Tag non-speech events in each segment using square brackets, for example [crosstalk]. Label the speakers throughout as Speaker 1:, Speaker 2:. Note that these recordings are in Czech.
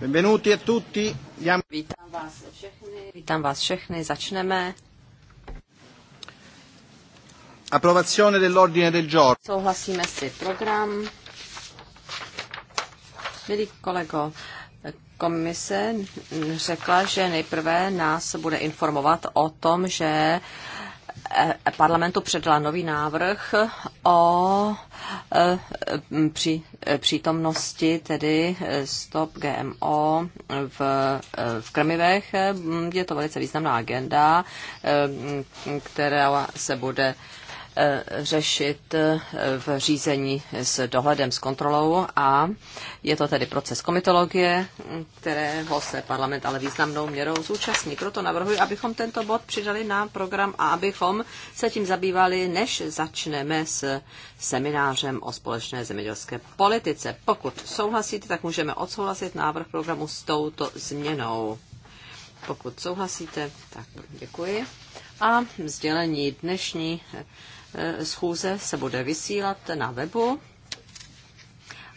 Speaker 1: Benvenuti a tutti. Vítám vás všechny. Vítám vás všechny. Začneme. Approvazione dell'ordine del giorno. Souhlasíme si program. Milí kolego, komise řekla, že nejprve nás bude informovat o tom, že eh, eh, parlamentu předala nový návrh o eh, při, eh, přítomnosti tedy eh, stop GMO v, v krmivech. Je to velice významná agenda, která se bude Eh, řešit eh, v řízení s dohledem, s kontrolou a je to tedy proces komitologie, kterého se parlament ale významnou měrou zúčastní. Proto navrhuji, abychom tento bod přidali na program a abychom se tím zabývali, než začneme s seminářem o společné zemědělské politice. Pokud souhlasíte, tak můžeme odsouhlasit návrh programu s touto změnou. Pokud souhlasíte, tak děkuji. A sdělení dnešní Eh, schůze se bude vysílat na webu.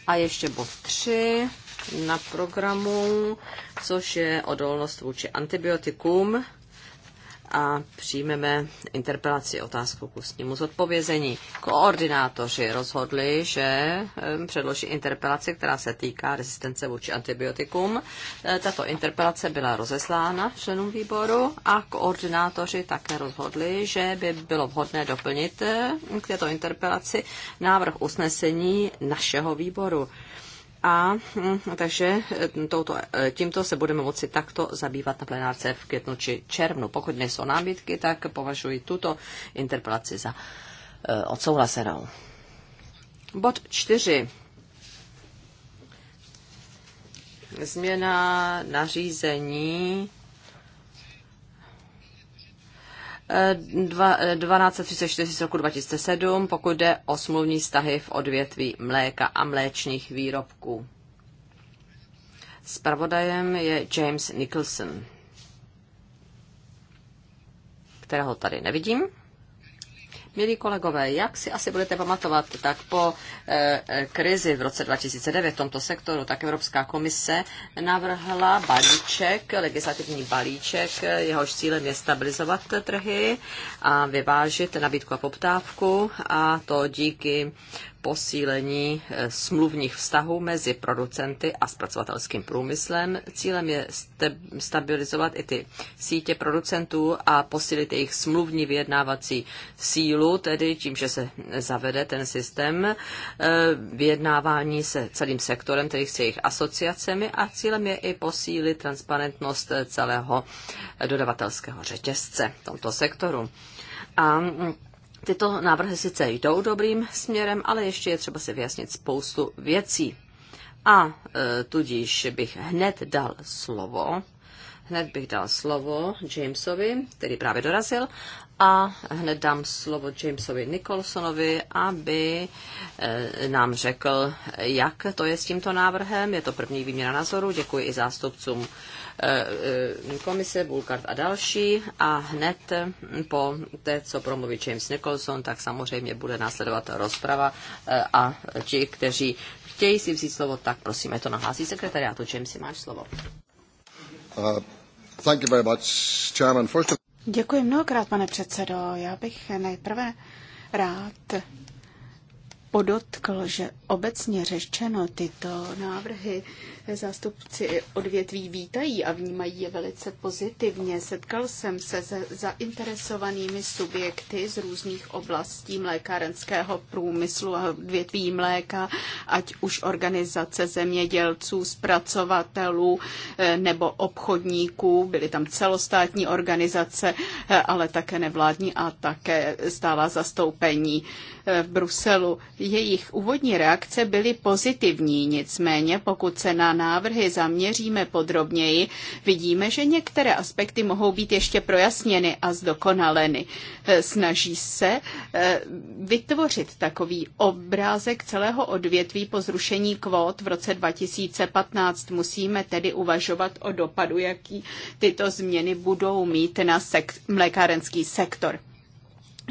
Speaker 1: A ještě bod 3 na programu, což je odolnost vůči antibiotikům a přijmeme interpelaci otázku k ústnímu zodpovězení. Koordinátoři rozhodli, že předloží interpelaci, která se týká rezistence vůči antibiotikum. E, tato interpelace byla rozeslána členům výboru a koordinátoři také rozhodli, že by bylo vhodné doplnit e, k této interpelaci návrh usnesení našeho výboru a mm, takže mm, touto, e, tímto se budeme moci takto zabývat na plenárce v květnu či červnu. Pokud nejsou námitky, tak považuji tuto interpelaci za e, odsouhlasenou. Bod čtyři. Změna nařízení 1234 z roku 2007, pokud jde o smluvní vztahy v odvětví mléka a mléčných výrobků. Spravodajem je James Nicholson, kterého tady nevidím. Milí kolegové, jak si asi budete pamatovat, tak po eh, krizi v roce 2009 v tomto sektoru, tak Evropská komise navrhla balíček, legislativní balíček, eh, jehož cílem je stabilizovat trhy a vyvážit nabídku a poptávku a to díky posílení eh, smluvních vztahů mezi producenty a zpracovatelským průmyslem. Cílem je stabilizovat i ty sítě producentů a posílit jejich smluvní vyjednávací sílu, tedy tím, že se zavede ten systém eh, vyjednávání se celým sektorem, tedy s jejich asociacemi a cílem je i posílit transparentnost eh, celého dodavatelského řetězce v tomto sektoru. A mm, Tyto návrhy sice jdou dobrým směrem, ale ještě je třeba se vyjasnit spoustu věcí. A e, tudíž bych hned dal slovo, hned bych dal slovo Jamesovi, který právě dorazil, a hned dám slovo Jamesovi Nicholsonovi, aby e, nám řekl, jak to je s tímto návrhem. Je to první výměna názoru. Děkuji i zástupcům e, Eh, eh, komise, Bulkart a další. A hned po té, co promluví James Nicholson, tak samozřejmě bude následovat rozprava eh, a ti, kteří chtějí si vzít slovo, tak prosím, je to nahlásí sekretariátu. si máš slovo.
Speaker 2: Uh, thank you very much, Chairman. First of...
Speaker 3: Děkuji mnohokrát, pane předsedo. Já bych nejprve rád podotkl, že obecně řečeno tyto návrhy Zástupci odvětví vítají a vnímají je velice pozitivně. Setkal jsem se se zainteresovanými subjekty z různých oblastí mlékárenského průmyslu a odvětví mléka, ať už organizace zemědělců, zpracovatelů eh, nebo obchodníků. Byly tam celostátní organizace, eh, ale také nevládní a také stála zastoupení. Eh, v Bruselu. Jejich úvodní reakce byly pozitivní, nicméně pokud se na návrhy zaměříme podrobněji, vidíme, že některé aspekty mohou být ještě projasněny a zdokonaleny. Eh, snaží se eh, vytvořit takový obrázek celého odvětví po zrušení kvót v roce 2015. Musíme tedy uvažovat o dopadu, jaký tyto změny budou mít na sekt- mlékárenský sektor.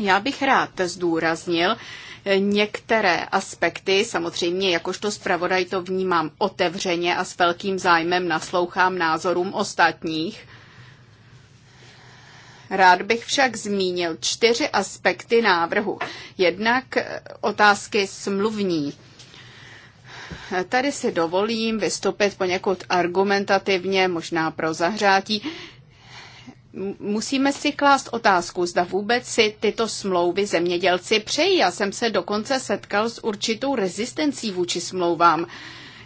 Speaker 3: Já bych rád zdůraznil některé aspekty, samozřejmě jakožto zpravodaj to vnímám otevřeně a s velkým zájmem naslouchám názorům ostatních. Rád bych však zmínil čtyři aspekty návrhu. Jednak otázky smluvní. Tady si dovolím vystoupit poněkud argumentativně, možná pro zahřátí musíme si klást otázku, zda vůbec si tyto smlouvy zemědělci přejí. Já jsem se dokonce setkal s určitou rezistencí vůči smlouvám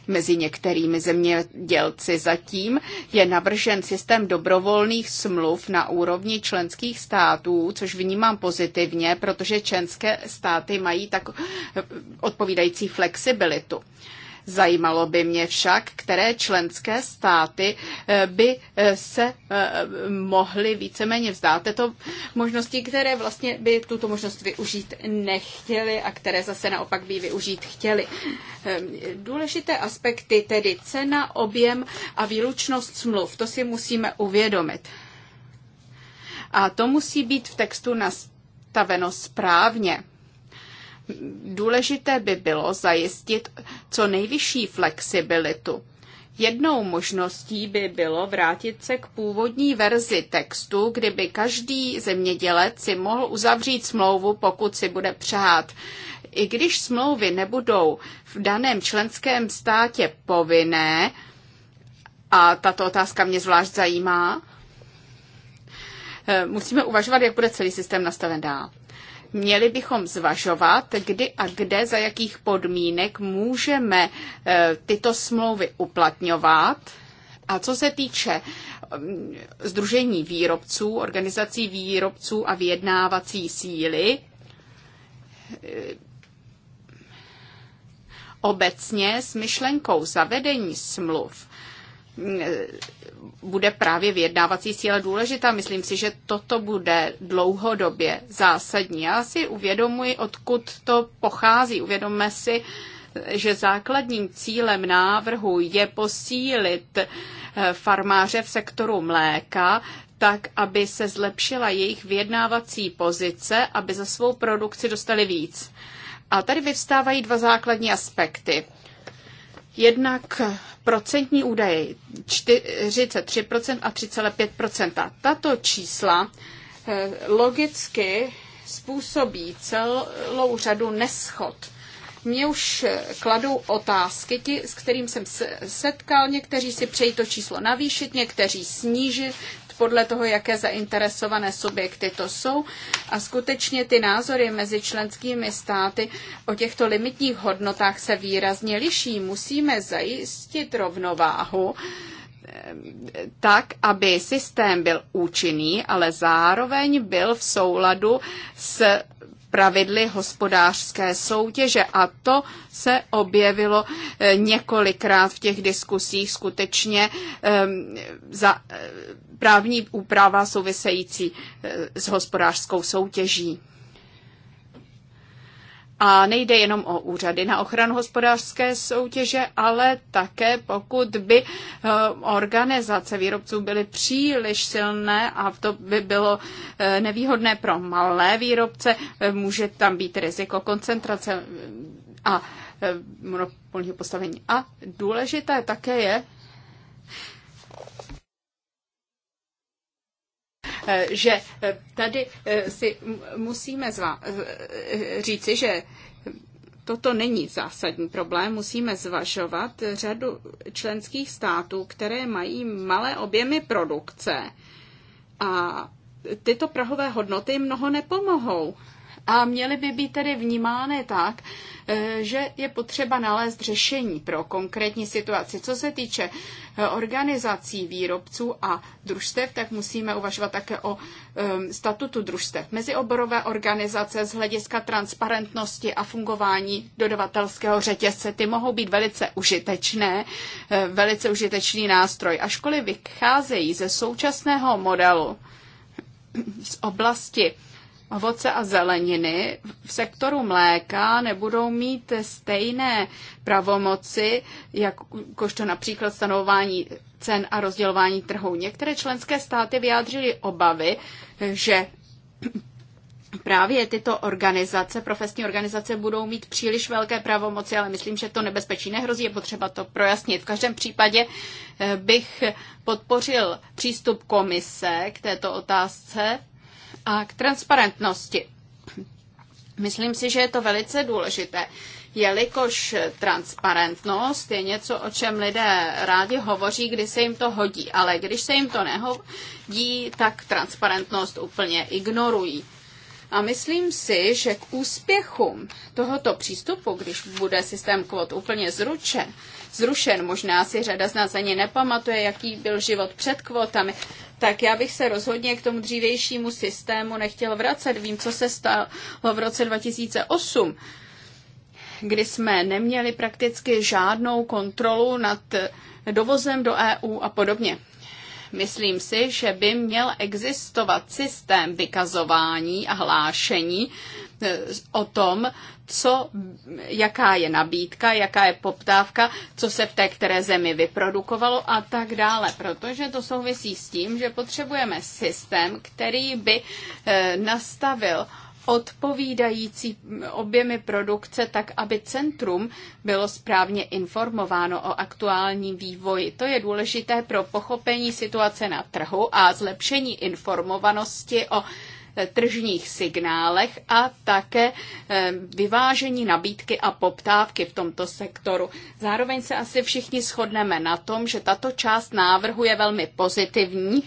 Speaker 3: mezi některými zemědělci. Zatím je navržen systém dobrovolných smluv na úrovni členských států, což vnímám pozitivně, protože členské státy mají tak eh, odpovídající flexibilitu. Zajímalo by mě však, které členské státy eh, by eh, se eh, mohly víceméně vzdát této možnosti, které vlastně by tuto možnost využít nechtěly a které zase naopak by využít chtěly. Ehm, důležité aspekty, tedy cena, objem a výlučnost smluv, to si musíme uvědomit. A to musí být v textu nastaveno správně. Důležité by bylo zajistit co nejvyšší flexibilitu. Jednou možností by bylo vrátit se k původní verzi textu, kdyby každý zemědělec si mohl uzavřít smlouvu, pokud si bude přát. I když smlouvy nebudou v daném členském státě povinné, a tato otázka mě zvlášť zajímá, eh, musíme uvažovat, jak bude celý systém nastaven dál. Měli bychom zvažovat, kdy a kde, za jakých podmínek můžeme eh, tyto smlouvy uplatňovat. A co se týče Združení mm, výrobců, organizací výrobců a vyjednávací síly, eh, obecně s myšlenkou zavedení smluv bude právě vyjednávací síla důležitá. Myslím si, že toto bude dlouhodobě zásadní. Já si uvědomuji, odkud to pochází. Uvědomme si, že základním cílem návrhu je posílit eh, farmáře v sektoru mléka, tak, aby se zlepšila jejich vyjednávací pozice, aby za svou produkci dostali víc. A tady vyvstávají dva základní aspekty. Jednak procentní údaje 43% a 3,5%. Tato čísla eh, logicky způsobí celou řadu neschod. Mě už eh, kladou otázky, ti, s kterým jsem setkal. Někteří si přejí to číslo navýšit, někteří snížit, podle toho, jaké zainteresované subjekty to jsou. A skutečně ty názory mezi členskými státy o těchto limitních hodnotách se výrazně liší. Musíme zajistit rovnováhu eh, tak, aby systém byl účinný, ale zároveň byl v souladu s pravidly hospodářské soutěže. A to se objevilo eh, několikrát v těch diskusích skutečně ehm, za, eh, právní úprava související eh, s hospodářskou soutěží. A nejde jenom o úřady na ochranu hospodářské soutěže, ale také pokud by eh, organizace výrobců byly příliš silné a to by bylo eh, nevýhodné pro malé výrobce, může tam být riziko koncentrace a monopolního postavení. A důležité také je, Eh, že eh, tady eh, si musíme zva- říci, že toto není zásadní problém. Musíme zvažovat řadu členských států, které mají malé objemy produkce a tyto prahové hodnoty mnoho nepomohou a měly by být tedy vnímány tak, eh, že je potřeba nalézt řešení pro konkrétní situaci. Co se týče eh, organizací výrobců a družstev, tak musíme uvažovat také o ehm, statutu družstev. Mezioborové organizace z hlediska transparentnosti a fungování dodavatelského řetězce, ty mohou být velice užitečné, eh, velice užitečný nástroj. Ačkoliv vycházejí ze současného modelu z oblasti ovoce a zeleniny v sektoru mléka nebudou mít stejné pravomoci, jakožto například stanovování cen a rozdělování trhů. Některé členské státy vyjádřily obavy, že právě tyto organizace, profesní organizace, budou mít příliš velké pravomoci, ale myslím, že to nebezpečí nehrozí, je potřeba to projasnit. V každém případě eh, bych podpořil přístup komise k této otázce a k transparentnosti. Myslím si, že je to velice důležité, jelikož transparentnost je něco, o čem lidé rádi hovoří, když se jim to hodí, ale když se jim to nehodí, tak transparentnost úplně ignorují. A myslím si, že k úspěchům tohoto přístupu, když bude systém kvot úplně zručen, zrušen. Možná si řada z nás ani nepamatuje, jaký byl život před kvotami. Tak já bych se rozhodně k tomu dřívějšímu systému nechtěl vracet. Vím, co se stalo v roce 2008 kdy jsme neměli prakticky žádnou kontrolu nad dovozem do EU a podobně. Myslím si, že by měl existovat systém vykazování a hlášení Eh, o tom, co, jaká je nabídka, jaká je poptávka, co se v té které zemi vyprodukovalo a tak dále. Protože to souvisí s tím, že potřebujeme systém, který by eh, nastavil odpovídající objemy produkce, tak aby centrum bylo správně informováno o aktuálním vývoji. To je důležité pro pochopení situace na trhu a zlepšení informovanosti o Eh, tržních signálech a také eh, vyvážení nabídky a poptávky v tomto sektoru. Zároveň se asi všichni shodneme na tom, že tato část návrhu je velmi pozitivní,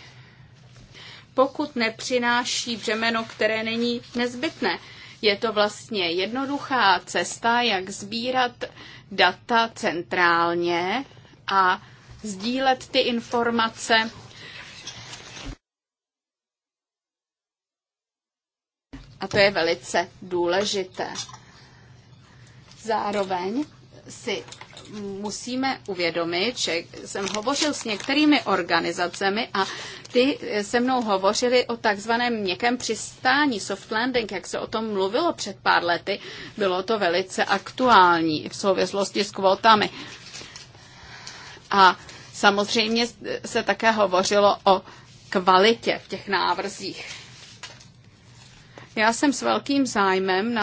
Speaker 3: pokud nepřináší břemeno, které není nezbytné. Je to vlastně jednoduchá cesta, jak sbírat data centrálně a sdílet ty informace A to je velice důležité. Zároveň si musíme uvědomit, že jsem hovořil s některými organizacemi a ty se mnou hovořili o takzvaném měkkém přistání, soft landing, jak se o tom mluvilo před pár lety. Bylo to velice aktuální v souvislosti s kvótami. A samozřejmě se také hovořilo o kvalitě v těch návrzích. Já jsem s velkým zájmem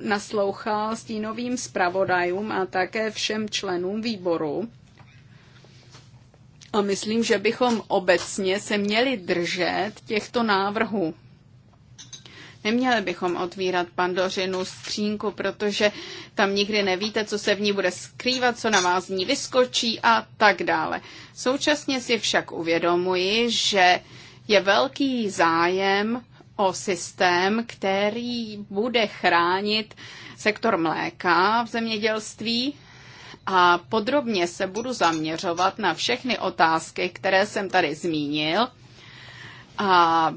Speaker 3: naslouchal stínovým zpravodajům a také všem členům výboru. A myslím, že bychom obecně se měli držet těchto návrhů. Neměli bychom otvírat pandořinu skřínku, protože tam nikdy nevíte, co se v ní bude skrývat, co na vás v ní vyskočí a tak dále. Současně si však uvědomuji, že je velký zájem o systém, který bude chránit sektor mléka v zemědělství a podrobně se budu zaměřovat na všechny otázky, které jsem tady zmínil. A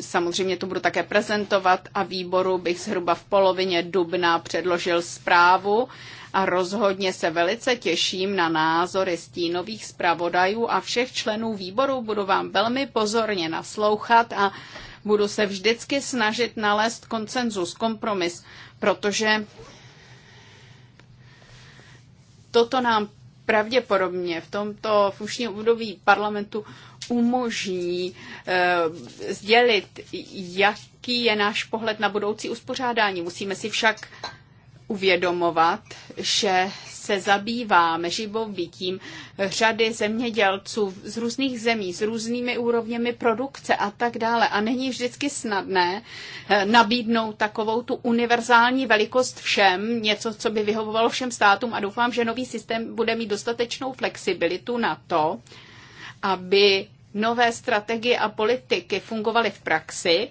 Speaker 3: samozřejmě to budu také prezentovat a výboru bych zhruba v polovině dubna předložil zprávu a rozhodně se velice těším na názory stínových zpravodajů a všech členů výboru. Budu vám velmi pozorně naslouchat a Budu se vždycky snažit nalézt konsenzus, kompromis, protože toto nám pravděpodobně v tomto funkčním období parlamentu umožní e, sdělit, jaký je náš pohled na budoucí uspořádání. Musíme si však uvědomovat, že se zabýváme živou bytím řady zemědělců z různých zemí, s různými úrovněmi produkce a tak dále. A není vždycky snadné eh, nabídnout takovou tu univerzální velikost všem, něco, co by vyhovovalo všem státům a doufám, že nový systém bude mít dostatečnou flexibilitu na to, aby nové strategie a politiky fungovaly v praxi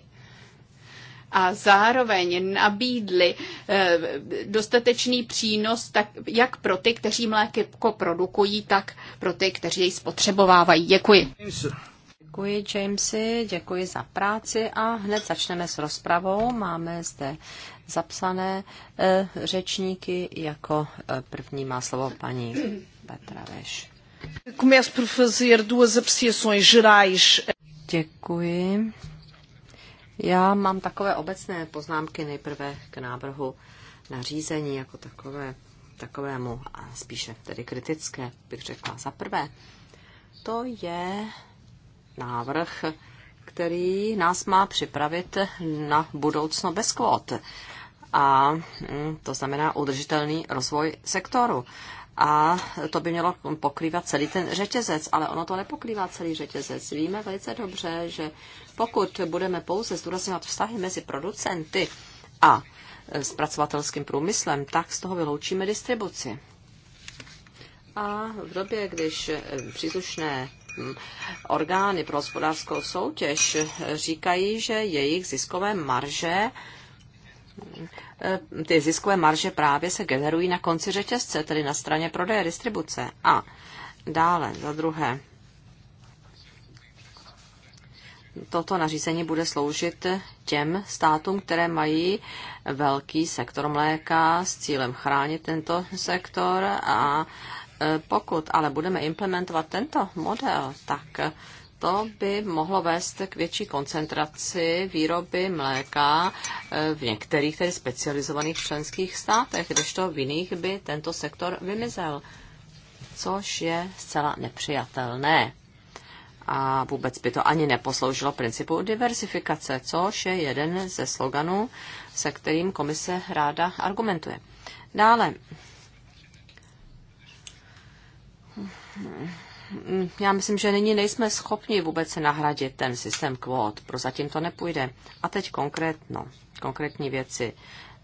Speaker 3: a zároveň nabídli eh, dostatečný přínos tak, jak pro ty, kteří mléky jako produkují, tak pro ty, kteří jej spotřebovávají. Děkuji.
Speaker 1: Děkuji, Jamesy, děkuji za práci a hned začneme s rozpravou. Máme zde zapsané e, řečníky. Jako e, první má slovo paní Petra Veš.
Speaker 3: Começo por fazer duas apreciações gerais.
Speaker 1: Děkuji. Já mám takové obecné poznámky nejprve k návrhu nařízení jako takové, takovému a spíše tedy kritické, bych řekla. Za prvé, to je návrh, který nás má připravit na budoucno bez kvót. A mm, to znamená udržitelný rozvoj sektoru a to by mělo pokrývat celý ten řetězec, ale ono to nepokrývá celý řetězec. Víme velice dobře, že pokud budeme pouze zdůrazňovat vztahy mezi producenty a e, zpracovatelským průmyslem, tak z toho vyloučíme distribuci. A v době, když e, příslušné orgány pro hospodářskou soutěž říkají, že jejich ziskové marže Eh, ty ziskové marže právě se generují na konci řetězce, tedy na straně prodeje, distribuce. A dále, za druhé, toto nařízení bude sloužit těm státům, které mají velký sektor mléka s cílem chránit tento sektor a eh, pokud ale budeme implementovat tento model, tak to by mohlo vést k větší koncentraci výroby mléka eh, v některých tedy specializovaných členských státech, kdežto v jiných by tento sektor vymizel, což je zcela nepřijatelné. A vůbec by to ani neposloužilo principu diversifikace, což je jeden ze sloganů, se kterým komise ráda argumentuje. Dále já myslím, že nyní nejsme schopni vůbec nahradit ten systém kvót. Prozatím to nepůjde. A teď konkrétno, konkrétní věci.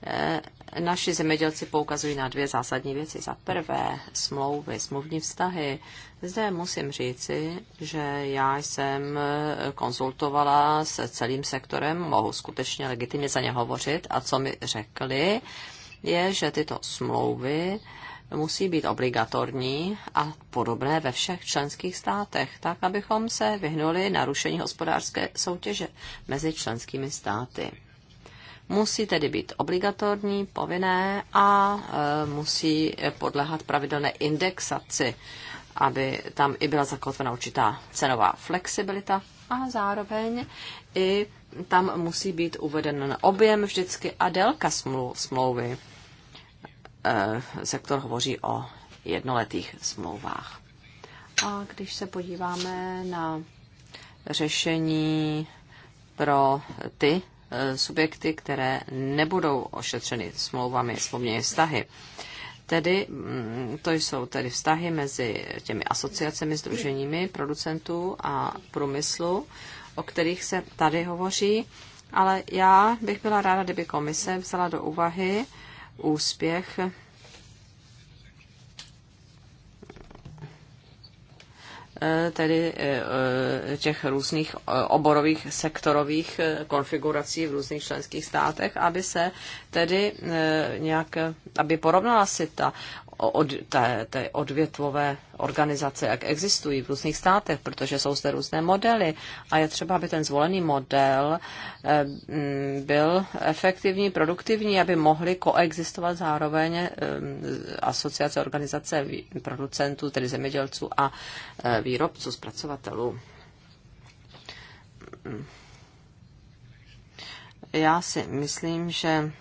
Speaker 1: Eh, naši zemědělci poukazují na dvě zásadní věci. Za prvé, smlouvy, smluvní vztahy. Zde musím říci, že já jsem eh, konzultovala se celým sektorem, mohu skutečně legitimně za ně hovořit a co mi řekli, je, že tyto smlouvy musí být obligatorní a podobné ve všech členských státech, tak abychom se vyhnuli narušení hospodářské soutěže mezi členskými státy. Musí tedy být obligatorní, povinné a e, musí podléhat pravidelné indexaci, aby tam i byla zakotvena určitá cenová flexibilita a zároveň i tam musí být uveden objem vždycky a délka smlou, smlouvy Eh, sektor hovoří o jednoletých smlouvách. A když se podíváme na řešení pro ty eh, subjekty, které nebudou ošetřeny smlouvami, smluvními vztahy, Tedy mm, to jsou tedy vztahy mezi těmi asociacemi, združeními producentů a průmyslu, o kterých se tady hovoří. Ale já bych byla ráda, kdyby komise vzala do úvahy úspěch. E, tedy e, e, těch různých oborových sektorových konfigurací v různých členských státech, aby se tedy nějak, aby porovnala si ta od, té, té odvětvové organizace, jak existují v různých státech, protože jsou zde různé modely a je třeba, aby ten zvolený model eh, mm, byl efektivní, produktivní, aby mohly koexistovat zároveň eh, mm, asociace organizace producentů, tedy zemědělců a eh, výrobců, zpracovatelů. Mm. Já si myslím, že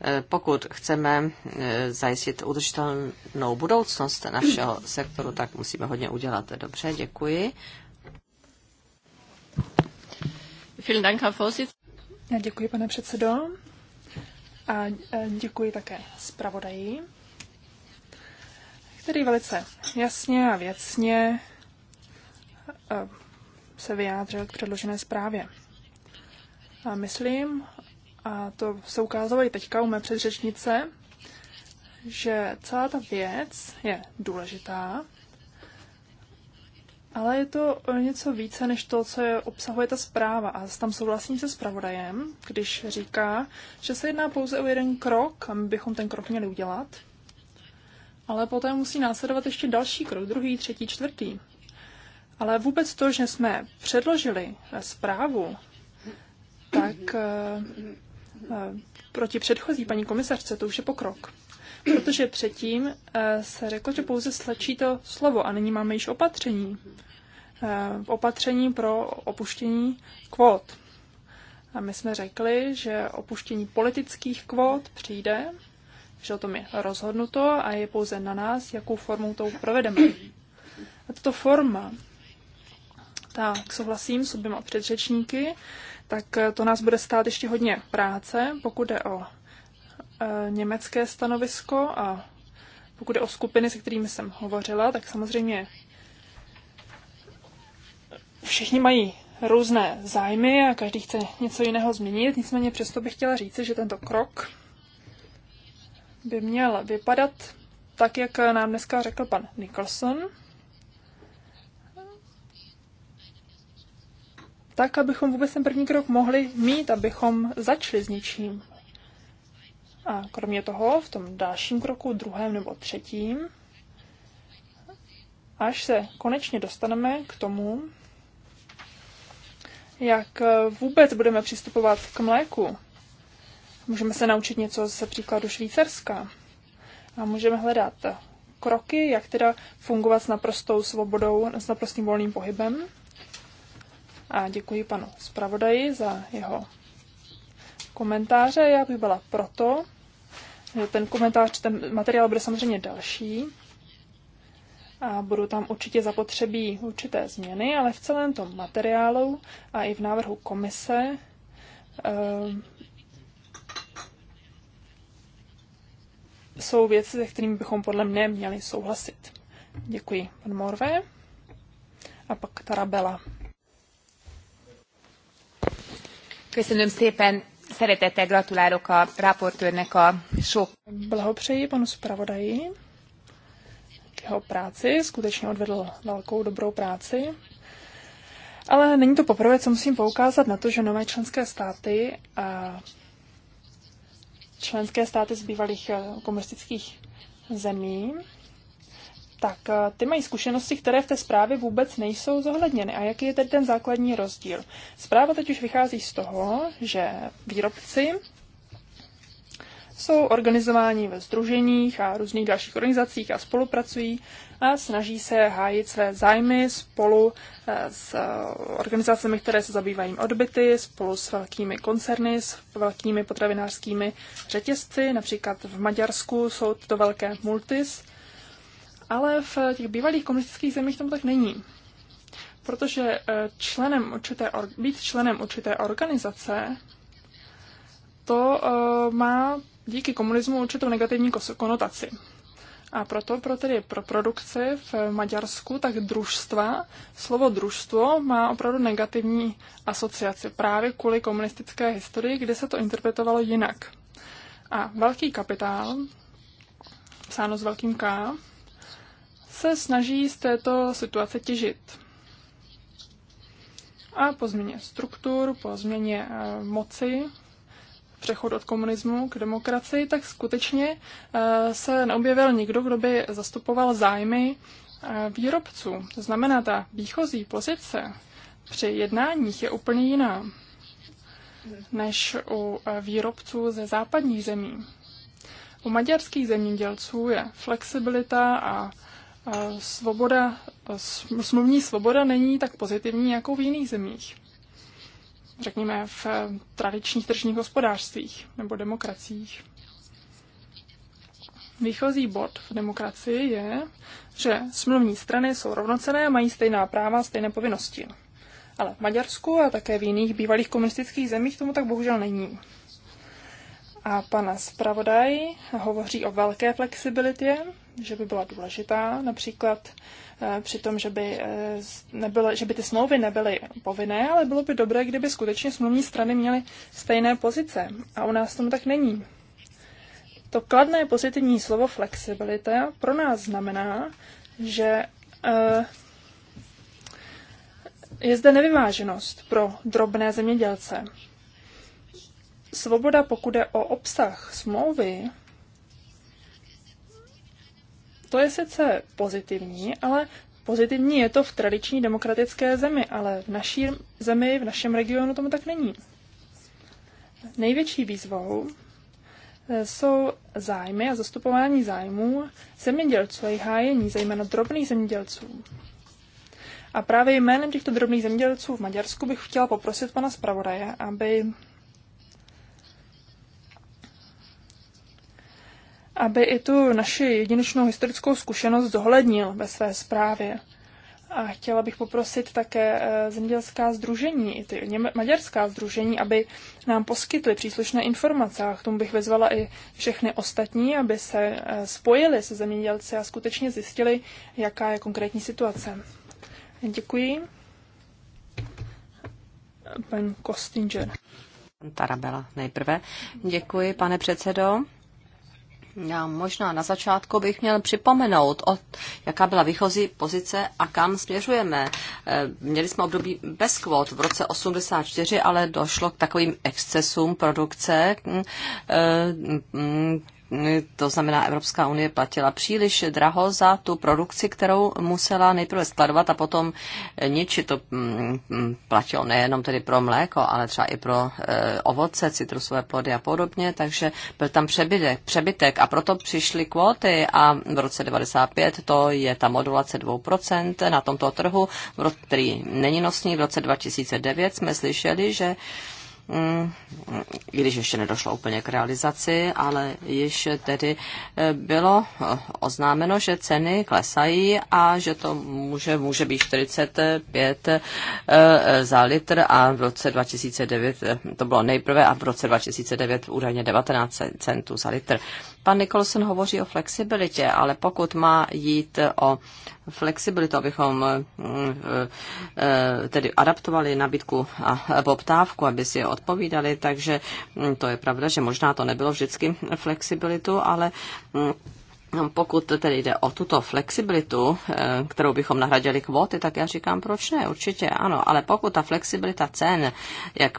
Speaker 1: Eh, pokud chceme eh, zajistit udržitelnou budoucnost našeho sektoru, tak musíme hodně udělat. Dobře, děkuji.
Speaker 2: Děkuji, pane předsedo. A eh, děkuji také zpravodaji, který velice jasně a věcně se vyjádřil k předložené zprávě. A myslím, a to se ukázalo i teďka u mé předřečnice, že celá ta věc je důležitá, ale je to něco více než to, co je, obsahuje ta zpráva. A tam souhlasím se zpravodajem, když říká, že se jedná pouze o jeden krok a my bychom ten krok měli udělat. Ale poté musí následovat ještě další krok, druhý, třetí, čtvrtý. Ale vůbec to, že jsme předložili zprávu, tak eh, Eh, proti předchozí paní komisařce, to už je pokrok. Protože předtím eh, se řeklo, že pouze slečí to slovo a nyní máme již opatření. Eh, opatření pro opuštění kvót. A my jsme řekli, že opuštění politických kvót přijde, že o tom je rozhodnuto a je pouze na nás, jakou formou to provedeme. A tato forma, tak souhlasím s oběma předřečníky, tak eh, to nás bude stát ještě hodně práce, pokud jde o eh, německé stanovisko a pokud jde o skupiny, se kterými jsem hovořila, tak samozřejmě všichni mají různé zájmy a každý chce něco jiného změnit, nicméně přesto bych chtěla říci, že tento krok by měl vypadat tak, jak nám dneska řekl pan Nicholson, tak, abychom vůbec ten první krok mohli mít, abychom začali s něčím. A kromě toho, v tom dalším kroku, druhém nebo třetím, až se konečně dostaneme k tomu, jak vůbec budeme přistupovat k mléku. Můžeme se naučit něco z příkladu Švýcarska. A můžeme hledat kroky, jak teda fungovat s naprostou svobodou, s naprostým volným pohybem a děkuji panu zpravodaji za jeho komentáře. Já bych byla proto, že ten komentář, ten materiál bude samozřejmě další a budou tam určitě zapotřebí určité změny, ale v celém tom materiálu a i v návrhu komise eh, jsou věci, se kterými bychom podle mě měli souhlasit. Děkuji, pan Morve. A pak Tarabela. Köszönöm szépen, szeretettel gratulálok a raportőrnek a sok. Blahopřeji panu zpravodaji k jeho práci, skutečně odvedl velkou dobrou práci. Ale není to poprvé, co musím poukázat na to, že nové členské státy a členské státy z bývalých eh, komunistických zemí tak eh, ty mají zkušenosti, které v té zprávě vůbec nejsou zohledněny. A jaký je tedy ten základní rozdíl? Zpráva teď už vychází z toho, že výrobci jsou organizováni ve združeních a různých dalších organizacích a spolupracují a snaží se hájit své zájmy spolu eh, s eh, organizacemi, které se zabývají odbyty, spolu s velkými koncerny, s velkými potravinářskými řetězci. Například v Maďarsku jsou to velké multis, ale v těch bývalých komunistických zemích tomu tak není. Protože eh, členem určité, být členem určité organizace, to eh, má díky komunismu určitou negativní konotaci. A proto pro, tedy pro produkci v Maďarsku, tak družstva, slovo družstvo má opravdu negativní asociaci právě kvůli komunistické historii, kde se to interpretovalo jinak. A velký kapitál, psáno s velkým K, se snaží z této situace těžit. A po změně struktur, po změně eh, moci, přechod od komunismu k demokracii, tak skutečně eh, se neobjevil nikdo, kdo by zastupoval zájmy eh, výrobců. To znamená, ta výchozí pozice při jednáních je úplně jiná než u výrobců ze západních zemí. U maďarských zemědělců je flexibilita a svoboda, smluvní svoboda není tak pozitivní jako v jiných zemích. Řekněme v eh, tradičních tržních hospodářstvích nebo demokraciích. Výchozí bod v demokracii je, že smluvní strany jsou rovnocené a mají stejná práva, stejné povinnosti. Ale v Maďarsku a také v jiných bývalých komunistických zemích tomu tak bohužel není. A pana zpravodaj hovoří o velké flexibilitě, že by byla důležitá, například eh, při tom, že by, eh, nebyly, že by ty smlouvy nebyly povinné, ale bylo by dobré, kdyby skutečně smluvní strany měly stejné pozice. A u nás tomu tak není. To kladné pozitivní slovo flexibilita pro nás znamená, že eh, je zde nevyváženost pro drobné zemědělce. Svoboda, pokud je o obsah smlouvy, to je sice pozitivní, ale pozitivní je to v tradiční demokratické zemi, ale v naší zemi, v našem regionu tomu tak není. Největší výzvou eh, jsou zájmy a zastupování zájmů zemědělců a jejich hájení, zejména drobných zemědělců. A právě jménem těchto drobných zemědělců v Maďarsku bych chtěla poprosit pana zpravodaje, aby aby i tu naši jedinečnou historickou zkušenost zohlednil ve své zprávě. A chtěla bych poprosit také eh, zemědělská združení, i ty maďarská združení, aby nám poskytly příslušné informace. A k tomu bych vyzvala i všechny ostatní, aby se eh, spojili se zemědělci a skutečně zjistili, jaká je konkrétní situace. Děkuji. Pan Kostinger.
Speaker 1: Tarabela nejprve. Děkuji, pane předsedo. Já možná na začátku bych měl připomenout, od, jaká byla výchozí pozice a kam směřujeme. Eh, měli jsme období bez kvót v roce 84, ale došlo k takovým excesům produkce, hm, eh, hm, to znamená, Evropská unie platila příliš draho za tu produkci, kterou musela nejprve skladovat a potom ničit. To mm, mm, platilo nejenom tedy pro mléko, ale třeba i pro e, ovoce, citrusové plody a podobně, takže byl tam přebytek, přebytek a proto přišly kvóty a v roce 95 to je ta modulace 2% na tomto trhu, který není nosný. V roce 2009 jsme slyšeli, že i mm, když ještě nedošlo úplně k realizaci, ale již tedy eh, bylo eh, oznámeno, že ceny klesají a že to může, může být 45 eh, za litr a v roce 2009 to bylo nejprve a v roce 2009 údajně 19 centů za litr. Pan Nicholson hovoří o flexibilitě, ale pokud má jít o flexibilitu, abychom mm, eh, tedy adaptovali nabídku a poptávku, aby si je odpovídali, takže mm, to je pravda, že možná to nebylo vždycky flexibilitu, ale mm, pokud tedy jde o tuto flexibilitu, eh, kterou bychom nahradili kvóty, tak já říkám, proč ne, určitě ano, ale pokud ta flexibilita cen, jak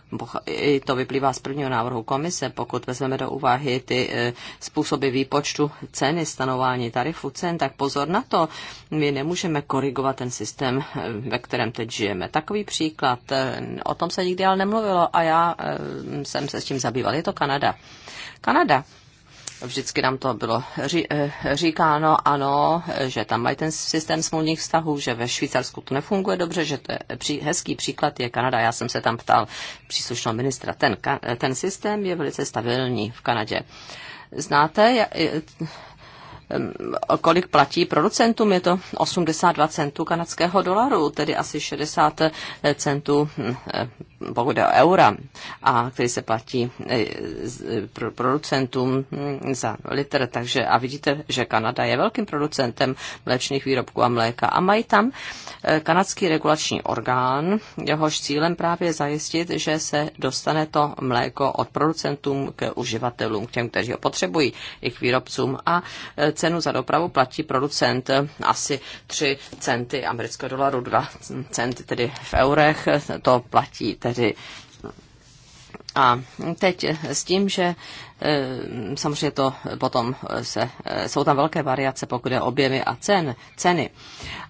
Speaker 1: to vyplývá z prvního návrhu komise, pokud vezmeme do úvahy ty eh, způsoby výpočtu ceny, stanování tarifu cen, tak pozor na to, my nemůžeme korigovat ten systém, eh, ve kterém teď žijeme. Takový příklad, o tom se nikdy ale nemluvilo a já jsem se s tím zabýval, je to Kanada. Kanada vždycky nám to bylo eh, říkáno, ano, že tam mají ten systém smluvních vztahů, že ve Švýcarsku to nefunguje dobře, že to je hezký příklad je Kanada. Já jsem se tam ptal příslušného ministra. Ten, ten systém je velice stabilní v Kanadě. Znáte eh, kolik platí producentům, je to 82 centů kanadského dolaru, tedy asi 60 eh, centů, hm, eh, pokud jde o eura, a který se platí eh, producentům hm, za litr. Takže a vidíte, že Kanada je velkým producentem mléčných výrobků a mléka a mají tam kanadský regulační orgán, jehož cílem právě zajistit, že se dostane to mléko od producentům k uživatelům, k těm, kteří ho potřebují, i k výrobcům a cenu za dopravu platí producent asi 3 centy amerického dolaru, 2 centy tedy v eurech, to platí tedy no. a teď s tím, že e, samozřejmě to potom se, e, jsou tam velké variace, pokud je objemy a cen, ceny.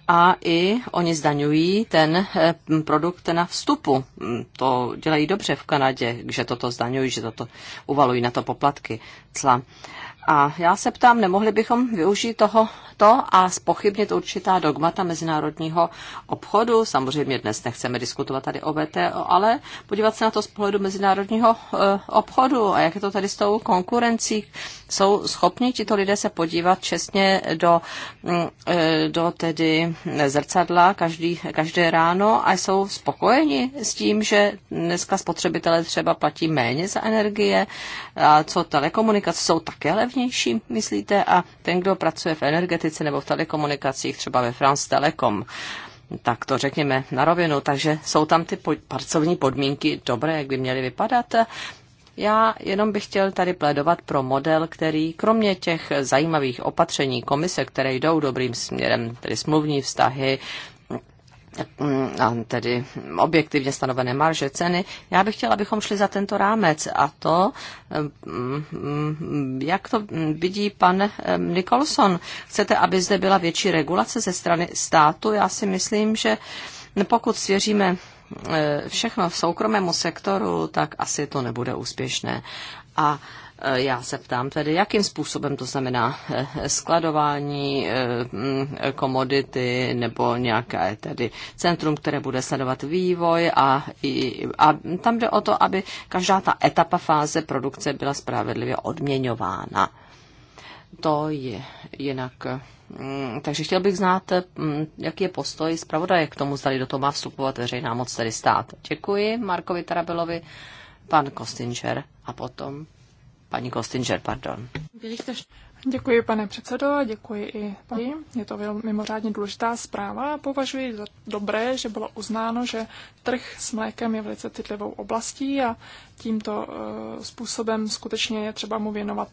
Speaker 1: A i oni zdaňují ten e, produkt na vstupu. To dělají dobře v Kanadě, že toto zdaňují, že toto uvalují na to poplatky cla. A já se ptám, nemohli bychom využít toho to a spochybnit určitá dogmata mezinárodního obchodu. Samozřejmě dnes nechceme diskutovat tady o VTO, ale podívat se na to z pohledu mezinárodního eh, obchodu a jak je to tady s tou konkurencí, jsou schopni tito lidé se podívat čestně do, mm, e, do tedy zrcadla každý, každé ráno a jsou spokojeni s tím, že dneska spotřebitelé třeba platí méně za energie, a co telekomunikace jsou také levnější, myslíte? A ten, kdo pracuje v energetice nebo v telekomunikacích, třeba ve France Telekom, tak to řekněme na rovinu. Takže jsou tam ty pracovní podmínky dobré, jak by měly vypadat. Já jenom bych chtěl tady pledovat pro model, který kromě těch zajímavých opatření komise, které jdou dobrým směrem, tedy smluvní vztahy, a tedy objektivně stanovené marže ceny. Já bych chtěla, abychom šli za tento rámec a to, jak to vidí pan Nicholson. Chcete, aby zde byla větší regulace ze strany státu? Já si myslím, že pokud svěříme E, všechno v soukromému sektoru, tak asi to nebude úspěšné. A e, já se ptám tedy, jakým způsobem to znamená e, skladování komodity nebo nějaké tedy centrum, které bude sledovat vývoj a, i a tam jde o to, aby každá ta etapa fáze produkce byla spravedlivě odměňována. To je jinak Mm, takže chtěl bych znát, mm, jaký je postoj zpravodaje k tomu, zda do toho má vstupovat veřejná moc, tedy stát. Děkuji Markovi Tarabelovi, pan Kostinčer a potom paní Kostinčer, pardon.
Speaker 2: Děkuji, pane předsedo, a děkuji i paní. Je to mimořádně důležitá zpráva považuji za dobré, že bylo uznáno, že trh s mlékem je velice citlivou oblastí a tímto e, způsobem skutečně je třeba mu věnovat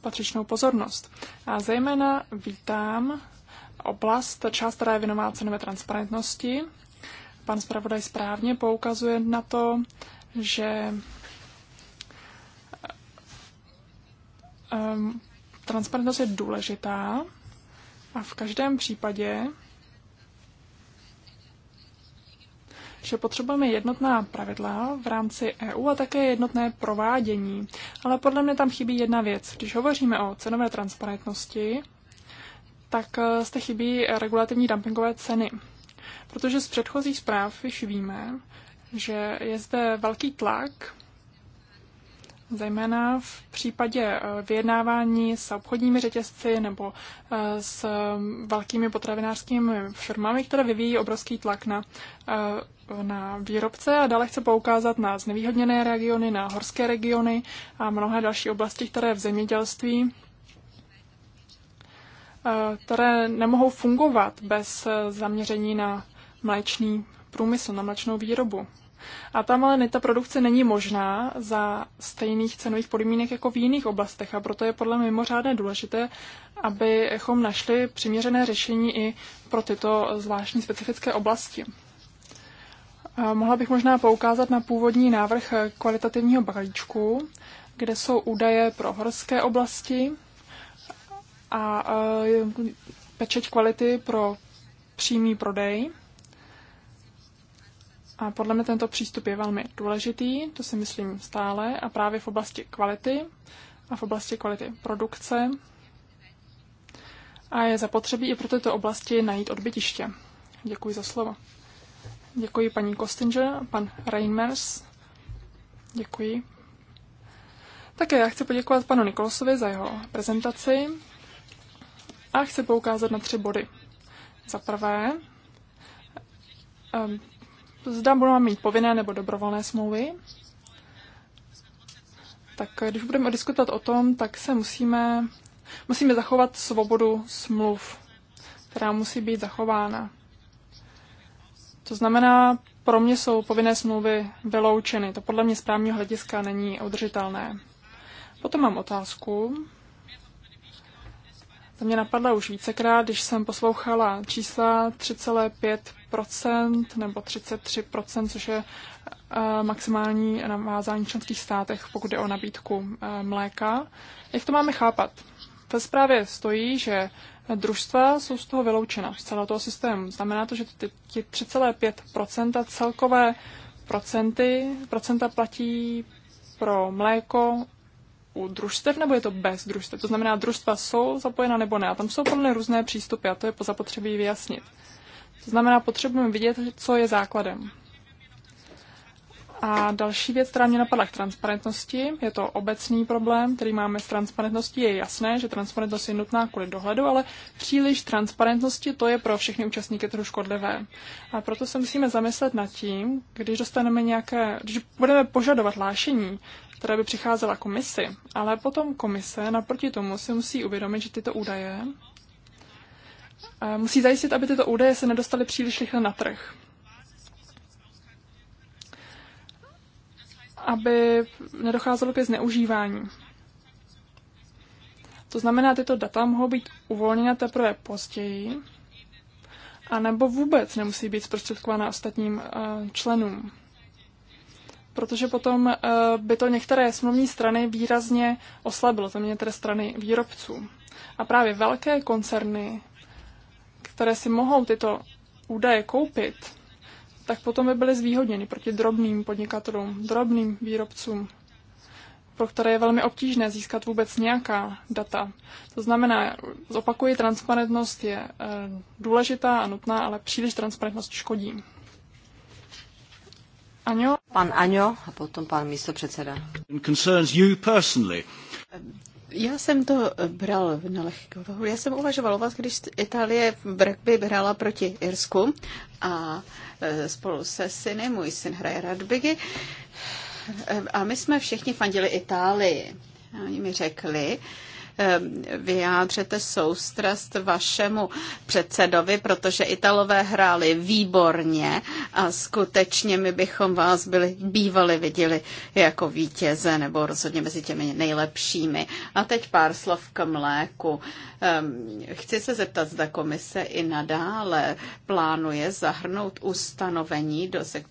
Speaker 2: patřičnou pozornost. A zejména vítám oblast, část, která je věnová cenové transparentnosti. Pan zpravodaj správně poukazuje na to, že e, transparentnost je důležitá a v každém případě, že potřebujeme jednotná pravidla v rámci EU a také jednotné provádění. Ale podle mě tam chybí jedna věc. Když hovoříme o cenové transparentnosti, tak eh, zde chybí regulativní dumpingové ceny. Protože z předchozích zpráv již víme, že je zde velký tlak zejména v případě eh, vyjednávání s obchodními řetězci nebo eh, s eh, velkými potravinářskými firmami, které vyvíjí obrovský tlak na, na výrobce a dále chce poukázat na znevýhodněné regiony, na horské regiony a mnohé další oblasti, které v zemědělství které nemohou fungovat bez zaměření na mléčný průmysl, na mléčnou výrobu. A tam ale ta produkce není možná za stejných cenových podmínek jako v jiných oblastech a proto je podle mě mimořádné důležité, abychom našli přiměřené řešení i pro tyto zvláštní specifické oblasti. Mohla bych možná poukázat na původní návrh kvalitativního balíčku, kde jsou údaje pro horské oblasti a e, pečeť kvality pro přímý prodej. A podle mě tento přístup je velmi důležitý, to si myslím stále, a právě v oblasti kvality a v oblasti kvality produkce. A je zapotřebí i pro této oblasti najít odbytiště. Děkuji za slovo. Děkuji paní Kostinger, pan Reimers. Děkuji. Také já chci poděkovat panu Nikolsovi za jeho prezentaci a chci poukázat na tři body. Za prvé, ehm, zda budeme mít povinné nebo dobrovolné smlouvy, tak když budeme diskutovat o tom, tak se musíme, musíme zachovat svobodu smluv, která musí být zachována. To znamená, pro mě jsou povinné smlouvy vyloučeny. To podle mě z právního hlediska není udržitelné. Potom mám otázku. To mě napadla už vícekrát, když jsem poslouchala čísla nebo 33 což je eh, maximální navázání v členských státech, pokud je o nabídku eh, mléka. Jak to máme chápat? Ve zprávě stojí, že družstva jsou z toho vyloučena, z celého toho systému. Znamená to, že ty 3,5 celkové procenty, procenta platí pro mléko u družstev, nebo je to bez družstev? To znamená, družstva jsou zapojena nebo ne. A tam jsou podle různé přístupy a to je po zapotřebí vyjasnit. To znamená, potřebujeme vidět, co je základem. A další věc, která mě napadla k transparentnosti, je to obecný problém, který máme s transparentností. Je jasné, že transparentnost je nutná kvůli dohledu, ale příliš transparentnosti to je pro všechny účastníky trochu škodlivé. A proto se musíme zamyslet nad tím, když dostaneme nějaké, když budeme požadovat hlášení, které by přicházela komisi, ale potom komise naproti tomu si musí uvědomit, že tyto údaje musí zajistit, aby tyto údaje se nedostaly příliš rychle na trh. Aby nedocházelo ke zneužívání. To znamená, tyto data mohou být uvolněna teprve později, anebo vůbec nemusí být zprostředkována ostatním eh, členům. Protože potom eh, by to některé smluvní strany výrazně oslabilo, to mě tedy strany výrobců. A právě velké koncerny které si mohou tyto údaje koupit, tak potom by byly zvýhodněny proti drobným podnikatelům, drobným výrobcům, pro které je velmi obtížné získat vůbec nějaká data. To znamená, zopakuji, transparentnost je eh, důležitá a nutná, ale příliš transparentnost škodí. Aňo?
Speaker 3: Pan Aňo a potom pan místo předseda. Já jsem to bral na lehkou Já jsem uvažoval o vás, když Itálie v rugby hrála proti Irsku a e, spolu se syny, můj syn hraje rugby, e, a my jsme všichni fandili Itálii. A oni mi řekli, Ehm, vyjádřete soustrast vašemu předsedovi, protože Italové hráli výborně a skutečně my bychom vás byli bývali viděli jako vítěze nebo rozhodně mezi těmi nejlepšími. A teď pár slov k mléku. Ehm, chci se zeptat, zda komise i nadále plánuje zahrnout ustanovení do sekt-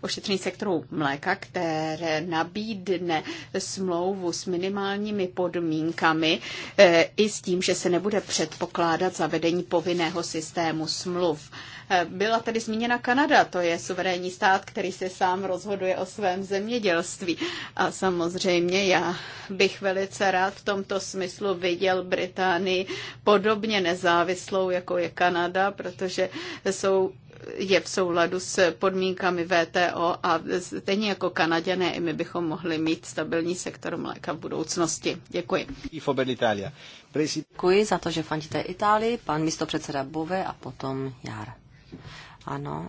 Speaker 3: ošetření sektoru mléka, které nabídne smlouvu s minimálními podmínkami eh, i s tím, že se nebude předpokládat zavedení povinného systému smluv. Eh, byla tady zmíněna Kanada, to je suverénní stát, který se sám rozhoduje o svém zemědělství. A samozřejmě já bych velice rád v tomto smyslu viděl Británii podobně nezávislou, jako je Kanada, protože jsou je v souladu s podmínkami VTO a stejně jako Kanaděné i my bychom mohli mít stabilní sektor mléka v budoucnosti. Děkuji. Děkuji za to, že fandíte Itálii, pan místo předseda
Speaker 1: Bove a potom Jar. Ano,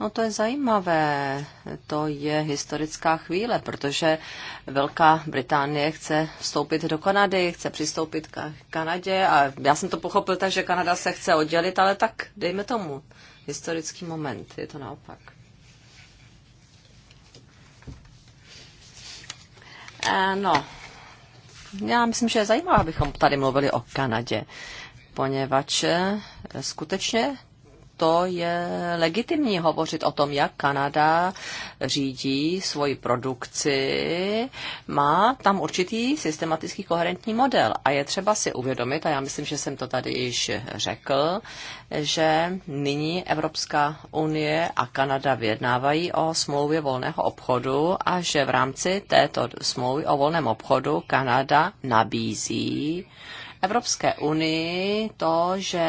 Speaker 1: No to je zajímavé. To je historická chvíle, protože Velká Británie chce vstoupit do Kanady, chce přistoupit k Kanadě a já jsem to pochopil tak, že Kanada se chce oddělit, ale tak dejme tomu. Historický moment, je to naopak. Eh, no, já myslím, že je zajímavé, abychom tady mluvili o Kanadě, poněvadž eh, skutečně proto je legitimní hovořit o tom, jak Kanada řídí svoji produkci. Má tam určitý systematický koherentní model a je třeba si uvědomit, a já myslím, že jsem to tady již řekl, že nyní Evropská unie a Kanada vyjednávají o smlouvě volného obchodu a že v rámci této smlouvy o volném obchodu Kanada nabízí Evropské unii to, že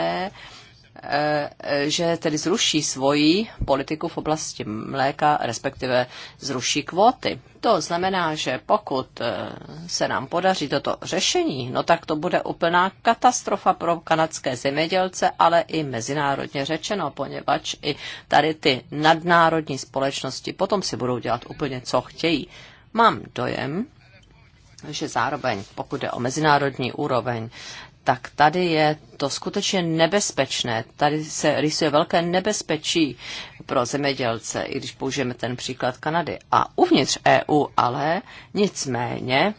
Speaker 1: Eh, že tedy zruší svoji politiku v oblasti mléka, respektive zruší kvóty. To znamená, že pokud eh, se nám podaří toto řešení, no tak to bude úplná katastrofa pro kanadské zemědělce, ale i mezinárodně řečeno, poněvadž i tady ty nadnárodní společnosti potom si budou dělat úplně co chtějí. Mám dojem, že zároveň, pokud je o mezinárodní úroveň, tak tady je to skutečně nebezpečné. Tady se rysuje velké nebezpečí pro zemědělce, i když použijeme ten příklad Kanady. A uvnitř EU ale nicméně,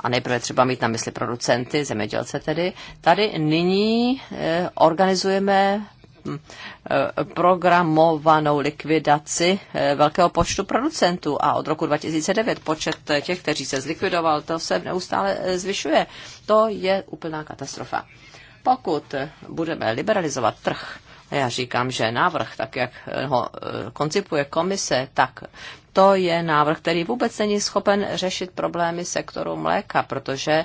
Speaker 1: a nejprve třeba mít na mysli producenty, zemědělce tedy, tady nyní eh, organizujeme Eh, programovanou likvidaci eh, velkého počtu producentů a od roku 2009 počet těch, kteří se zlikvidoval, to se neustále eh, zvyšuje. To je úplná katastrofa. Pokud budeme liberalizovat trh, já říkám, že návrh, tak jak ho koncipuje komise, tak to je návrh, který vůbec není schopen řešit problémy sektoru mléka, protože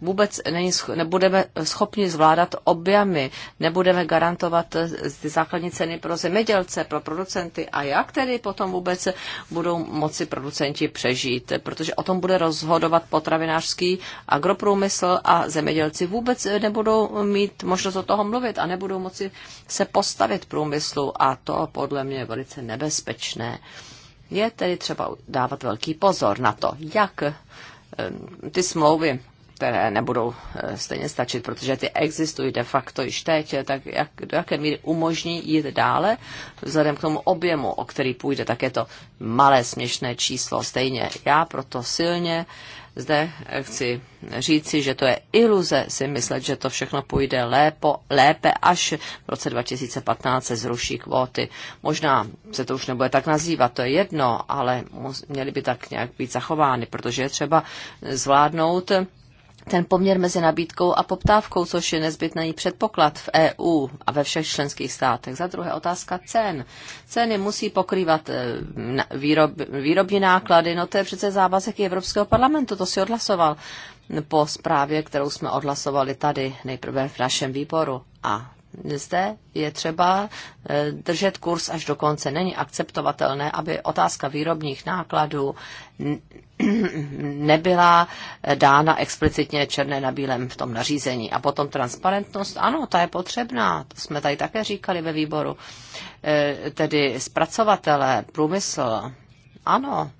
Speaker 1: vůbec není, nebudeme schopni zvládat objemy, nebudeme garantovat eh, ty základní ceny pro zemědělce, pro producenty a jak tedy potom vůbec budou moci producenti přežít, protože o tom bude rozhodovat potravinářský agroprůmysl a zemědělci vůbec nebudou mít možnost o toho mluvit a nebudou moci se postavit průmyslu a to podle mě je velice nebezpečné. Je tedy třeba dávat velký pozor na to, jak eh, ty smlouvy které nebudou eh, stejně stačit, protože ty existují de facto již teď, tak jak, do jaké míry umožní jít dále, vzhledem k tomu objemu, o který půjde, tak je to malé směšné číslo stejně. Já proto silně zde eh, chci říci, že to je iluze si myslet, že to všechno půjde lépo, lépe, až v roce 2015 se zruší kvóty. Možná se to už nebude tak nazývat, to je jedno, ale měly by tak nějak být zachovány, protože je třeba zvládnout ten poměr mezi nabídkou a poptávkou, což je nezbytný předpoklad v EU a ve všech členských státech. Za druhé otázka cen. Ceny musí pokrývat eh, výrob, výrobní náklady, no to je přece závazek i Evropského parlamentu, to si odhlasoval po zprávě, kterou jsme odhlasovali tady nejprve v našem výboru. A zde je třeba eh, držet kurz až do konce. Není akceptovatelné, aby otázka výrobních nákladů [clears throat] nebyla eh, dána explicitně černé na bílém v tom nařízení. A potom transparentnost, ano, ta je potřebná, to jsme tady také říkali ve výboru. Eh, tedy zpracovatele, průmysl, ano,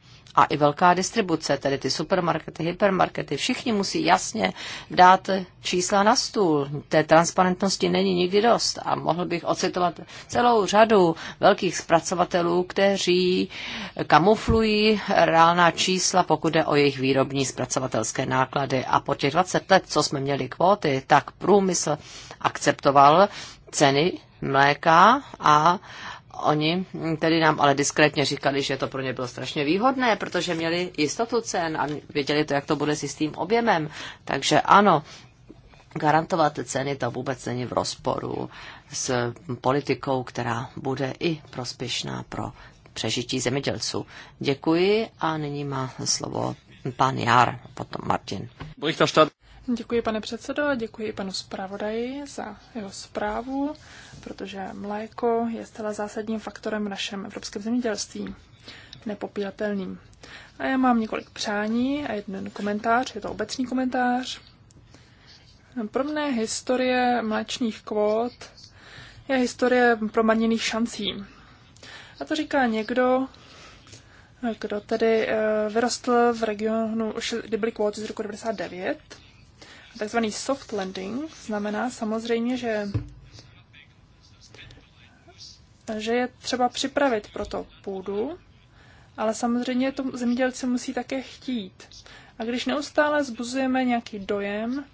Speaker 1: a i velká distribuce, tedy ty supermarkety, hypermarkety, všichni musí jasně dát čísla na stůl. Té transparentnosti není nikdy dost a mohl bych ocitovat celou řadu velkých zpracovatelů, kteří kamuflují reálná čísla, pokud jde o jejich výrobní zpracovatelské náklady. A po těch 20 let, co jsme měli kvóty, tak průmysl akceptoval ceny mléka a Oni tedy nám ale diskrétně říkali, že to pro ně bylo strašně výhodné, protože měli jistotu cen a věděli to, jak to bude s jistým objemem. Takže ano, garantovat ceny to vůbec není v rozporu s politikou, která bude i prospěšná pro přežití zemědělců. Děkuji a nyní má slovo pan Jár, potom Martin.
Speaker 2: Děkuji, pane předsedo, a děkuji panu zpravodaji za jeho zprávu, protože mléko je zcela zásadním faktorem v našem evropském zemědělství, nepopíratelným. A já mám několik přání a jeden komentář, je to obecný komentář. Pro mne historie mléčných kvót je historie promarněných šancí. A to říká někdo, kdo tedy eh, vyrostl v regionu, kdy byly kvóty z roku 1999, Takzvaný soft landing znamená samozřejmě, že že je třeba připravit pro to půdu, ale samozřejmě to zemědělci musí také chtít. A když neustále zbuzujeme nějaký dojem,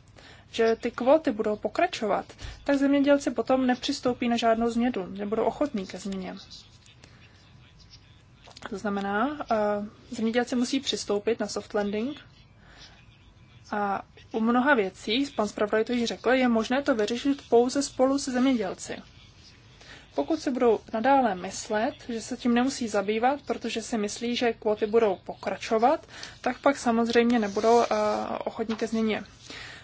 Speaker 2: že ty kvóty budou pokračovat, tak zemědělci potom nepřistoupí na žádnou změnu, nebudou ochotní ke změně. To znamená, eh, zemědělci musí přistoupit na soft landing a u mnoha věcí, pan zpravodaj to již řekl, je možné to vyřešit pouze spolu se zemědělci. Pokud si budou nadále myslet, že se tím nemusí zabývat, protože si myslí, že kvóty budou pokračovat, tak pak samozřejmě nebudou uh, ochotní ke změně.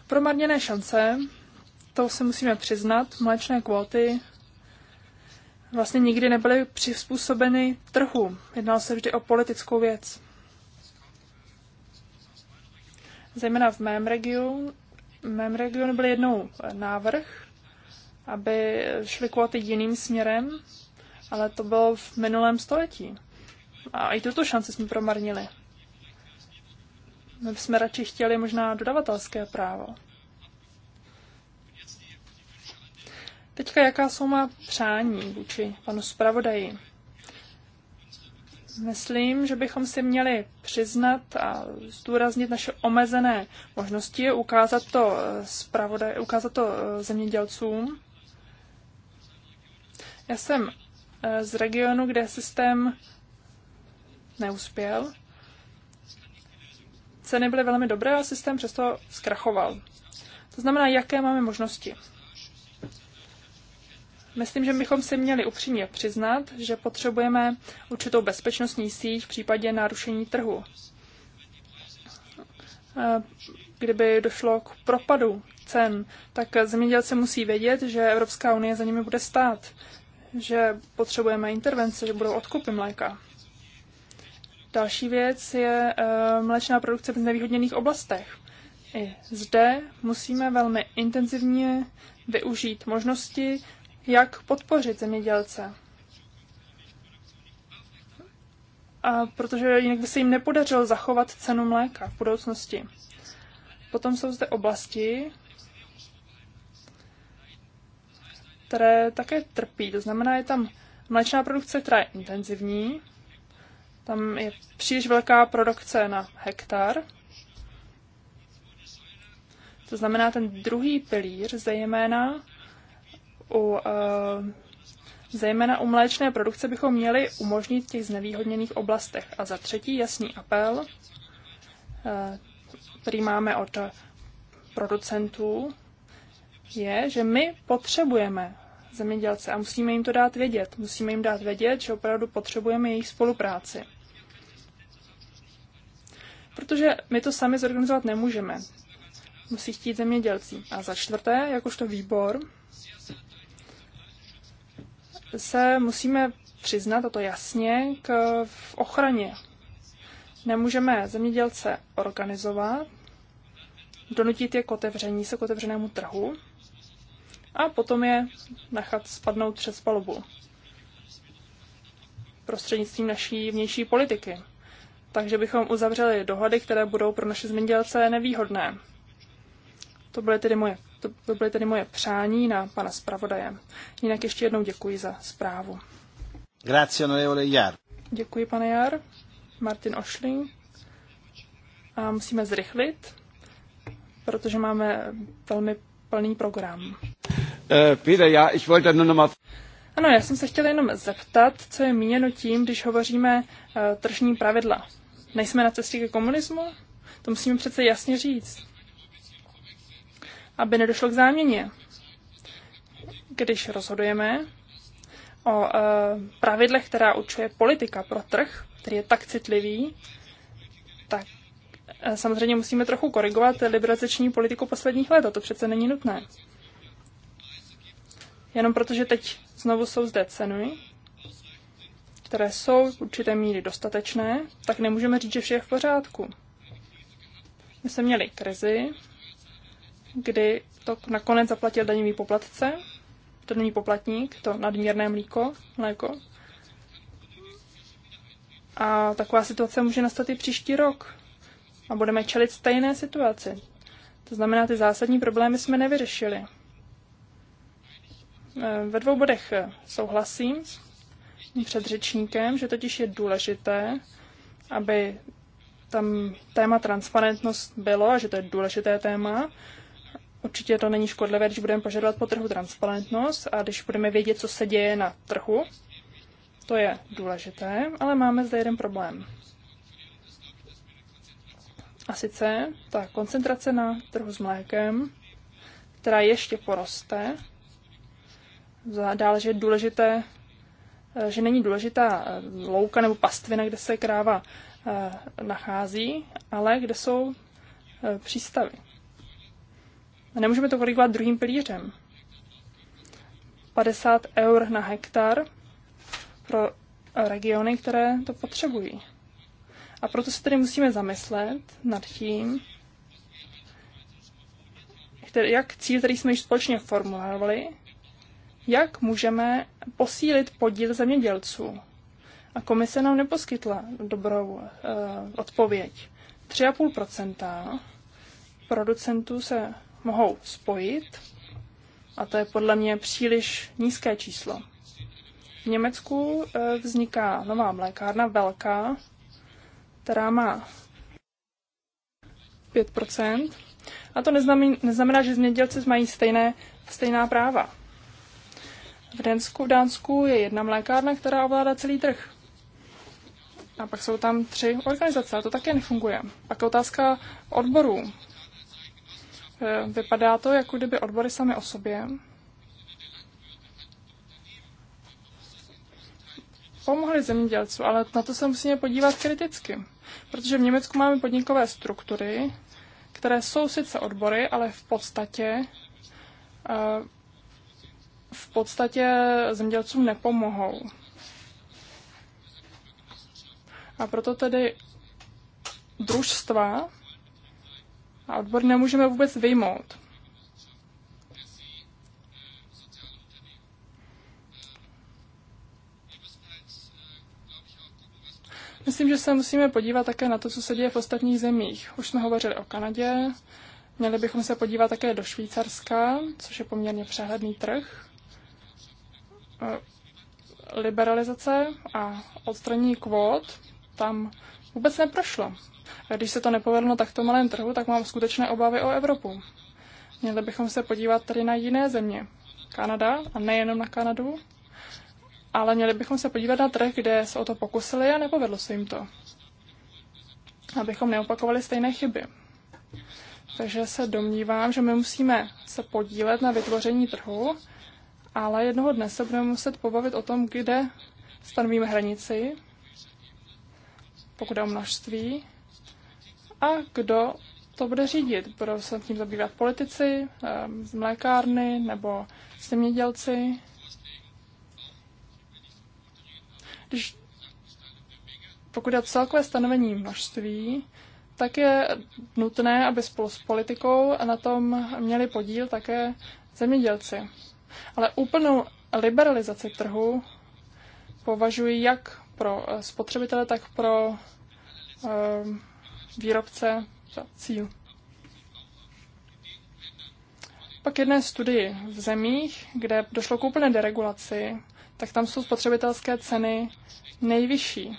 Speaker 2: Promarněné šance, to si musíme přiznat, mléčné kvóty vlastně nikdy nebyly přizpůsobeny trhu. Jednalo se vždy o politickou věc. Zejména v mém regionu, v mém regionu byl jednou eh, návrh, aby šly kvóty jiným směrem, ale to bylo v minulém století. A i tuto šanci jsme promarnili. My jsme radši chtěli možná dodavatelské právo. Teďka jaká jsou má přání vůči panu zpravodaji? Myslím, že bychom si měli přiznat a zdůraznit naše omezené možnosti, ukázat to, eh, zpravodaj, ukázat to eh, zemědělcům. Já jsem eh, z regionu, kde systém neuspěl. Ceny byly velmi dobré a systém přesto zkrachoval. To znamená, jaké máme možnosti. Myslím, že bychom si měli upřímně přiznat, že potřebujeme určitou bezpečnostní síť v případě narušení trhu. Eh, kdyby došlo k propadu cen, tak zemědělci musí vědět, že Evropská unie za nimi bude stát, že potřebujeme intervence, že budou odkupy mléka. Další věc je eh, mléčná produkce v znevýhodněných oblastech. I zde musíme velmi intenzivně využít možnosti jak podpořit zemědělce. A protože jinak by se jim nepodařilo zachovat cenu mléka v budoucnosti. Potom jsou zde oblasti, které také trpí. To znamená, je tam mléčná produkce, která je intenzivní, tam je příliš velká produkce na hektar. To znamená, ten druhý pilíř zejména u eh, zejména u mléčné produkce bychom měli umožnit v těch znevýhodněných oblastech. A za třetí jasný apel, eh, který máme od producentů, je, že my potřebujeme zemědělce a musíme jim to dát vědět. Musíme jim dát vědět, že opravdu potřebujeme jejich spolupráci. Protože my to sami zorganizovat nemůžeme. Musí chtít zemědělci. A za čtvrté, jakožto výbor, se musíme přiznat, a to jasně, k v ochraně. Nemůžeme zemědělce organizovat, donutit je k otevření se k otevřenému trhu a potom je nechat spadnout přes palubu prostřednictvím naší vnější politiky. Takže bychom uzavřeli dohody, které budou pro naše zemědělce nevýhodné. To byly tedy moje to, to byly tedy moje přání na pana zpravodaje. Jinak ještě jednou děkuji za zprávu.
Speaker 3: Grazie, onorevole Jar.
Speaker 2: Děkuji, pane Jar. Martin Ošling. A musíme zrychlit, protože máme velmi plný program.
Speaker 3: Eh, Peter, já, ich wollte nur nochmal...
Speaker 2: Ano, já jsem se chtěla jenom zeptat, co je míněno tím, když hovoříme uh, tržní pravidla. Nejsme na cestě ke komunismu? To musíme přece jasně říct aby nedošlo k záměně. Když rozhodujeme o e, pravidlech, která určuje politika pro trh, který je tak citlivý, tak e, samozřejmě musíme trochu korigovat liberalizační politiku posledních let a to přece není nutné. Jenom protože teď znovu jsou zde ceny, které jsou v určité míry dostatečné, tak nemůžeme říct, že vše je v pořádku. My jsme měli krizi, kdy to nakonec zaplatil daňový poplatce, není poplatník, to nadměrné mlíko, mléko. A taková situace může nastat i příští rok. A budeme čelit stejné situaci. To znamená, ty zásadní problémy jsme nevyřešili. E, ve dvou bodech souhlasím s předřečníkem, že totiž je důležité, aby tam téma transparentnost bylo a že to je důležité téma, Určitě to není škodlivé, když budeme požadovat po trhu transparentnost a když budeme vědět, co se děje na trhu. To je důležité, ale máme zde jeden problém. A sice ta koncentrace na trhu s mlékem, která ještě poroste, dále, že je důležité, že není důležitá eh, louka nebo pastvina, kde se kráva eh, nachází, ale kde jsou eh, přístavy. A nemůžeme to korigovat druhým pilířem. 50 eur na hektar pro regiony, které to potřebují. A proto se tedy musíme zamyslet nad tím, jak cíl, který jsme již společně formulovali, jak můžeme posílit podíl zemědělců. A komise nám neposkytla dobrou uh, odpověď. 3,5 producentů se mohou spojit, a to je podle mě příliš nízké číslo. V Německu e, vzniká nová mlékárna, velká, která má 5%. A to neznamená, že zemědělci mají stejné, stejná práva. V Dánsku, v Dánsku je jedna mlékárna, která ovládá celý trh. A pak jsou tam tři organizace a to také nefunguje. Pak je otázka odborů. Eh, vypadá to, jako kdyby odbory sami o sobě pomohly zemědělcům, ale na to se musíme podívat kriticky. Protože v Německu máme podnikové struktury, které jsou sice odbory, ale v podstatě eh, v podstatě zemědělcům nepomohou. A proto tedy družstva a odbor nemůžeme vůbec vyjmout. Myslím, že se musíme podívat také na to, co se děje v ostatních zemích. Už jsme hovořili o Kanadě, měli bychom se podívat také do Švýcarska, což je poměrně přehledný trh. E, liberalizace a odstranění kvót tam vůbec neprošlo když se to nepovedlo na takto malém trhu, tak mám skutečné obavy o Evropu. Měli bychom se podívat tady na jiné země. Kanada, a nejenom na Kanadu, ale měli bychom se podívat na trh, kde se o to pokusili a nepovedlo se jim to. Abychom neopakovali stejné chyby. Takže se domnívám, že my musíme se podílet na vytvoření trhu, ale jednoho dne se budeme muset pobavit o tom, kde stanovíme hranici, pokud je o množství, a kdo to bude řídit. Budou se tím zabývat politici, z mlékárny nebo zemědělci. Když pokud je celkové stanovení množství, tak je nutné, aby spolu s politikou na tom měli podíl také zemědělci. Ale úplnou liberalizaci trhu považuji jak pro eh, spotřebitele, tak pro výrobce za cíl. Pak jedné studii v zemích, kde došlo k úplné deregulaci, tak tam jsou spotřebitelské ceny nejvyšší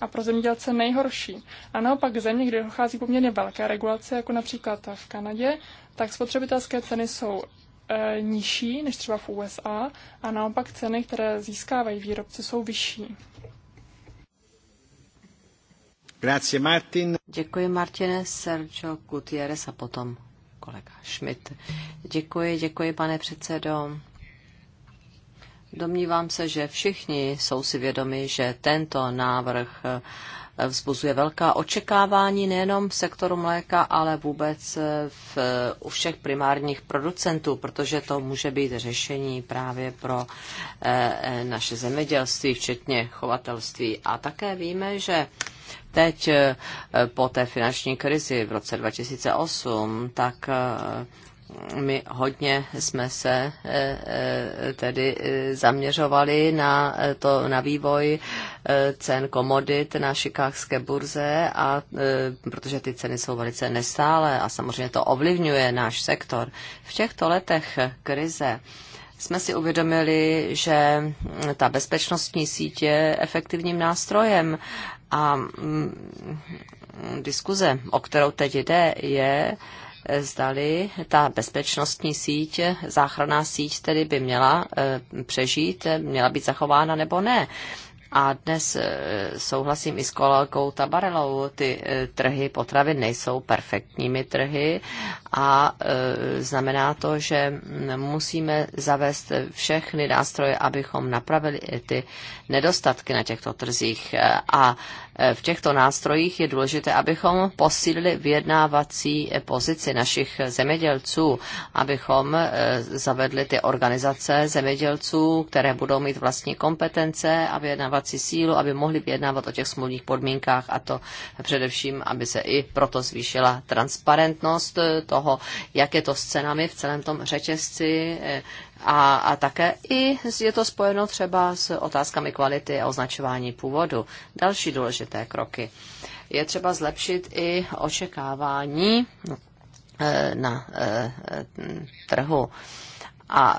Speaker 2: a pro zemědělce nejhorší. A naopak země, kde dochází poměrně velké regulace, jako například v Kanadě, tak spotřebitelské ceny jsou e, nižší než třeba v USA a naopak ceny, které získávají výrobci, jsou vyšší.
Speaker 1: Grazie, Martin. Děkuji, Martine. Sergio Gutierrez a potom kolega Schmidt. Děkuji, děkuji, pane předsedo. Domnívám se, že všichni jsou si vědomi, že tento návrh eh, vzbuzuje velká očekávání nejenom v sektoru mléka, ale vůbec eh, v, u všech primárních producentů, protože to může být řešení právě pro e, naše zemědělství, včetně chovatelství. A také víme, že teď eh, po té finanční krizi v roce 2008, tak eh, my hodně jsme se eh, tedy zaměřovali na, to, na vývoj cen komodit na šikákské burze, a, protože ty ceny jsou velice nestále a samozřejmě to ovlivňuje náš sektor. V těchto letech krize jsme si uvědomili, že ta bezpečnostní sítě je efektivním nástrojem a mm, diskuze, o kterou teď jde, je, eh, zdali ta bezpečnostní síť, záchranná síť tedy by měla eh, přežít, měla být zachována nebo ne. A dnes eh, souhlasím i s kolegou Tabarelou, ty eh, trhy potravin nejsou perfektními trhy a eh, znamená to, že mm, musíme zavést všechny nástroje, abychom napravili ty nedostatky na těchto trzích a Eh, v těchto nástrojích je důležité, abychom posílili vyjednávací eh, pozici našich eh, zemědělců, abychom zavedli ty organizace zemědělců, které budou mít vlastní kompetence a vyjednávací sílu, aby mohli vyjednávat o těch smluvních podmínkách a to především, aby se i proto zvýšila transparentnost toho, jak je to s cenami v celém tom řetězci, a, a také i je to spojeno třeba s otázkami kvality a označování původu. Další důležité kroky. Je třeba zlepšit i očekávání eh, na eh, trhu. A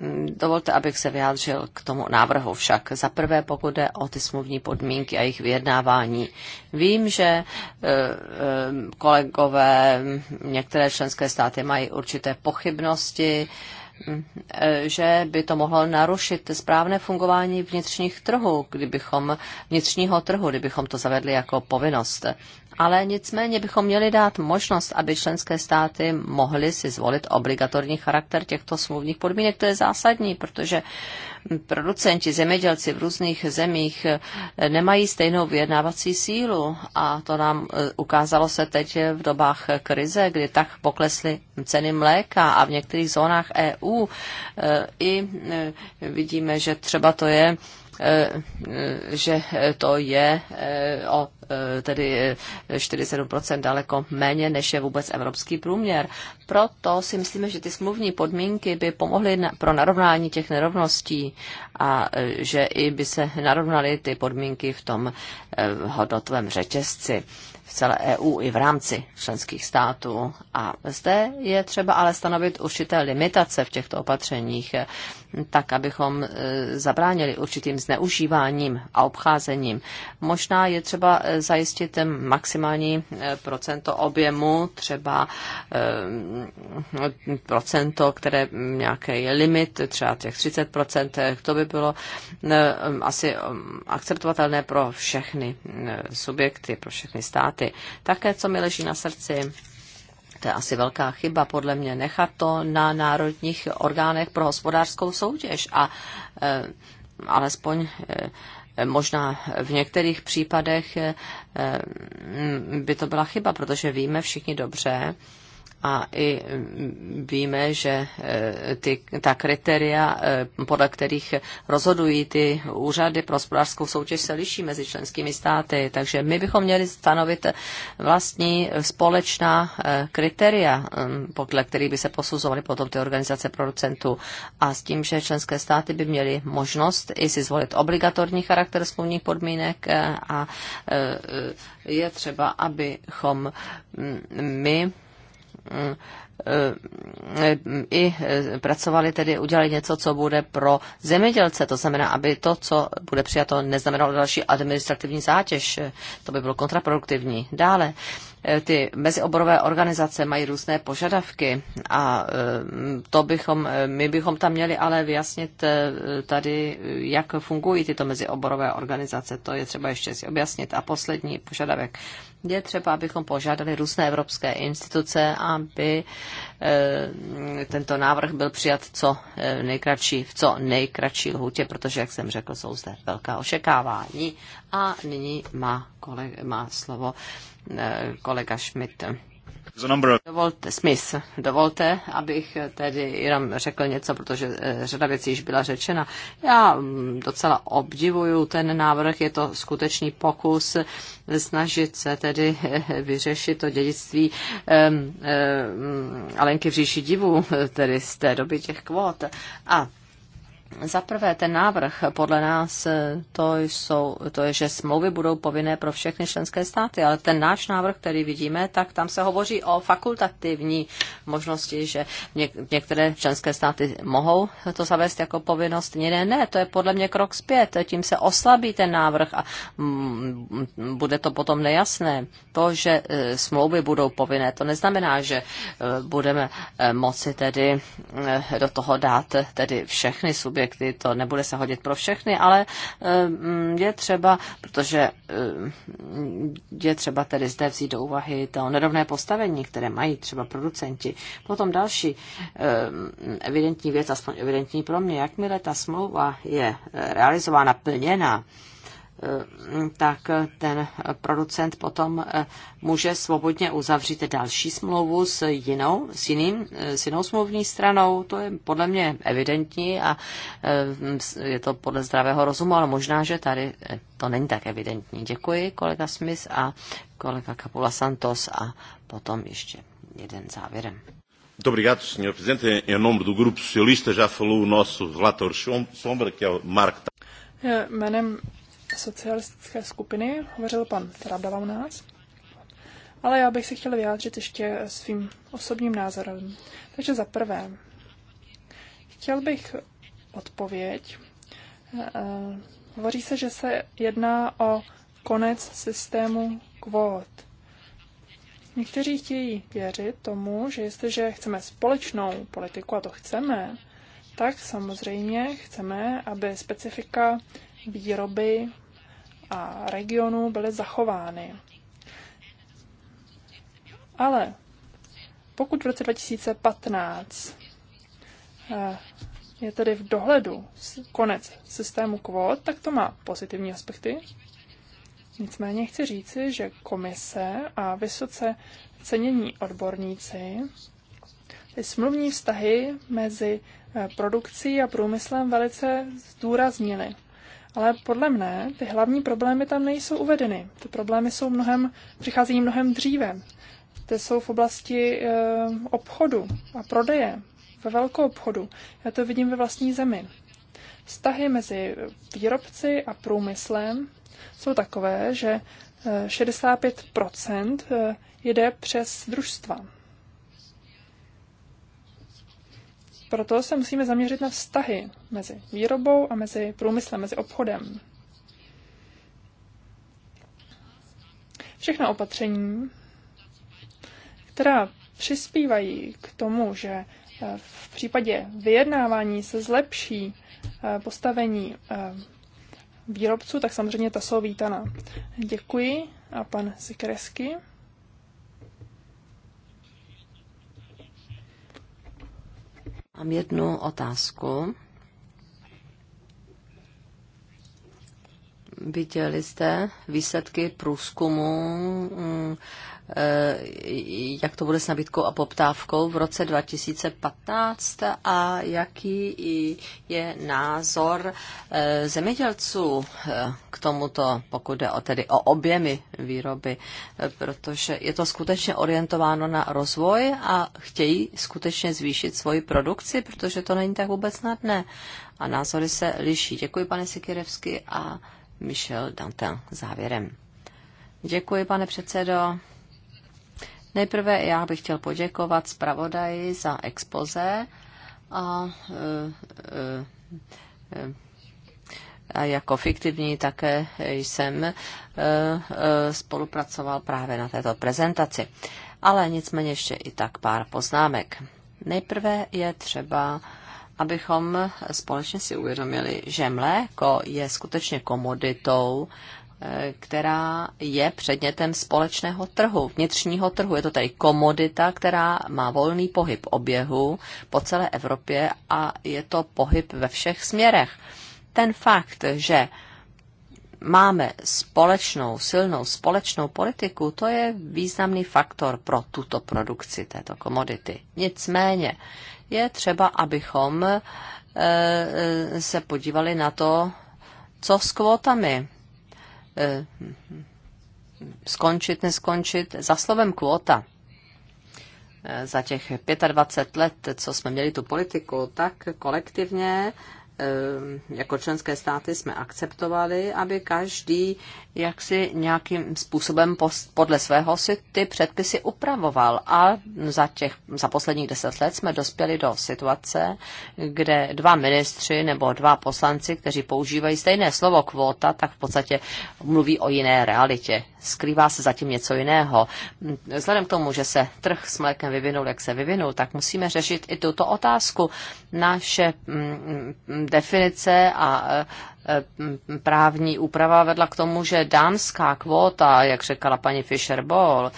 Speaker 1: mm, dovolte, abych se vyjádřil k tomu návrhu však. Za prvé, pokud jde o ty smluvní podmínky a jejich vyjednávání. Vím, že eh, kolegové, některé členské státy mají určité pochybnosti, že by to mohlo narušit správné fungování vnitřních trhů, kdybychom vnitřního trhu, kdybychom to zavedli jako povinnost. Ale nicméně bychom měli dát možnost, aby členské státy mohly si zvolit obligatorní charakter těchto smluvních podmínek. To je zásadní, protože uh, producenti, zemědělci v různých zemích eh, nemají stejnou vyjednávací sílu a to nám eh, ukázalo se teď v dobách krize, kdy tak poklesly ceny mléka a v některých zónách EU eh, i vidíme, že třeba to je že to je o Eh, tedy 47% eh, daleko méně, než je vůbec evropský průměr. Proto si myslíme, že ty smluvní podmínky by pomohly na, pro narovnání těch nerovností a eh, že i by se narovnaly ty podmínky v tom hodnotovém řetězci v celé EU i v rámci členských států. A zde je třeba ale stanovit určité limitace v těchto opatřeních tak abychom e, zabránili určitým zneužíváním a obcházením. Možná je třeba e, zajistit maximální e, procento objemu, třeba procento, které nějaký je limit, třeba těch 30%, to by bylo asi akceptovatelné pro všechny subjekty, pro všechny státy. Také, co mi leží na srdci, to je asi velká chyba, podle mě, nechat to na národních orgánech pro hospodářskou soutěž a e, alespoň e, Možná v některých případech eh, mm, by to byla chyba, protože víme všichni dobře, a i mm, víme, že e, ty, ta kritéria, e, podle kterých rozhodují ty úřady pro hospodářskou soutěž, se liší mezi členskými státy. Takže my bychom měli stanovit vlastní společná e, kritéria, podle kterých by se posuzovaly potom ty organizace producentů. A s tím, že členské státy by měly možnost i si zvolit obligatorní charakter smluvních podmínek a je třeba, abychom my i pracovali, tedy udělali něco, co bude pro zemědělce. To znamená, aby to, co bude přijato, neznamenalo další administrativní zátěž. To by bylo kontraproduktivní. Dále, eh, ty mezioborové organizace mají různé požadavky a eh, to bychom, eh, my bychom tam měli ale vyjasnit tady, jak fungují tyto mezioborové organizace. To je třeba ještě si objasnit. A poslední požadavek je třeba, abychom požádali různé evropské instituce, aby eh, tento návrh byl přijat co eh, nejkratší, v co nejkratší lhůtě, protože, jak jsem řekl, jsou zde velká očekávání. A nyní má, kolega, má slovo eh, kolega Schmidt. Dovolte, Smith, dovolte, abych tedy jenom řekl něco, protože eh, řada věcí již byla řečena. Já mm, docela obdivuju ten návrh, je to skutečný pokus snažit se tedy eh, vyřešit to dědictví ehm, ehm, Alenky v říši divu, tedy z té doby těch kvót. A za prvé, ten návrh podle nás eh, to, jsou, to je, že smlouvy budou povinné pro všechny členské státy, ale ten náš návrh, který vidíme, tak tam se hovoří o fakultativní možnosti, že některé členské státy mohou to zavést jako povinnost, jiné ne, ne. To je podle mě krok zpět, tím se oslabí ten návrh a mm, bude to potom nejasné. To, že eh, smlouvy budou povinné, to neznamená, že eh, budeme moci tedy do toho dát tedy všechny subjekty subjekty, to nebude se hodit pro všechny, ale eh, mm, je třeba, protože eh, je třeba tedy zde vzít do úvahy to nerovné postavení, které mají třeba producenti. Potom další eh, evidentní věc, aspoň evidentní pro mě, jakmile ta smlouva je realizována, plněna, tak ten producent potom eh, může svobodně uzavřít další smlouvu s jinou, s, jiným, eh, s jinou smluvní stranou. To je podle mě evidentní a eh, je to podle zdravého rozumu, ale možná, že tady to není tak evidentní. Děkuji kolega Smith a kolega Capula Santos a potom ještě jeden závěrem. obrigado, Presidente. Em nome do Grupo Socialista já falou o nosso relator sombra, que é o Mark.
Speaker 2: Jménem socialistické skupiny, hovořil pan Rabdava u nás. Ale já bych se chtěla vyjádřit ještě svým osobním názorem. Takže za prvé, chtěl bych odpověď. Eh, eh, hovoří se, že se jedná o konec systému kvót. Někteří chtějí věřit tomu, že jestliže chceme společnou politiku, a to chceme, tak samozřejmě chceme, aby specifika výroby a regionů byly zachovány. Ale pokud v roce 2015 eh, je tedy v dohledu konec systému kvót, tak to má pozitivní aspekty. Nicméně chci říci, že komise a vysoce cenění odborníci ty smluvní vztahy mezi eh, produkcí a průmyslem velice zdůraznily ale podle mne ty hlavní problémy tam nejsou uvedeny. Ty problémy jsou mnohem, přicházejí mnohem dříve. Ty jsou v oblasti e, obchodu a prodeje, ve velkou obchodu. Já to vidím ve vlastní zemi. Vztahy mezi výrobci a průmyslem jsou takové, že 65 eh, eh, jde přes družstva. Proto se musíme zaměřit na vztahy mezi výrobou a mezi průmyslem, mezi obchodem. Všechna opatření, která přispívají k tomu, že eh, v případě vyjednávání se zlepší eh, postavení eh, výrobců, tak samozřejmě ta jsou vítana. Děkuji a pan Sikresky.
Speaker 1: Mám jednu otázku Viděli jste výsledky průzkumu, mm, e, jak to bude s nabídkou a poptávkou v roce 2015 a jaký je názor e, zemědělců e, k tomuto, pokud jde o, tedy o objemy výroby, protože je to skutečně orientováno na rozvoj a chtějí skutečně zvýšit svoji produkci, protože to není tak vůbec snadné a názory se liší. Děkuji, pane Sikirevsky, a Michel Dantin závěrem. Děkuji, pane předsedo. Nejprve já bych chtěl poděkovat zpravodaji za expoze a e, e, e, a jako fiktivní také jsem spolupracoval právě na této prezentaci. Ale nicméně ještě i tak pár poznámek. Nejprve je třeba abychom společně si uvědomili, že mléko je skutečně komoditou, eh, která je předmětem společného trhu, vnitřního trhu. Je to tedy komodita, která má volný pohyb oběhu po celé Evropě a je to pohyb ve všech směrech. Ten fakt, že máme společnou, silnou společnou politiku, to je významný faktor pro tuto produkci této komodity. Nicméně je třeba, abychom eh, eh, se podívali na to, co s kvótami. Eh, skončit, neskončit, za slovem kvóta za těch 25 let, co jsme měli tu politiku, tak kolektivně Ehm, jako členské státy jsme akceptovali, aby každý jaksi nějakým způsobem podle svého si ty předpisy upravoval. A za, těch, za posledních deset let jsme dospěli do situace, kde dva ministři nebo dva poslanci, kteří používají stejné slovo kvota, tak v podstatě mluví o jiné realitě. Skrývá se zatím něco jiného. Vzhledem k tomu, že se trh s mlékem vyvinul, jak se vyvinul, tak musíme řešit i tuto otázku. Naše mm, definice a e, e, právní úprava vedla k tomu, že dánská kvóta, jak řekla paní Fischer-Boll, e,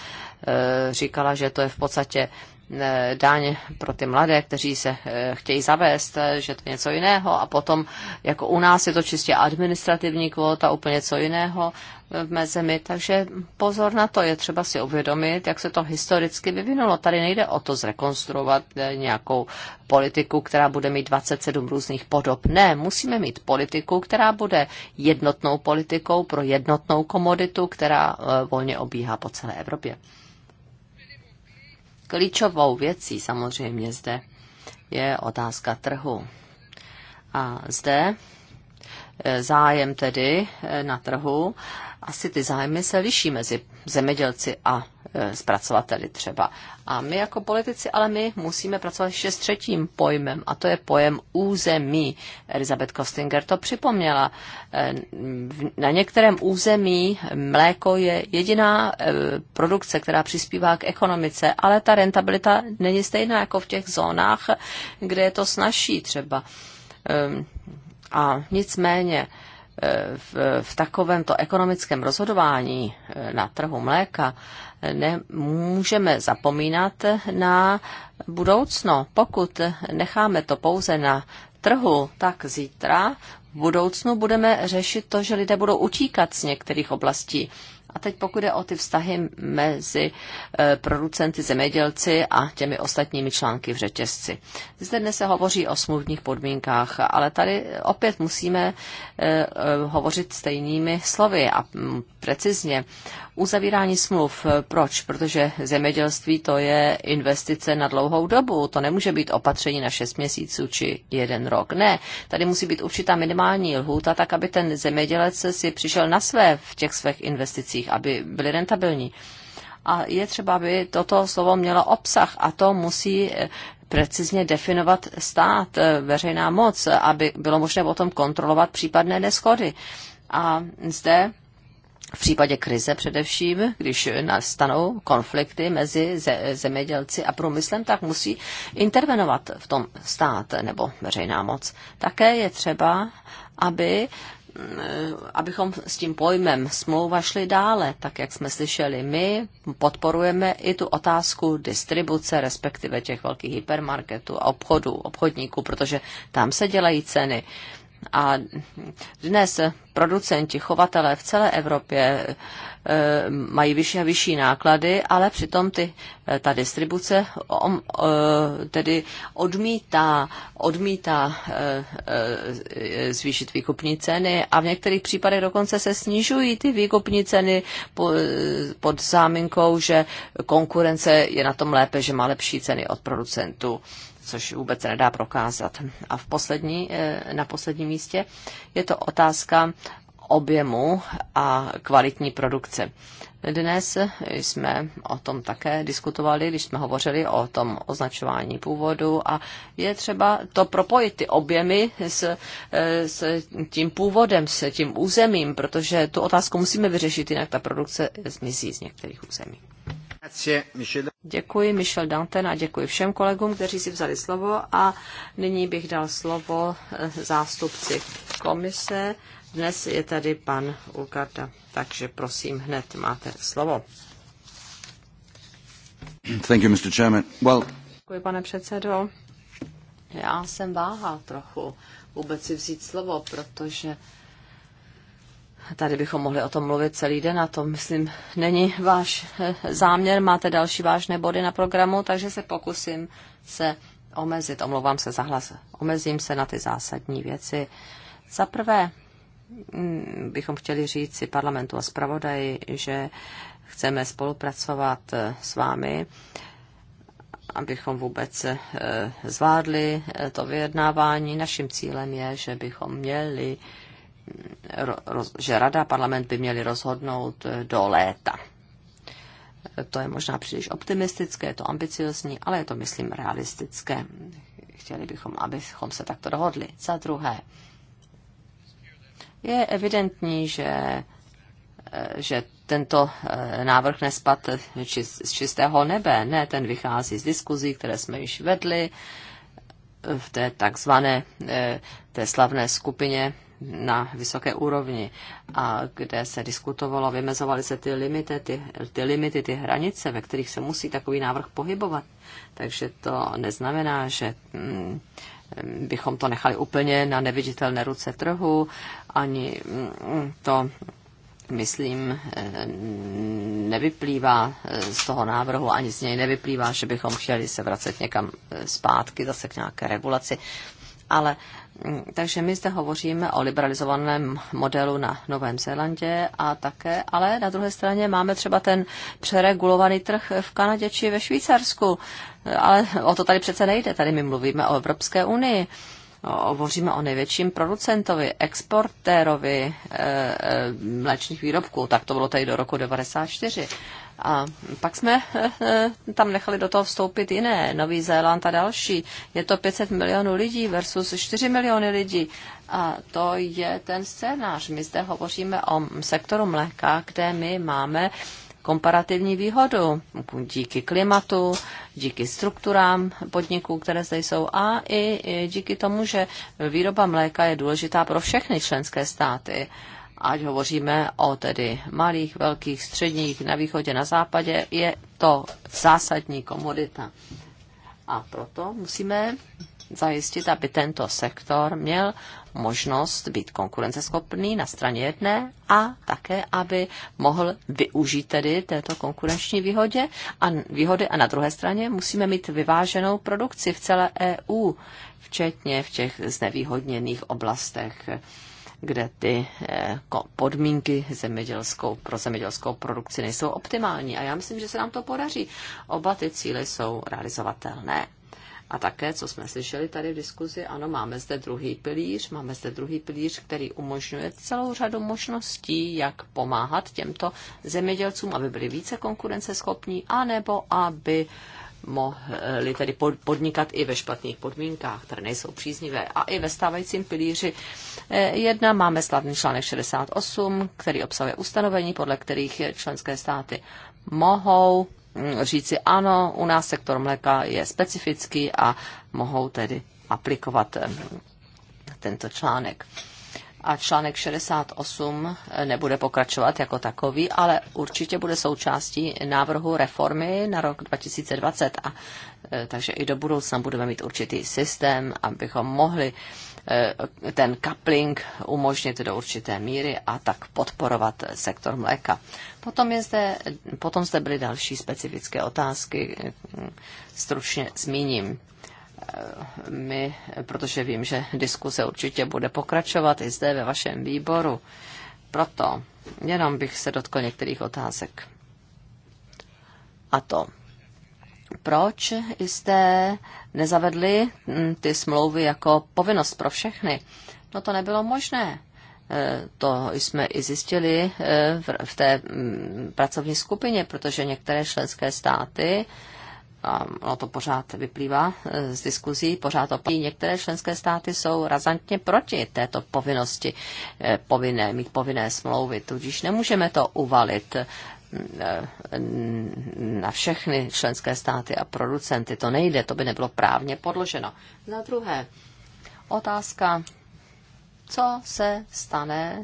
Speaker 1: říkala, že to je v podstatě Eh, daň pro ty mladé, kteří se eh, chtějí zavést, eh, že to je něco jiného a potom jako u nás je to čistě administrativní kvota, úplně něco jiného v mé zemi, takže pozor na to, je třeba si uvědomit, jak se to historicky vyvinulo. Tady nejde o to zrekonstruovat nějakou politiku, která bude mít 27 různých podob. Ne, musíme mít politiku, která bude jednotnou politikou pro jednotnou komoditu, která volně obíhá po celé Evropě. Klíčovou věcí samozřejmě zde je otázka trhu. A zde e, zájem tedy e, na trhu, asi ty zájmy se liší mezi zemědělci a Eh, zpracovateli třeba. A my jako politici, ale my musíme pracovat ještě s třetím pojmem, a to je pojem území. Elizabeth Kostinger to připomněla. Eh, na některém území mléko je jediná eh, produkce, která přispívá k ekonomice, ale ta rentabilita není stejná jako v těch zónách, kde je to snažší třeba. A nicméně v, v takovémto ekonomickém rozhodování na trhu mléka nemůžeme zapomínat na budoucno. Pokud necháme to pouze na trhu, tak zítra v budoucnu budeme řešit to, že lidé budou utíkat z některých oblastí. A teď pokud je o ty vztahy mezi e, producenty, zemědělci a těmi ostatními články v řetězci. Zde dnes se hovoří o smluvních podmínkách, ale tady opět musíme e, e, hovořit stejnými slovy a precizně uzavírání smluv. Eh, Proč? Protože zemědělství to je investice na dlouhou dobu. To nemůže být opatření na 6 měsíců či jeden rok. Ne, tady musí být určitá minimální lhůta, tak aby ten zemědělec si přišel na své v těch svých investicích, aby byly rentabilní. A je třeba, aby toto slovo mělo obsah a to musí eh, precizně definovat stát, eh, veřejná moc, aby bylo možné o tom kontrolovat případné neschody. A zde v případě krize především, když nastanou konflikty mezi zemědělci a průmyslem, tak musí intervenovat v tom stát nebo veřejná moc. Také je třeba, aby mm, abychom s tím pojmem smlouva šli dále, tak jak jsme slyšeli my, podporujeme i tu otázku distribuce, respektive těch velkých hypermarketů a obchodů, obchodníků, protože tam se dělají ceny. A dnes producenti, chovatelé v celé Evropě eh, mají vyšší a vyšší náklady, ale přitom ty, eh, ta distribuce eh, tedy odmítá, odmítá zvýšit výkupní ceny a v některých případech dokonce se snižují ty výkupní ceny pod záminkou, že konkurence je na tom lépe, že má lepší ceny od producentů což vůbec se nedá prokázat. A v poslední, eh, na posledním místě je to otázka objemu a kvalitní produkce. Dnes jsme o tom také diskutovali, když jsme hovořili o tom označování původu a je třeba to propojit ty objemy s, eh, s tím původem, s tím územím, protože tu otázku musíme vyřešit, jinak ta produkce zmizí z některých území. Děkuji Michel Danten a děkuji všem kolegům, kteří si vzali slovo a nyní bych dal slovo eh, zástupci komise. Dnes je tady pan Ulkarda, takže prosím, hned máte slovo.
Speaker 2: Thank you, Mr. Chairman. Well...
Speaker 1: Děkuji, pane předsedo. Já jsem váhal trochu vůbec si vzít slovo, protože Tady bychom mohli o tom mluvit celý den a to, myslím, není váš eh, záměr. Máte další vážné body na programu, takže se pokusím se omezit. Omlouvám se za hlas. Omezím se na ty zásadní věci. Za prvé mm, bychom chtěli říct si parlamentu a zpravodaji, že chceme spolupracovat eh, s vámi, abychom vůbec eh, zvládli to vyjednávání. Naším cílem je, že bychom měli že rada a parlament by měli rozhodnout eh, do léta. To je možná příliš optimistické, je to ambiciozní, ale je to, myslím, realistické. Chtěli bychom, abychom se takto dohodli. Za druhé, je evidentní, že, eh, že tento eh, návrh nespad z čistého nebe. Ne, ten vychází z diskuzí, které jsme již vedli v té takzvané té slavné skupině na vysoké úrovni a kde se diskutovalo, vymezovaly se ty limity, ty, ty limity, ty hranice, ve kterých se musí takový návrh pohybovat. Takže to neznamená, že mm, bychom to nechali úplně na neviditelné ruce trhu, ani mm, to myslím, eh, nevyplývá eh, z toho návrhu, ani z něj nevyplývá, že bychom chtěli se vracet někam eh, zpátky, zase k nějaké regulaci. Ale mm, takže my zde hovoříme o liberalizovaném modelu na Novém Zélandě a také, ale na druhé straně máme třeba ten přeregulovaný trh v Kanadě či ve Švýcarsku. Ale o to tady přece nejde, tady my mluvíme o Evropské unii. Hovoříme o největším producentovi, exportérovi e, e, mléčných výrobků, tak to bylo tady do roku 1994. A pak jsme eh, eh, tam nechali do toho vstoupit jiné, Nový Zéland a další. Je to 500 milionů lidí versus 4 miliony lidí. A to je ten scénář. My zde hovoříme o sektoru mléka, kde my máme komparativní výhodu díky klimatu, díky strukturám podniků, které zde jsou a i díky tomu, že výroba mléka je důležitá pro všechny členské státy ať hovoříme o tedy malých, velkých, středních, na východě, na západě, je to zásadní komodita. A proto musíme zajistit, aby tento sektor měl možnost být konkurenceschopný na straně jedné a také, aby mohl využít tedy této konkurenční výhodě a výhody a na druhé straně musíme mít vyváženou produkci v celé EU, včetně v těch znevýhodněných oblastech kde ty eh, podmínky zemědělskou, pro zemědělskou produkci nejsou optimální. A já myslím, že se nám to podaří. Oba ty cíly jsou realizovatelné. A také, co jsme slyšeli tady v diskuzi, ano, máme zde druhý pilíř, máme zde druhý pilíř, který umožňuje celou řadu možností, jak pomáhat těmto zemědělcům, aby byli více konkurenceschopní, anebo aby eh, mohli tedy podnikat i ve špatných podmínkách, které nejsou příznivé. A i ve stávajícím pilíři eh, jedna máme slavný článek 68, který obsahuje ustanovení, podle kterých členské státy mohou hm, říci ano, u nás sektor mléka je specifický a mohou tedy aplikovat hm, tento článek a článek 68 eh, nebude pokračovat jako takový, ale určitě bude součástí návrhu reformy na rok 2020. A, eh, takže i do budoucna budeme mít určitý systém, abychom mohli eh, ten coupling umožnit do určité míry a tak podporovat sektor mléka. Potom, je zde, potom zde byly další specifické otázky, stručně zmíním my, protože vím, že diskuse určitě bude pokračovat i zde ve vašem výboru. Proto jenom bych se dotkl některých otázek. A to, proč jste nezavedli hm, ty smlouvy jako povinnost pro všechny? No to nebylo možné. E, to jsme i zjistili e, v té hm, pracovní skupině, protože některé členské státy a ono to pořád vyplývá eh, z diskuzí, pořád opí. Některé členské státy jsou razantně proti této povinnosti, eh, povinné, mít povinné smlouvy, tudíž nemůžeme to uvalit eh, na všechny členské státy a producenty. To nejde, to by nebylo právně podloženo. Za druhé, otázka, co se stane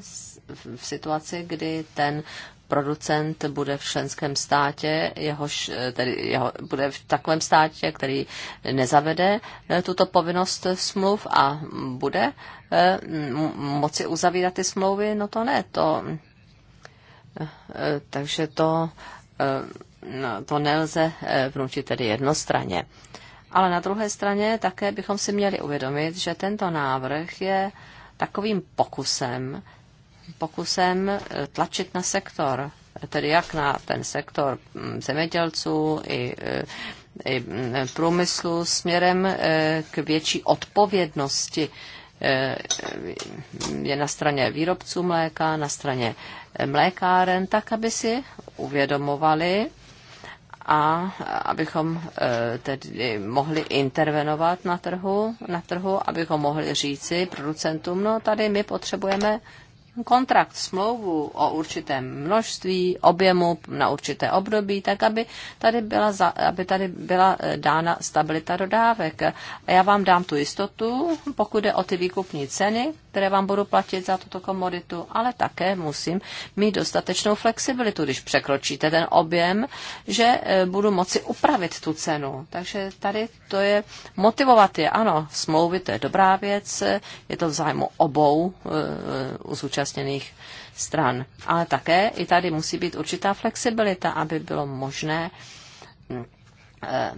Speaker 1: v situaci, kdy ten producent bude v členském státě, jehož, eh, tedy jeho, bude v takovém státě, který nezavede eh, tuto povinnost smluv a bude eh, moci uzavírat ty smlouvy, no to ne, to, takže to, no, to nelze vnutit tedy jednostranně. Ale na druhé straně také bychom si měli uvědomit, že tento návrh je takovým pokusem pokusem eh, tlačit na sektor, tedy jak na ten sektor hm, zemědělců i, eh, i hm, průmyslu směrem eh, k větší odpovědnosti je na straně výrobců mléka, na straně mlékáren, tak aby si uvědomovali a abychom tedy mohli intervenovat na trhu, na trhu, abychom mohli říci producentům, no tady my potřebujeme kontrakt, smlouvu o určitém množství, objemu na určité období, tak aby tady byla, za, aby tady byla eh, dána stabilita dodávek. A já vám dám tu jistotu, pokud jde o ty výkupní ceny, které vám budu platit za tuto komoditu, ale také musím mít dostatečnou flexibilitu, když překročíte ten objem, že eh, budu moci upravit tu cenu. Takže tady to je motivovat je. Ano, smlouvy to je dobrá věc, je to v zájmu obou uh, zúčastněných stran. Ale také i tady musí být určitá flexibilita, aby bylo možné mm, eh,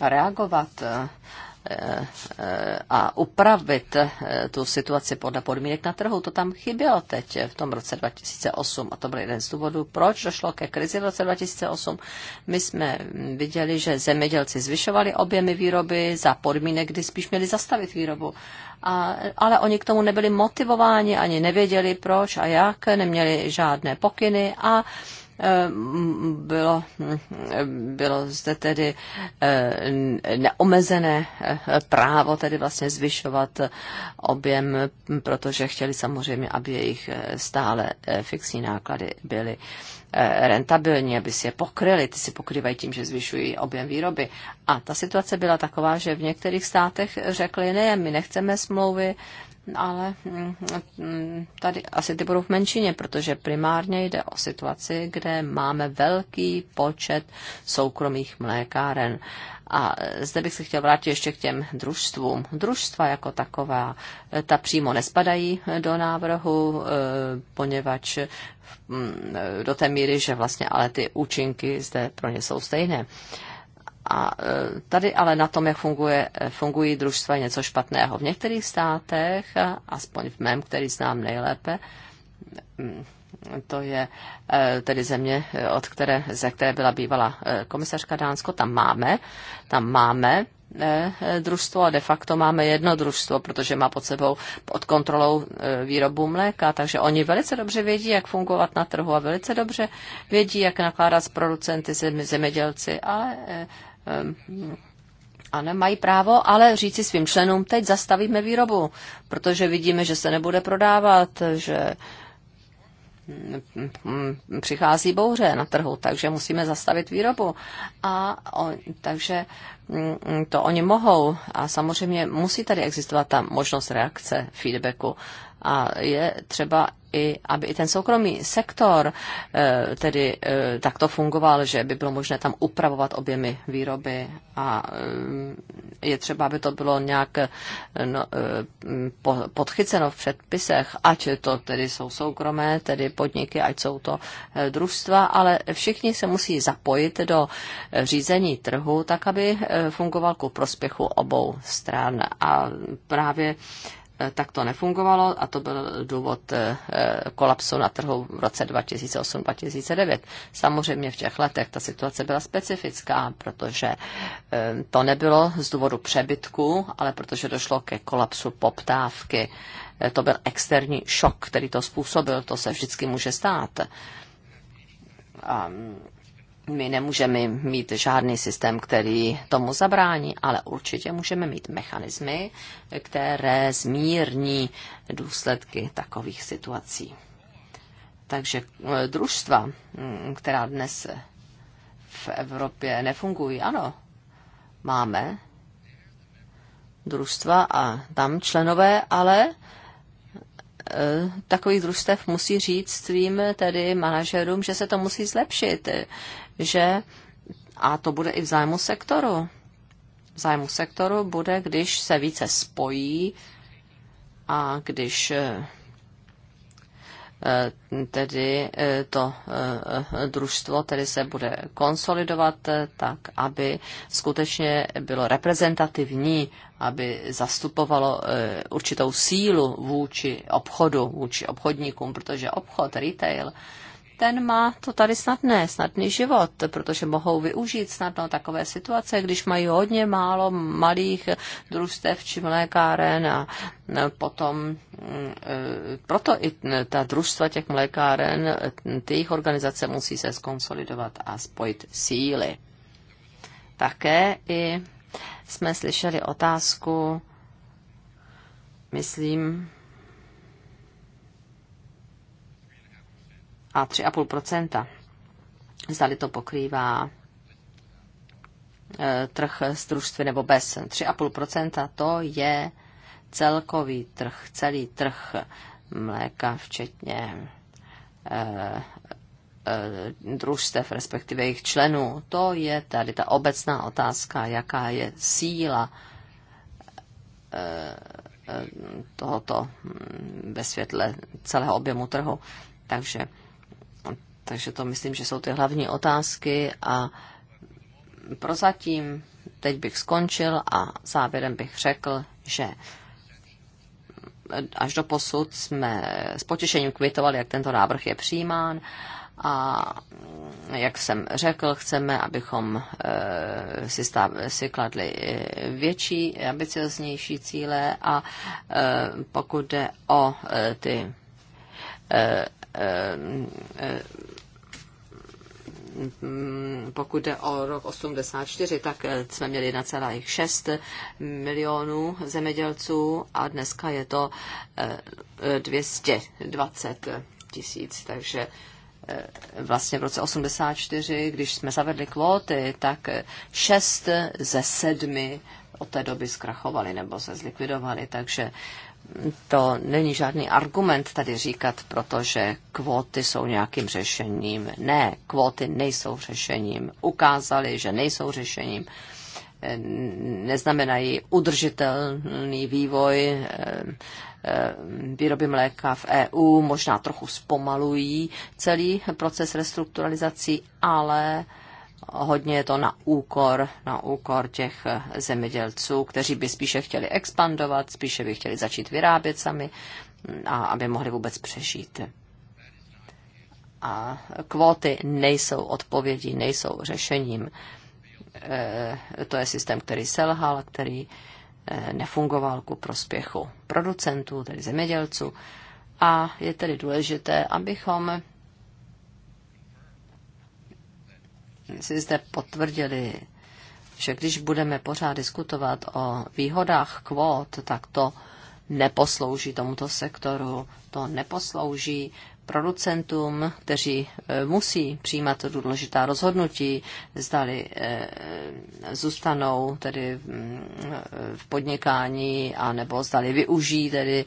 Speaker 1: reagovat eh, eh, a upravit tu situaci podle podmínek na trhu. To tam chybělo teď v tom roce 2008 a to byl jeden z důvodů, proč došlo ke krizi v roce 2008. My jsme viděli, že zemědělci zvyšovali objemy výroby za podmínek, kdy spíš měli zastavit výrobu a, ale oni k tomu nebyli motivováni, ani nevěděli proč a jak, neměli žádné pokyny a e, bylo, bylo zde tedy e, neomezené e, právo tedy vlastně zvyšovat objem, protože chtěli samozřejmě, aby jejich stále fixní náklady byly Eh, rentabilní, aby si je pokryli. Ty si pokrývají tím, že zvyšují objem výroby. A ta situace byla taková, že v některých státech řekli, ne, my nechceme smlouvy ale mm, mm, tady asi ty budou v menšině, protože primárně jde o situaci, kde máme velký počet soukromých mlékáren. A zde bych se chtěl vrátit ještě k těm družstvům. Družstva jako taková, eh, ta přímo nespadají eh, do návrhu, eh, poněvadž mm, do té míry, že vlastně ale ty účinky zde pro ně jsou stejné. A e, tady ale na tom, jak funguje, e, fungují družstva, je něco špatného. V některých státech, aspoň v mém, který znám nejlépe, mm, to je e, tedy země, od které, ze které byla bývala komisařka Dánsko, tam máme, tam máme družstvo a de facto máme jedno družstvo, protože má pod sebou pod kontrolou výrobu mléka, takže oni velice dobře vědí, jak fungovat na trhu a velice dobře vědí, jak nakládat s producenty, zemědělci, ale Ehm, a nemají právo, ale říci svým členům, teď zastavíme výrobu, protože vidíme, že se nebude prodávat, že mm, přichází bouře na trhu, takže musíme zastavit výrobu. A on, takže mm, to oni mohou a samozřejmě musí tady existovat ta možnost reakce, feedbacku a je třeba i, aby i ten soukromý sektor eh, tedy eh, takto fungoval, že by bylo možné tam upravovat objemy výroby a eh, je třeba, aby to bylo nějak no, podchyceno v předpisech, ať to tedy jsou soukromé, tedy podniky, ať jsou to družstva, ale všichni se musí zapojit do řízení trhu, tak aby fungoval ku prospěchu obou stran a právě Eh, tak to nefungovalo a to byl důvod eh, kolapsu na trhu v roce 2008-2009. Samozřejmě v těch letech ta situace byla specifická, protože eh, to nebylo z důvodu přebytku, ale protože došlo ke kolapsu poptávky. To byl externí šok, který to způsobil, to se vždycky může stát. A mm, my nemůžeme mít žádný systém, který tomu zabrání, ale určitě můžeme mít mechanismy, které zmírní důsledky takových situací. Takže eh, družstva, mm, která dnes v Evropě nefungují, ano, máme družstva a tam členové, ale eh, takových družstev musí říct svým tedy manažerům, že se to musí zlepšit, že, a to bude i v zájmu sektoru, v zájmu sektoru bude, když se více spojí a když eh, eh, tedy eh, to družstvo tedy se bude konsolidovat tak, aby skutečně bylo reprezentativní, aby zastupovalo určitou sílu vůči obchodu, vůči obchodníkům, protože obchod, retail, ten má to tady snadné, snadný život, protože mohou využít snadno takové situace, když mají hodně málo malých družstev či mlékáren a no, potom mm, e, proto i ta družstva těch mlékáren, e, ty jejich organizace musí se skonsolidovat a spojit síly. Také i jsme slyšeli otázku, myslím, a 3,5 Zdali to pokrývá e, trh s družství nebo bez. 3,5 to je celkový trh, celý trh mléka, včetně e, e, družstev, respektive jejich členů. To je tady ta obecná otázka, jaká je síla e, e tohoto hm, ve světle celého objemu trhu. Takže takže to myslím, že jsou ty hlavní otázky a prozatím teď bych skončil a závěrem bych řekl, že až do posud jsme s potěšením kvitovali, jak tento návrh je přijímán a jak jsem řekl, chceme, abychom e, si, stav, si kladli e, větší, ambicioznější cíle a e, pokud jde o ty pokud jde o rok 84, tak eh, jsme měli 1,6 milionů zemědělců a dneska je to 220 eh, eh, tisíc, takže vlastně v roce 84, když jsme zavedli kvóty, tak šest ze sedmi od té doby zkrachovali nebo se zlikvidovali, takže to není žádný argument tady říkat, protože kvóty jsou nějakým řešením. Ne, kvóty nejsou řešením. Ukázali, že nejsou řešením. Eh, neznamenají udržitelný vývoj eh, eh, výroby mléka v EU, možná trochu zpomalují celý proces restrukturalizací, ale hodně je to na úkor, na úkor těch eh, zemědělců, kteří by spíše chtěli expandovat, spíše by chtěli začít vyrábět sami, mm, a aby mohli vůbec přežít. A kvóty nejsou odpovědí, nejsou řešením. Eh, to je systém, který selhal, který eh, nefungoval ku prospěchu producentů, tedy zemědělců. A je tedy důležité, abychom si zde potvrdili, že když budeme pořád diskutovat o výhodách kvót, tak to neposlouží tomuto sektoru, to neposlouží producentům, kteří e, musí přijímat důležitá rozhodnutí, zdali e, zůstanou tedy v podnikání, anebo zdali využijí tedy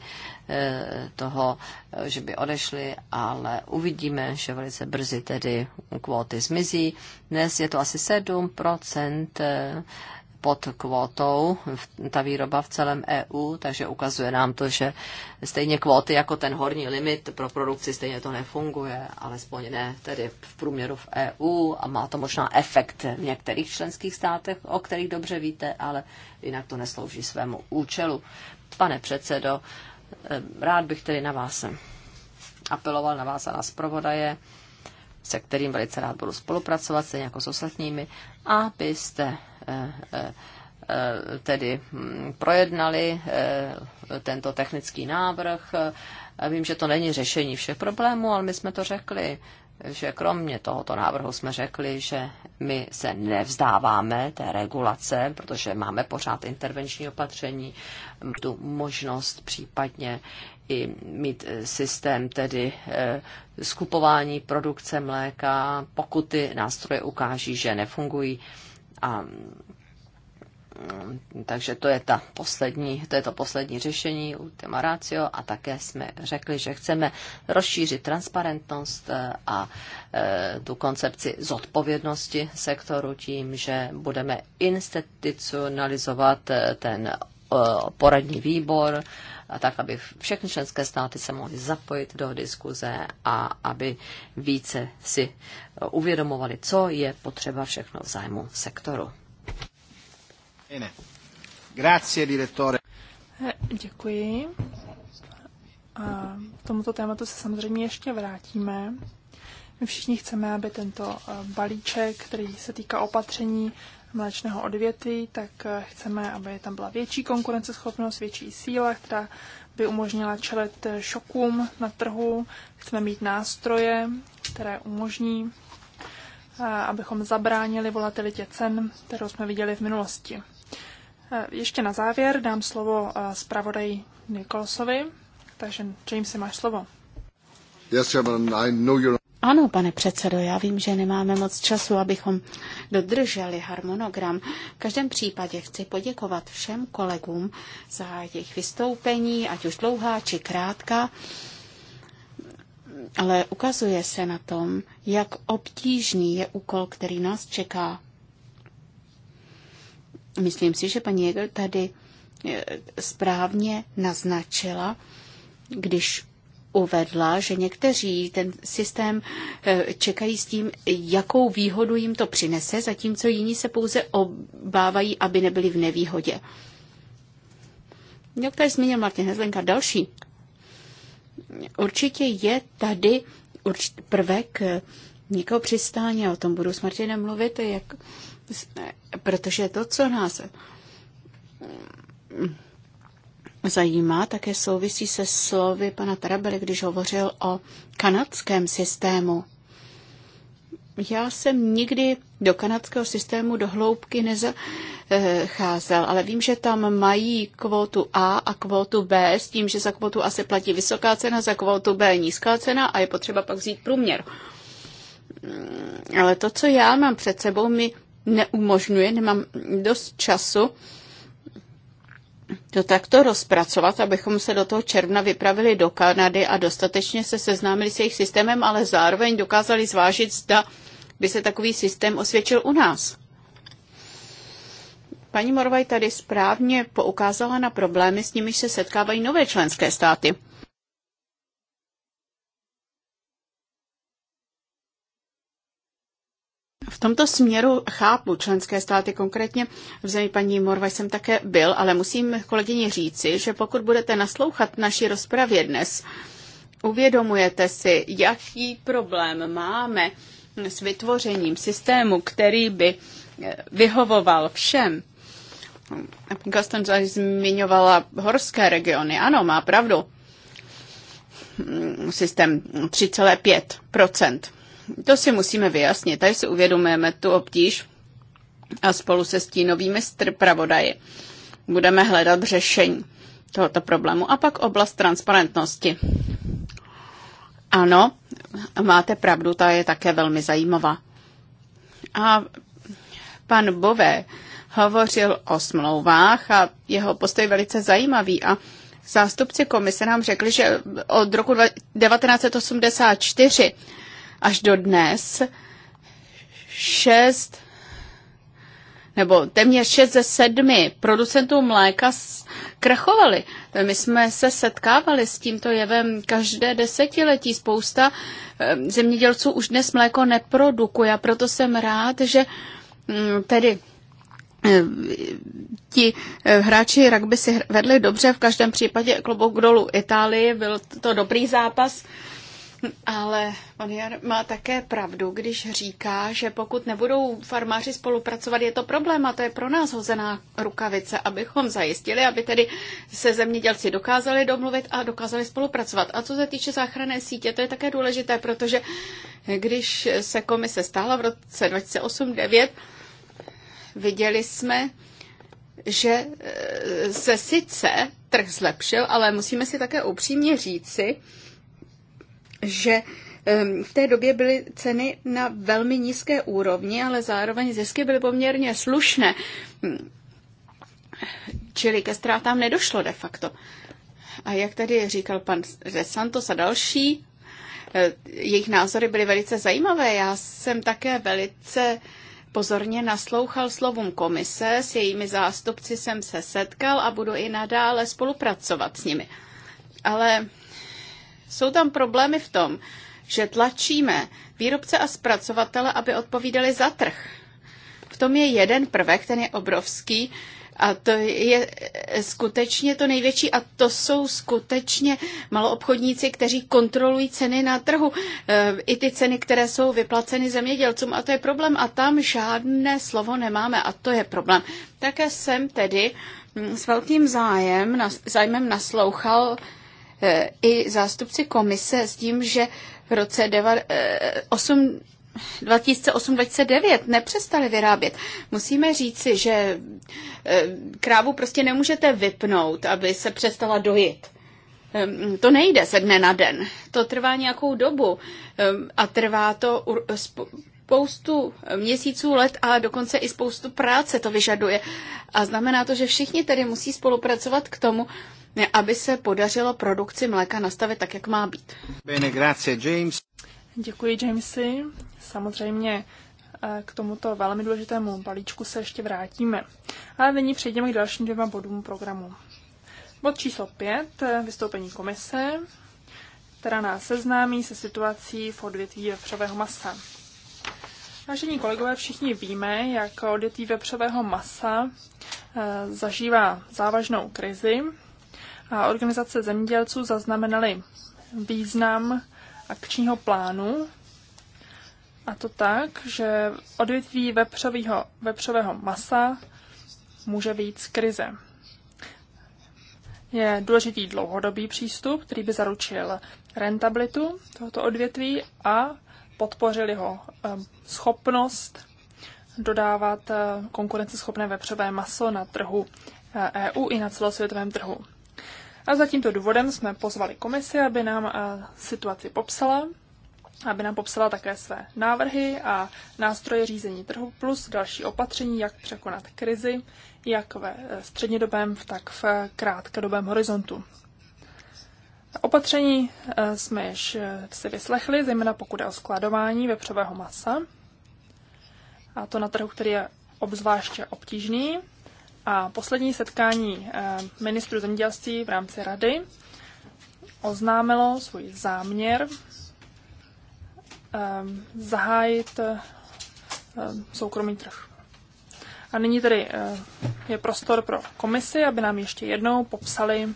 Speaker 1: Eh, toho, eh, že by odešli, ale uvidíme, že velice brzy tedy kvóty zmizí. Dnes je to asi 7 eh, pod kvótou ta výroba v celém EU, takže ukazuje nám to, že stejně kvóty jako ten horní limit pro produkci stejně to nefunguje, alespoň ne tedy v průměru v EU a má to možná efekt v některých členských státech, o kterých dobře víte, ale jinak to neslouží svému účelu. Pane předsedo, Eh, rád bych tedy na vás eh, apeloval na vás a na zprovodaje, se kterým velice rád budu spolupracovat, stejně jako s ostatními, abyste eh, tedy hm, projednali tento technický návrh. Vím, že to není řešení všech problémů, ale my jsme to řekli že kromě tohoto návrhu jsme řekli, že my se nevzdáváme té regulace, protože máme pořád intervenční opatření, tu možnost případně i mít systém tedy eh, skupování produkce mléka, pokud ty nástroje ukáží, že nefungují a Eh, takže to je, ta poslední, to je to poslední řešení Ultima Ratio a také jsme řekli, že chceme rozšířit transparentnost eh, a eh, tu koncepci zodpovědnosti sektoru tím, že budeme institucionalizovat ten poradní výbor, a tak, aby všechny členské státy se mohly zapojit do diskuze a aby více si uvědomovali, co je potřeba všechno v zájmu sektoru. Bene. Grazie,
Speaker 2: direttore. Eh, děkuji. A tomuto tématu se samozřejmě ještě vrátíme. My všichni chceme, aby tento eh, balíček, který se týká opatření mléčného odvětví, tak eh, chceme, aby tam byla větší konkurenceschopnost, větší síla, která by umožnila čelit šokům na trhu. Chceme mít nástroje, které umožní, abychom zabránili volatilitě cen, kterou jsme viděli v minulosti. Eh, ještě na závěr dám slovo eh, zpravodaji Nikolsovi. Takže James, máš slovo.
Speaker 3: Yes, I know you're... Ano, pane předsedo, já vím, že nemáme moc času, abychom dodrželi harmonogram. V každém případě chci poděkovat všem kolegům za jejich vystoupení, ať už dlouhá či krátká. Ale ukazuje se na tom, jak obtížný je úkol, který nás čeká. Myslím si, že paní Jäger tady e, správně naznačila, když uvedla, že někteří ten systém e, čekají s tím, jakou výhodu jim to přinese, zatímco jiní se pouze obávají, aby nebyli v nevýhodě. Jak tady zmínil Martin Hezlenka, další. Určitě je tady prvek e, někoho přistání, o tom budu s Martinem mluvit, jak Protože to, co nás zajímá, také souvisí se slovy pana Tarabely, když hovořil o kanadském systému. Já jsem nikdy do kanadského systému do hloubky nezacházel, ale vím, že tam mají kvótu A a kvótu B s tím, že za kvótu A se platí vysoká cena, za kvótu B nízká cena a je potřeba pak vzít průměr. Ale to, co já mám před sebou, mi neumožňuje, nemám dost času to takto rozpracovat, abychom se do toho června vypravili do Kanady a dostatečně se seznámili s jejich systémem, ale zároveň dokázali zvážit, zda by se takový systém osvědčil u nás. Paní Morvaj tady správně poukázala na problémy, s nimiž se setkávají nové členské státy. V tomto směru chápu členské státy, konkrétně v zemi paní Morvaj jsem také byl, ale musím kolegyni říci, že pokud budete naslouchat naší rozpravě dnes, uvědomujete si, jaký problém máme s vytvořením systému, který by eh, vyhovoval všem. Gaston zmiňovala horské regiony. Ano, má pravdu. Hmm, systém 3,5 to si musíme vyjasnit, tady si uvědomujeme tu obtíž a spolu se stínovými pravodaje budeme hledat řešení tohoto problému. A pak oblast transparentnosti. Ano, máte pravdu, ta je také velmi zajímavá. A pan Bové hovořil o smlouvách a jeho postoj velice zajímavý a zástupci komise nám řekli, že od roku 1984 až do dnes šest nebo téměř šest ze sedmi producentů mléka krachovali. My jsme se setkávali s tímto jevem každé desetiletí. Spousta zemědělců už dnes mléko neprodukuje a proto jsem rád, že mm, tedy ti hráči rugby si vedli dobře, v každém případě klobouk dolů Itálii, byl to dobrý zápas ale pan Jar má také pravdu, když říká, že pokud nebudou farmáři spolupracovat, je to problém a to je pro nás hozená rukavice, abychom zajistili, aby tedy se zemědělci dokázali domluvit a dokázali spolupracovat. A co se týče záchranné sítě, to je také důležité, protože když se komise stála v roce 2008-2009, viděli jsme, že e, se sice trh zlepšil, ale musíme si také upřímně říci, že v té době byly ceny na velmi nízké úrovni, ale zároveň zisky byly poměrně slušné. Čili ke ztrátám nedošlo de facto. A jak tady říkal pan Santos a další, eh, jejich názory byly velice zajímavé. Já jsem také velice pozorně naslouchal slovům komise, s jejími zástupci jsem se setkal a budu i nadále spolupracovat s nimi. Ale jsou tam problémy v tom, že tlačíme výrobce a zpracovatele, aby odpovídali za trh. V tom je jeden prvek, ten je obrovský, a to je skutečně to největší a to jsou skutečně maloobchodníci, kteří kontrolují ceny na trhu. E, I ty ceny, které jsou vyplaceny zemědělcům a to je problém a tam žádné slovo nemáme a to je problém. Také jsem tedy mm, s velkým zájem, zájmem naslouchal E, i zástupci komise s tím, že v roce 2008-2009 e, nepřestali vyrábět. Musíme říci, že e, krávu prostě nemůžete vypnout, aby se přestala dojít. To nejde ze dne na den. To trvá nějakou dobu a trvá to spoustu měsíců, let a dokonce i spoustu práce to vyžaduje. A znamená to, že všichni tedy musí spolupracovat k tomu, aby se podařilo produkci mléka
Speaker 2: nastavit tak, jak má být.
Speaker 3: Bene, grazie, James.
Speaker 2: Děkuji, Jamesy. Samozřejmě eh, k tomuto velmi důležitému balíčku se ještě vrátíme. Ale nyní přejdeme k dalším dvěma bodům programu. Bod číslo 5, eh, vystoupení komise, která nás seznámí se situací v odvětví vepřového masa. Vážení kolegové, všichni víme, jak odvětví vepřového masa eh, zažívá závažnou krizi a organizace zemědělců zaznamenaly význam akčního plánu, a to tak, že odvětví vepřového, vepřového masa může být z krize. Je důležitý dlouhodobý přístup, který by zaručil rentabilitu tohoto odvětví a podpořil jeho eh, schopnost dodávat eh, konkurenceschopné vepřové maso na trhu EU eh, e i na celosvětovém trhu. A za tímto důvodem jsme pozvali komisi, aby nám eh, situaci popsala, aby nám popsala také své návrhy a nástroje řízení trhu plus další opatření, jak překonat krizi, jak ve eh, střednědobém, tak v eh, krátkodobém horizontu. Opatření jsme již si vyslechli, zejména pokud je o skladování vepřového masa. A to na trhu, který je obzvláště obtížný. A poslední setkání eh, ministru zemědělství v rámci rady oznámilo svůj záměr eh, zahájit eh, soukromý trh. A nyní tedy je prostor pro komisi, aby nám ještě jednou popsali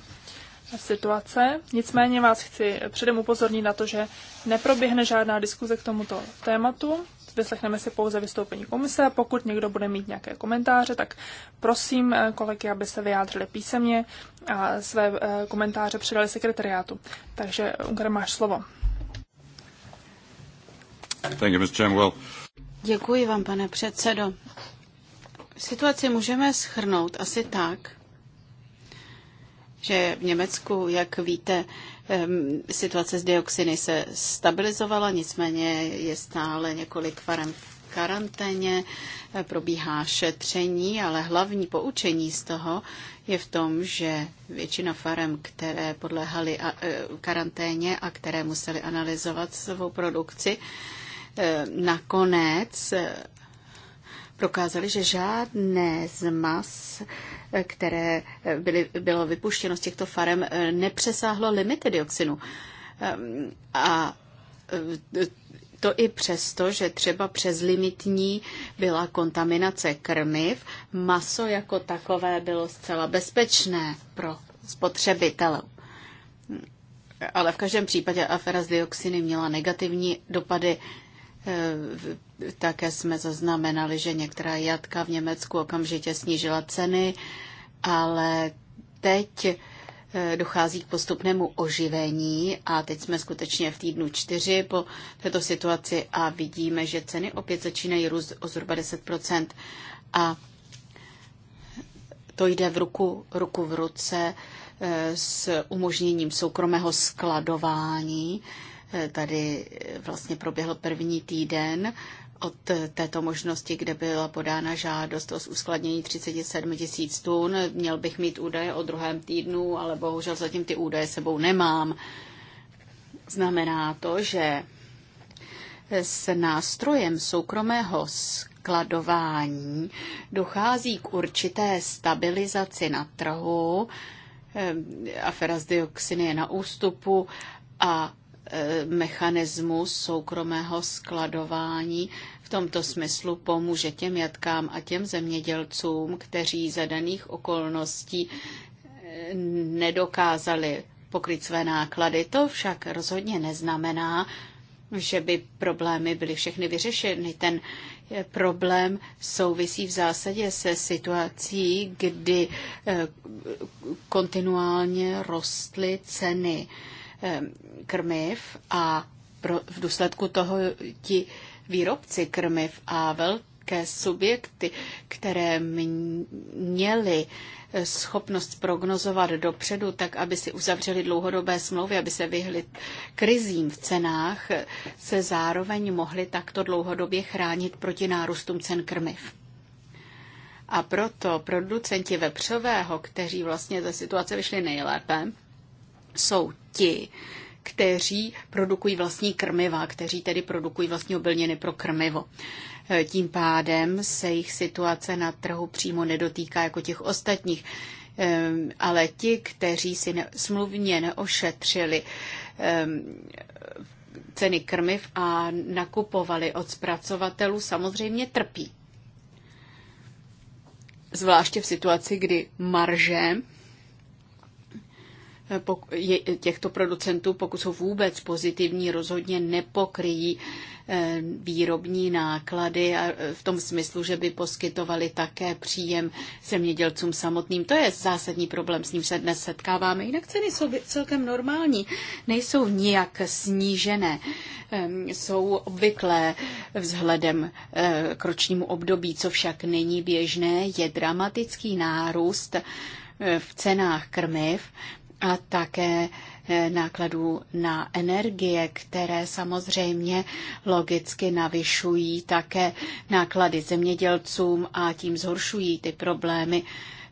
Speaker 2: situace. Nicméně vás chci předem upozornit na to, že neproběhne žádná diskuze k tomuto tématu vyslechneme si pouze vystoupení komise pokud někdo bude mít nějaké komentáře, tak prosím eh, kolegy, aby se vyjádřili písemně a své eh, komentáře předali sekretariátu. Takže eh, ungar máš slovo. Thank you, Mr. Well.
Speaker 3: Děkuji vám, pane předsedo. Situaci můžeme schrnout asi tak, že v Německu, jak víte, Situace s dioxiny se stabilizovala, nicméně je stále několik farem v karanténě, eh, probíhá šetření, ale hlavní poučení z toho je v tom, že většina farem, které podléhaly eh, karanténě a které museli analyzovat svou produkci, eh, nakonec prokázali, že žádné z mas které byly, bylo vypuštěno z těchto farem, eh, nepřesáhlo limity dioxinu. Eh, a eh, to i přesto, že třeba přes limitní byla kontaminace krmiv, maso jako takové bylo zcela bezpečné pro spotřebitelů. Ale v každém případě afera s dioxiny měla negativní dopady Eh, také jsme zaznamenali, že některá jatka v Německu okamžitě snížila ceny, ale teď eh, dochází k postupnému oživení a teď jsme skutečně v týdnu čtyři po této situaci a vidíme, že ceny opět začínají růst o zhruba 10% a to jde v ruku, ruku v ruce eh, s umožněním soukromého skladování, Eh, tady eh, vlastně proběhl první týden od této možnosti, kde byla podána žádost o uskladnění 37 tisíc tun. Měl bych mít údaje o druhém týdnu, ale bohužel zatím ty údaje sebou nemám. Znamená to, že s nástrojem soukromého skladování dochází k určité stabilizaci na trhu. Eh, afera s dioxiny je na ústupu a Eh, mechanismus soukromého skladování v tomto smyslu pomůže těm jatkám a těm zemědělcům, kteří za daných okolností eh, nedokázali pokryt své náklady. To však rozhodně neznamená, že by problémy byly všechny vyřešeny. Ten eh, problém souvisí v zásadě se situací, kdy kontinuálně rostly ceny krmiv a v důsledku toho ti výrobci krmiv a velké subjekty, které měly eh, schopnost prognozovat dopředu, tak aby si uzavřeli dlouhodobé smlouvy, aby se vyhli krizím v cenách, eh, se zároveň mohli takto dlouhodobě chránit proti nárůstům cen krmiv. A proto producenti vepřového, kteří vlastně ze situace vyšli nejlépe, jsou ti, kteří produkují vlastní krmiva, kteří tedy produkují vlastní obilniny pro krmivo. E, tím pádem se jich situace na trhu přímo nedotýká jako těch ostatních, e, ale ti, kteří si ne, smluvně neošetřili e, ceny krmiv a nakupovali od zpracovatelů, samozřejmě trpí. Zvláště v situaci, kdy marže Eh, těchto producentů, pokud jsou vůbec pozitivní, rozhodně nepokryjí eh, výrobní náklady a eh, v tom smyslu, že by poskytovali také příjem zemědělcům samotným. To je zásadní problém, s ním se dnes setkáváme. Jinak ceny jsou celkem normální, nejsou nijak snížené, ehm, jsou obvyklé vzhledem k ročnímu období, co však není běžné, je dramatický nárůst v cenách krmiv a také eh, nákladů na energie, které samozřejmě logicky navyšují také náklady zemědělcům a tím zhoršují ty problémy,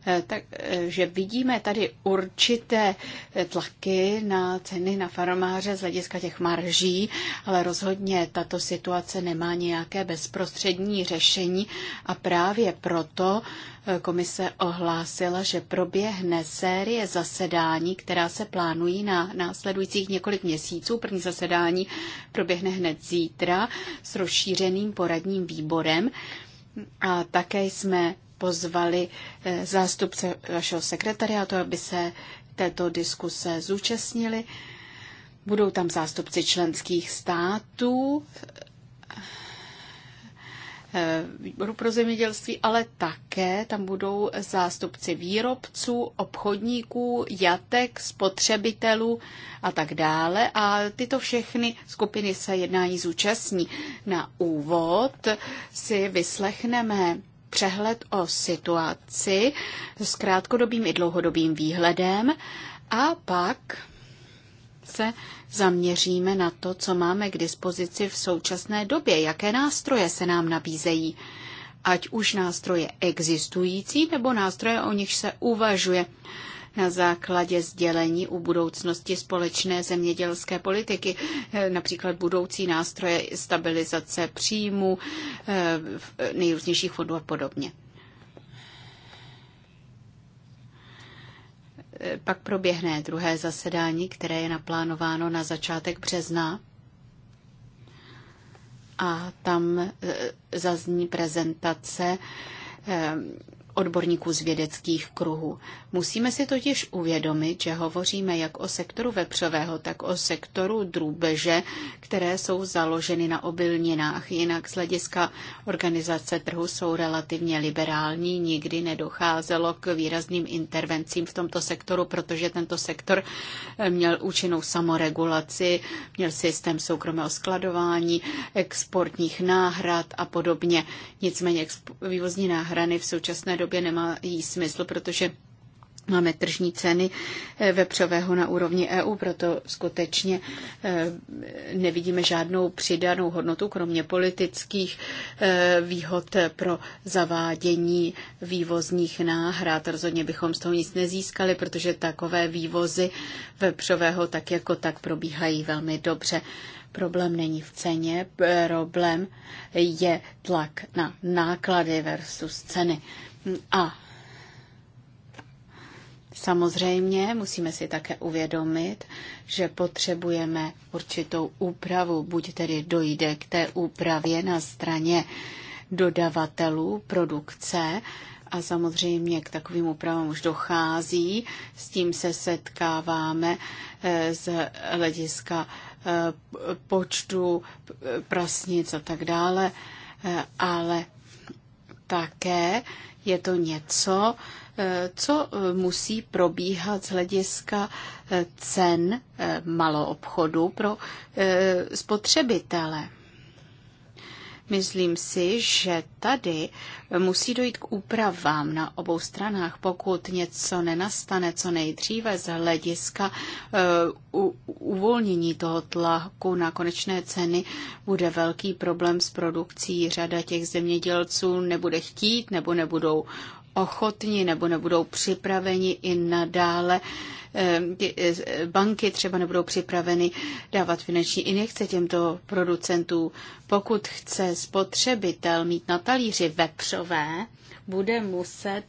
Speaker 3: Eh, eh, že vidíme tady určité eh, tlaky na ceny na farmáře z hlediska těch marží, ale rozhodně tato situace nemá nějaké bezprostřední řešení a právě proto komise ohlásila, že proběhne série zasedání, která se plánují na následujících několik měsíců. První zasedání proběhne hned zítra s rozšířeným poradním výborem. A také jsme pozvali eh, zástupce vašeho sekretariátu, aby se této diskuse zúčastnili. Budou tam zástupci členských států, eh, výboru pro zemědělství, ale také tam budou zástupci výrobců, obchodníků, jatek, spotřebitelů a tak dále. A tyto všechny skupiny se jednání zúčastní. Na úvod si vyslechneme přehled o situaci s krátkodobým i dlouhodobým výhledem a pak se zaměříme na to, co máme k dispozici v současné době, jaké nástroje se nám nabízejí, ať už nástroje existující nebo nástroje, o nich se uvažuje na základě sdělení u budoucnosti společné zemědělské politiky, eh, například budoucí nástroje stabilizace příjmů, eh, eh, nejrůznějších fondů a podobně. Pak proběhne druhé zasedání, které je naplánováno na začátek března a tam zazní prezentace odborníků z vědeckých kruhů. Musíme si totiž uvědomit, že hovoříme jak o sektoru vepřového, tak o sektoru drůbeže, které jsou založeny na obilninách. Jinak z hlediska organizace trhu jsou relativně liberální, nikdy nedocházelo k výrazným intervencím v tomto sektoru, protože tento sektor eh, měl účinnou samoregulaci, měl systém soukromého skladování, exportních náhrad a podobně. Nicméně vývozní náhrany v současné době nemají smysl, protože Máme tržní ceny eh, vepřového na úrovni EU, proto skutečně eh, nevidíme žádnou přidanou hodnotu, kromě politických eh, výhod pro zavádění vývozních náhrad. Rozhodně bychom z toho nic nezískali, protože takové vývozy vepřového tak jako tak probíhají velmi dobře. Problém není v ceně, problém je tlak na náklady versus ceny. A Samozřejmě musíme si také uvědomit, že potřebujeme určitou úpravu, buď tedy dojde k té úpravě na straně dodavatelů produkce, a samozřejmě k takovým úpravám už dochází. S tím se setkáváme eh, z hlediska eh, počtu eh, prasnic a tak dále, ale také je to něco, co eh, musí probíhat z hlediska eh, cen eh, maloobchodu pro spotřebitele. Myslím si, že tady musí dojít k úpravám na obou stranách, pokud něco nenastane co nejdříve z hlediska uvolnění toho tlaku na konečné ceny, bude velký problém s produkcí. Řada těch zemědělců nebude chtít nebo nebudou ochotni nebo nebudou připraveni i nadále. Eh, eh, banky třeba nebudou připraveny dávat finanční injekce těmto producentům, Pokud chce spotřebitel mít na talíři vepřové, bude muset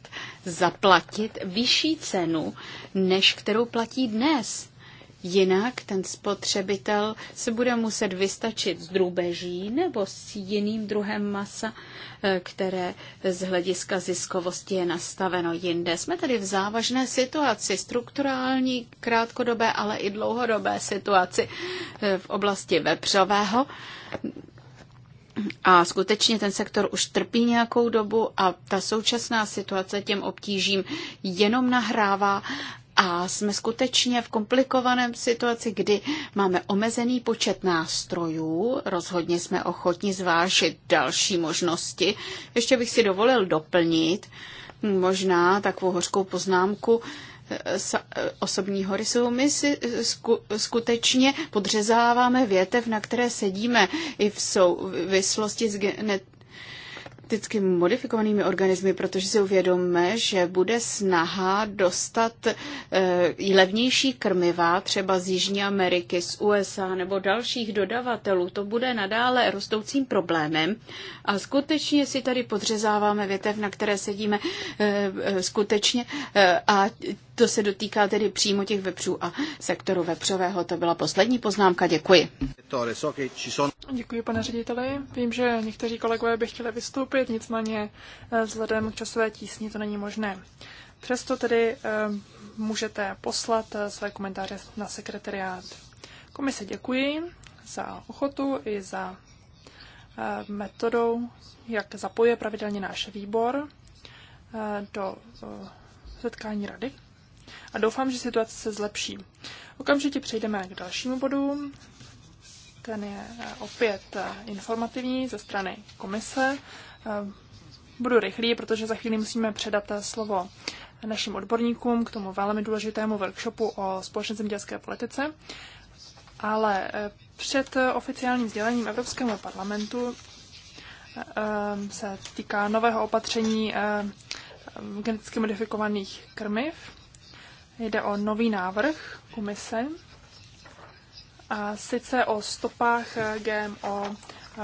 Speaker 3: zaplatit vyšší cenu, než kterou platí dnes. Jinak ten spotřebitel se bude muset vystačit s drůbeží nebo s jiným druhem masa, eh, které z hlediska ziskovosti je nastaveno jinde. Jsme tedy v závažné situaci, strukturální, krátkodobé, ale i dlouhodobé situaci eh, v oblasti vepřového. A skutečně ten sektor už trpí nějakou dobu a ta současná situace těm obtížím jenom nahrává a jsme skutečně v komplikovaném situaci, kdy máme omezený počet nástrojů, rozhodně jsme ochotni zvážit další možnosti. Ještě bych si dovolil doplnit možná takovou hořkou poznámku, eh, eh, osobního rysu. My si eh, skutečně podřezáváme větev, na které sedíme i v souvislosti s genet, geneticky modifikovanými organismy, protože si uvědomme, že bude snaha dostat e, levnější krmiva třeba z Jižní Ameriky, z USA nebo dalších dodavatelů. To bude nadále rostoucím problémem a skutečně si tady podřezáváme větev, na které sedíme e, e, skutečně e, a to se dotýká tedy přímo těch vepřů a sektoru vepřového. To byla poslední poznámka. Děkuji.
Speaker 2: Děkuji, pane řediteli. Vím, že někteří kolegové by chtěli vystoupit, nicméně eh, vzhledem k časové tísni to není možné. Přesto tedy eh, můžete poslat eh, své komentáře na sekretariát. Komise děkuji za ochotu i za metodou, jak zapojuje pravidelně náš výbor do setkání rady a doufám, že situace se zlepší. Okamžitě přejdeme k dalšímu bodu. Ten je eh, opět eh, informativní ze strany komise. Eh, budu rychlý, protože za chvíli musíme předat slovo našim odborníkům k tomu velmi důležitému workshopu o společné zemědělské politice. Ale před oficiálním sdělením Evropskému parlamentu se týká nového opatření geneticky modifikovaných krmiv. Jde o nový návrh komise, a sice o stopách GMO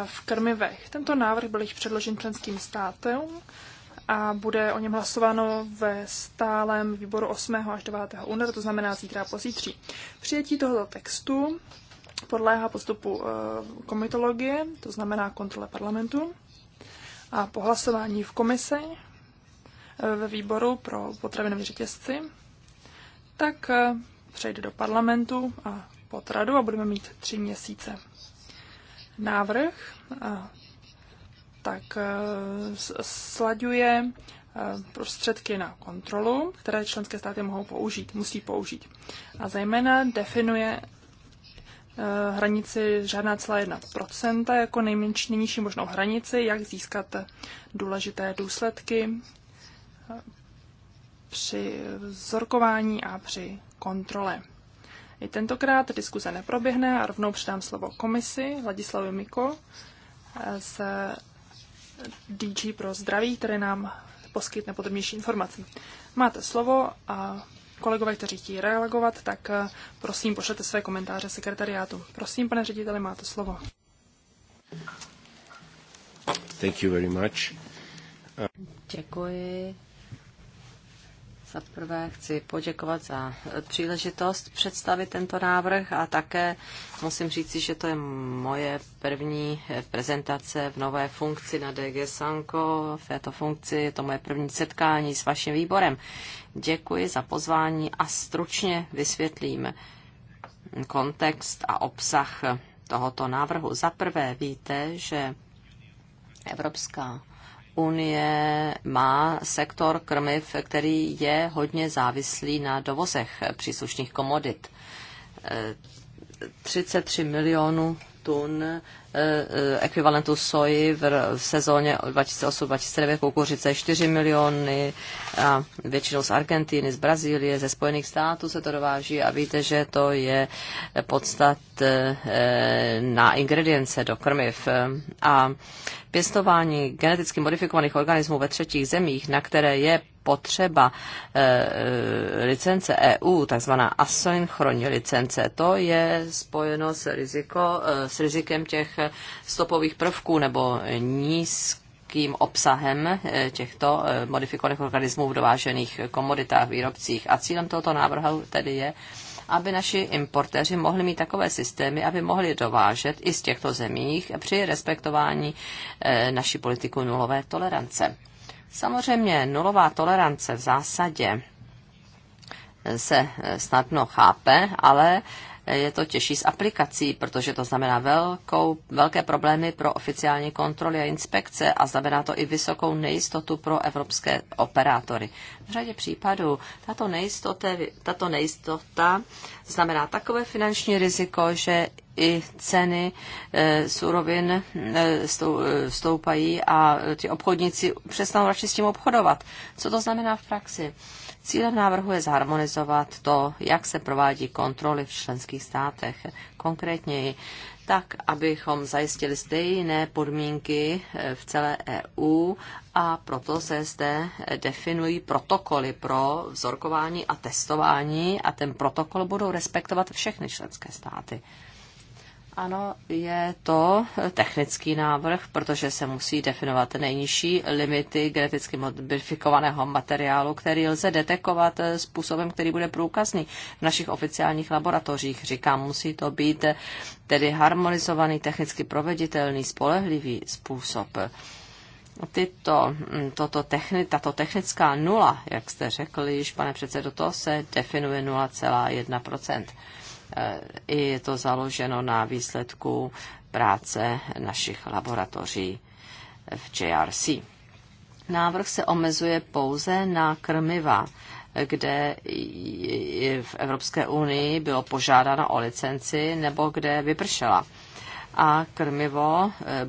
Speaker 2: v krmivech. Tento návrh byl již předložen členským státům a bude o něm hlasováno ve stálem výboru 8. až 9. února, to znamená zítra a pozítří. Přijetí tohoto textu podléhá postupu eh, komitologie, to znamená kontrole parlamentu, a po hlasování v komisi eh, ve výboru pro potravinové řetězci tak eh, přejde do parlamentu a pod radu a budeme mít tři měsíce. Návrh a eh, tak eh, slaďuje prostředky na kontrolu, které členské státy mohou použít, musí použít. A zejména definuje hranici žádná celá procenta jako nejmenší, nejnižší možnou hranici, jak získat důležité důsledky při vzorkování a při kontrole. I tentokrát diskuze neproběhne a rovnou předám slovo komisi Ladislavu Miko z DG pro zdraví, který nám poskytne podrobnější informace. Máte slovo a kolegové, kteří chtějí reagovat, tak eh, prosím pošlete své komentáře sekretariátu. Prosím, pane řediteli, máte slovo.
Speaker 1: Thank you very much.
Speaker 2: Děkuji.
Speaker 1: Za prvé chci poděkovat za příležitost představit tento návrh a také musím říci, že to je moje první prezentace v nové funkci na DG Sanko. V této funkci je to moje první setkání s vaším výborem. Děkuji za pozvání a stručně vysvětlím kontext a obsah tohoto návrhu. Za prvé víte, že Evropská unie má sektor krmiv, který je hodně závislý na dovozech příslušných komodit. 33 eh, milionů tun Eh, eh, ekvivalentu soji v, sezóně 2008-2009, kukuřice 4 miliony, a většinou z Argentiny z Brazílie, ze Spojených států se to dováží a víte, že to je podstat eh, na ingredience do krmiv. A pěstování geneticky modifikovaných organismů ve třetích zemích, na které je potřeba eh, eh, licence EU, takzvaná asynchronní licence, to je spojeno s, riziko, eh, s rizikem těch stopových prvků nebo nízkých obsahem těchto modifikovaných organismů v dovážených komoditách, výrobcích. A cílem tohoto návrhu tedy je, aby naši importéři mohli mít takové systémy, aby mohli dovážet i z těchto zemích při respektování naší politiku nulové tolerance. Samozřejmě nulová tolerance v zásadě se snadno chápe, ale je to těžší s aplikací, protože to znamená velkou, velké problémy pro oficiální kontroly a inspekce a znamená to i vysokou nejistotu pro evropské operátory. V řadě případů tato, nejistota, tato nejistota znamená takové finanční riziko, že i ceny eh, surovin eh, eh, stoupají a ti obchodníci přestanou radši s tím obchodovat. Co to znamená v praxi? Cílem návrhu je zharmonizovat to, jak se provádí kontroly v členských státech. Konkrétněji tak, abychom zajistili stejné podmínky v celé EU a proto se zde definují protokoly pro vzorkování a testování a ten protokol budou respektovat všechny členské státy. Ano, je to technický návrh, protože se musí definovat nejnižší limity geneticky modifikovaného materiálu, který lze detekovat způsobem, který bude průkazný v našich oficiálních laboratořích. Říkám, musí to být tedy harmonizovaný, technicky proveditelný, spolehlivý způsob. Tyto, toto techni, tato technická nula, jak jste řekli již, pane předsedo, to se definuje 0,1 Eh, i je to založeno na výsledku práce našich laboratoří v JRC. Návrh se omezuje pouze na krmiva, kde v Evropské unii bylo požádáno o licenci nebo kde vypršela. A krmivo eh,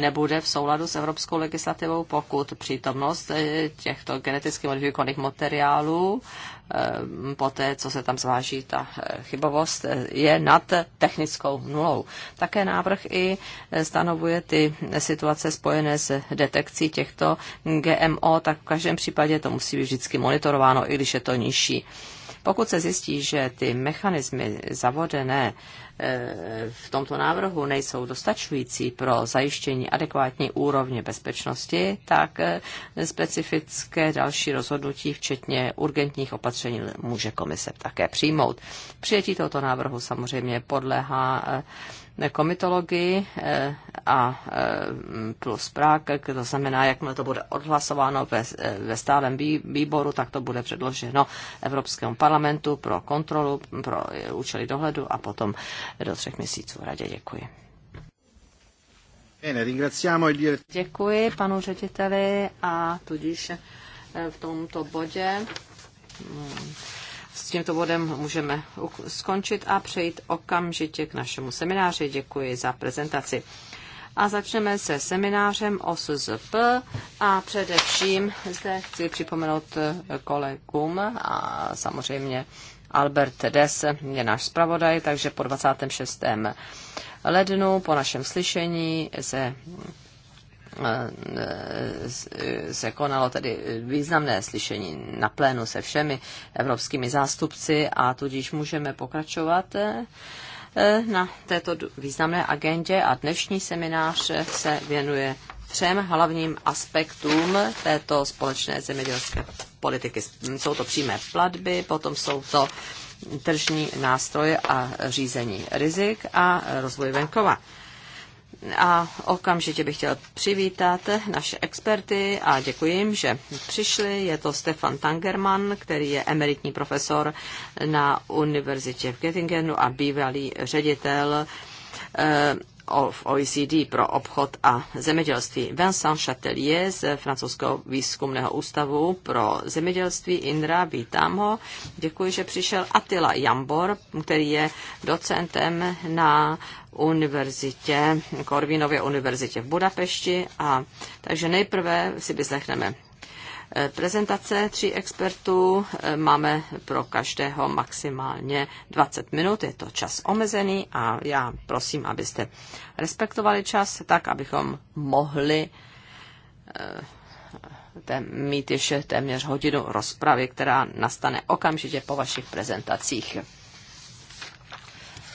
Speaker 1: nebude v souladu s evropskou legislativou, pokud přítomnost eh, těchto geneticky modifikovaných materiálů Ehm, poté, co se tam zváží ta eh, chybovost, eh, je nad technickou nulou. Také návrh i eh, stanovuje ty situace spojené s detekcí těchto GMO, tak v každém případě to musí být vždycky monitorováno, i když je to nižší. Pokud se zjistí, že ty mechanismy zavodené v tomto návrhu nejsou dostačující pro zajištění adekvátní úrovně bezpečnosti, tak eh, specifické další rozhodnutí, včetně urgentních opatření, může komise také přijmout. Přijetí tohoto návrhu samozřejmě podléhá eh, komitologii eh, a eh, plus Prák, to znamená, jakmile to bude odhlasováno ve, eh, ve stálem výboru, tak to bude předloženo Evropskému parlamentu pro kontrolu, pro účely dohledu a potom do třech měsíců radě. Děkuji. Děkuji panu řediteli a tudíž v tomto bodě hmm, s tímto bodem můžeme skončit a přejít okamžitě k našemu semináři. Děkuji za prezentaci. A začneme se seminářem o SZP a především zde chci připomenout eh, kolegům a samozřejmě Albert Des je náš zpravodaj, takže po 26. lednu, po našem slyšení se Eh, eh, se konalo tedy významné slyšení na plénu se všemi evropskými zástupci a tudíž můžeme pokračovat eh, na této významné agendě a dnešní seminář se věnuje třem hlavním aspektům této společné zemědělské politiky. Jsou to přímé platby, potom jsou to tržní nástroje a řízení rizik a rozvoj venkova. A okamžitě bych chtěl přivítat naše experty a děkuji jim, že přišli. Je to Stefan Tangerman, který je emeritní profesor na univerzitě v Göttingenu a bývalý ředitel eh, v OECD pro obchod a zemědělství. Vincent Chatelier z Francouzského výzkumného ústavu pro zemědělství Indra vítám ho. Děkuji, že přišel Attila Jambor, který je docentem na univerzitě, Korvinově univerzitě v Budapešti. A, takže nejprve si vyslechneme eh, prezentace tří expertů. Eh, máme pro každého maximálně 20 minut, je to čas omezený a já prosím, abyste respektovali čas tak, abychom mohli eh, mít ještě téměř hodinu rozpravy, která nastane okamžitě po vašich prezentacích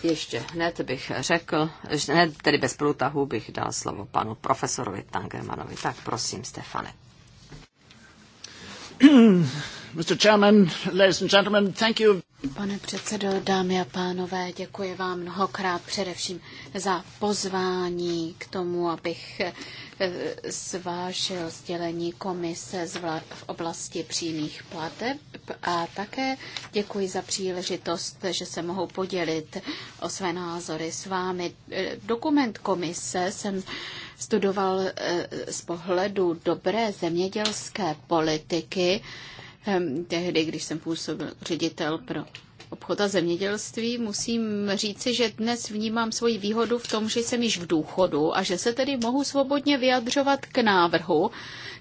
Speaker 1: ještě hned bych řekl, hned tedy bez průtahu bych dal slovo panu profesorovi Tangermanovi. Tak prosím, Stefane.
Speaker 2: [clears throat] Mr. Chairman,
Speaker 3: ladies and gentlemen, thank you. Pane předsedo, dámy a pánové, děkuji vám mnohokrát především za pozvání k tomu, abych eh, zvážil sdělení komise v oblasti přímých plateb a také děkuji za příležitost, že se mohu podělit o své názory s vámi. Eh, dokument komise jsem studoval eh, z pohledu dobré zemědělské politiky, tehdy, když jsem působil jako ředitel pro obchod a zemědělství, musím říci, že dnes vnímám svoji výhodu v tom, že jsem již v důchodu a že se tedy mohu svobodně vyjadřovat k návrhu,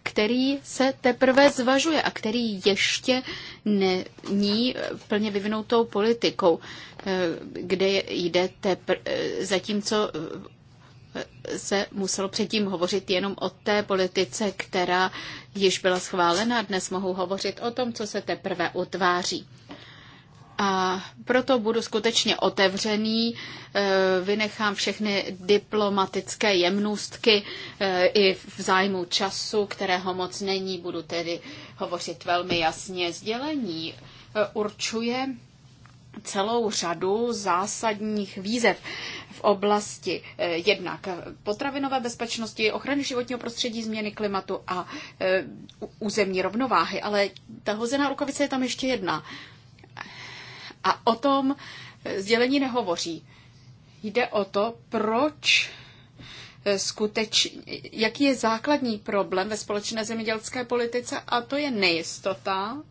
Speaker 3: který se teprve zvažuje a který ještě není eh, plně vyvinutou politikou, eh, kde jde tepr- eh, zatímco se muselo předtím hovořit jenom o té politice, která již byla schválena. Dnes mohu hovořit o tom, co se teprve utváří. A proto budu skutečně otevřený, e, vynechám všechny diplomatické jemnůstky e, i v zájmu času, kterého moc není, budu tedy hovořit velmi jasně. Sdělení e, určuje celou řadu zásadních výzev v oblasti jednak potravinové bezpečnosti, ochrany životního prostředí, změny klimatu a územní rovnováhy. Ale ta hozená rukavice je tam ještě jedna a o tom sdělení nehovoří. Jde o to, proč eh, skuteč, jaký je základní problém ve společné zemědělské politice a to je nejistota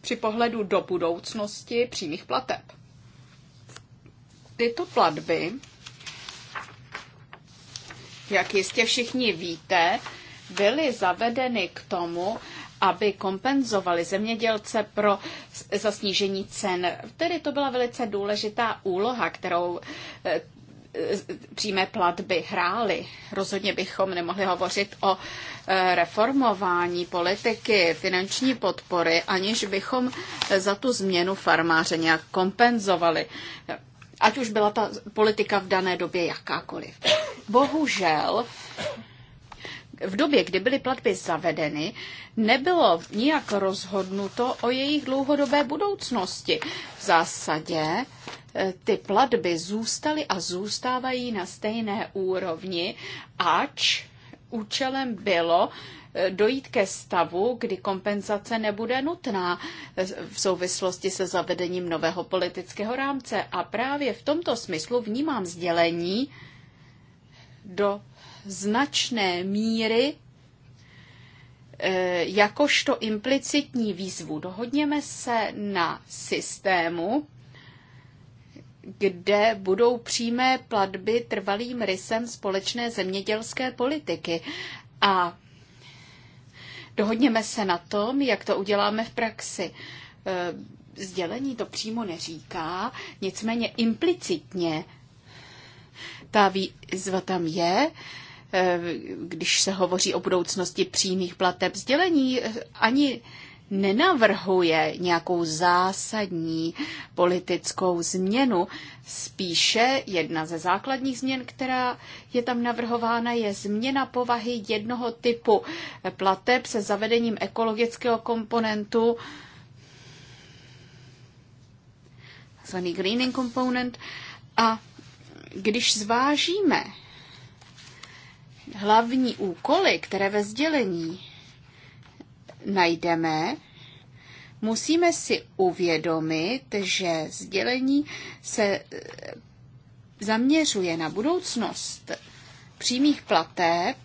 Speaker 3: při pohledu do budoucnosti přímých plateb. Tyto platby, jak jistě všichni víte, byly zavedeny k tomu, aby kompenzovali zemědělce pro, za snížení cen. Tedy to byla velice důležitá úloha, kterou eh, přímé platby hrály. Rozhodně bychom nemohli hovořit o eh, reformování politiky finanční podpory, aniž bychom eh, za tu změnu farmáře nějak kompenzovali. Ať už byla ta politika v dané době jakákoliv. Bohužel v době, kdy byly platby zavedeny, nebylo nijak rozhodnuto o jejich dlouhodobé budoucnosti. V zásadě e, ty platby zůstaly a zůstávají na stejné úrovni, ač účelem bylo e, dojít ke stavu, kdy kompenzace nebude nutná v souvislosti se zavedením nového politického rámce. A právě v tomto smyslu vnímám sdělení do značné míry e, jakožto implicitní výzvu. Dohodněme se na systému, kde budou přímé platby trvalým rysem společné zemědělské politiky. A dohodněme se na tom, jak to uděláme v praxi. E, sdělení to přímo neříká, nicméně implicitně ta výzva tam je. Eh, když se hovoří o budoucnosti přímých plateb sdělení, eh, ani nenavrhuje nějakou zásadní politickou změnu. Spíše jedna ze základních změn, která je tam navrhována, je změna povahy jednoho typu plateb se zavedením ekologického komponentu, takzvaný greening component. A když zvážíme, hlavní úkoly, které ve sdělení najdeme, musíme si uvědomit, že sdělení se eh, zaměřuje na budoucnost přímých plateb,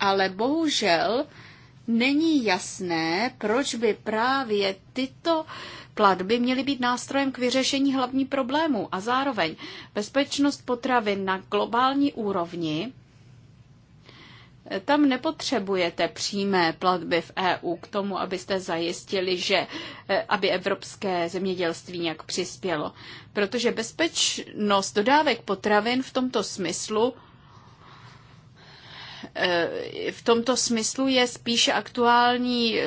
Speaker 3: ale bohužel není jasné, proč by právě tyto platby měly být nástrojem k vyřešení hlavní problému a zároveň bezpečnost potravin na globální úrovni tam nepotřebujete přímé platby v EU k tomu, abyste zajistili, že eh, aby evropské zemědělství nějak přispělo. Protože bezpečnost dodávek potravin v tomto smyslu eh, v tomto smyslu je spíše aktuální eh,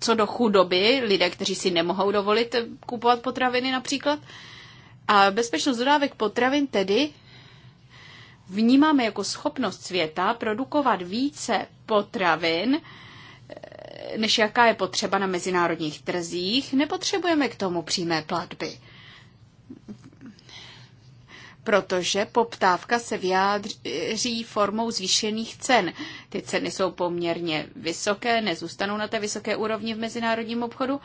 Speaker 3: co do chudoby, lidé, kteří si nemohou dovolit kupovat potraviny například. A bezpečnost dodávek potravin tedy vnímáme jako schopnost světa produkovat více potravin, než jaká je potřeba na mezinárodních trzích, nepotřebujeme k tomu přímé platby. Protože poptávka se vyjádří formou zvýšených cen. Ty ceny jsou poměrně vysoké, nezůstanou na té vysoké úrovni v mezinárodním obchodu,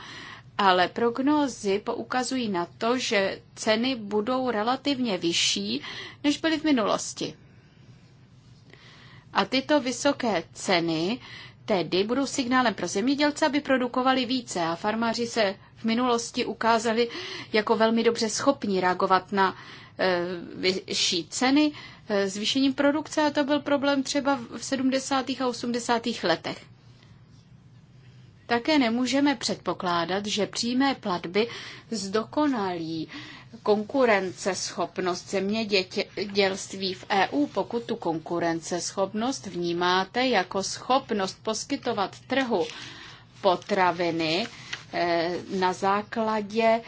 Speaker 3: ale prognózy poukazují na to, že ceny budou relativně vyšší, než byly v minulosti. A tyto vysoké ceny tedy budou signálem pro zemědělce, aby produkovali více a farmáři se v minulosti ukázali jako velmi dobře schopní reagovat na e, vyšší ceny e, zvýšením produkce a to byl problém třeba v 70. a 80. letech. Také nemůžeme předpokládat, že přímé platby zdokonalí konkurenceschopnost zemědělství v EU, pokud tu konkurenceschopnost vnímáte jako schopnost poskytovat trhu potraviny eh, na základě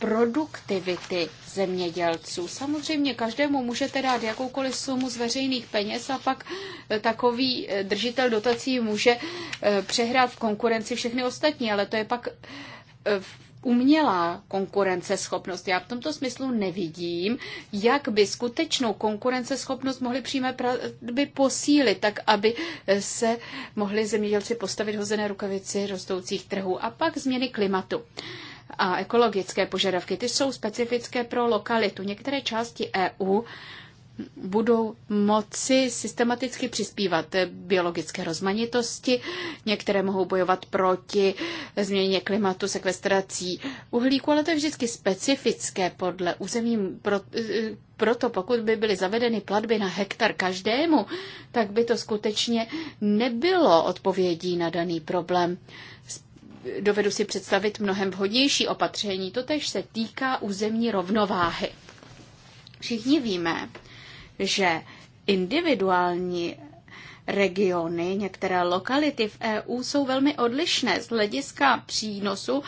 Speaker 3: produktivity zemědělců. Samozřejmě každému můžete dát jakoukoliv sumu z veřejných peněz a pak eh, takový eh, držitel dotací může eh, přehrát v konkurenci všechny ostatní, ale to je pak umělá konkurenceschopnost. Já v tomto smyslu nevidím, jak by skutečnou konkurenceschopnost mohly přímé by posílit, tak aby se mohli zemědělci postavit hozené rukavici rostoucích trhů a pak změny klimatu. Uh, a ekologické požadavky. Ty jsou specifické pro lokalitu. Některé části EU budou moci systematicky přispívat biologické rozmanitosti, některé mohou bojovat proti změně klimatu, sekvestrací uhlíku, ale to je vždycky specifické podle území. Proto pokud by byly zavedeny platby na hektar každému, tak by to skutečně nebylo odpovědí na daný problém dovedu si představit mnohem vhodnější opatření. Totež se týká územní rovnováhy. Všichni víme, že individuální regiony, některé lokality v EU jsou velmi odlišné z hlediska přínosu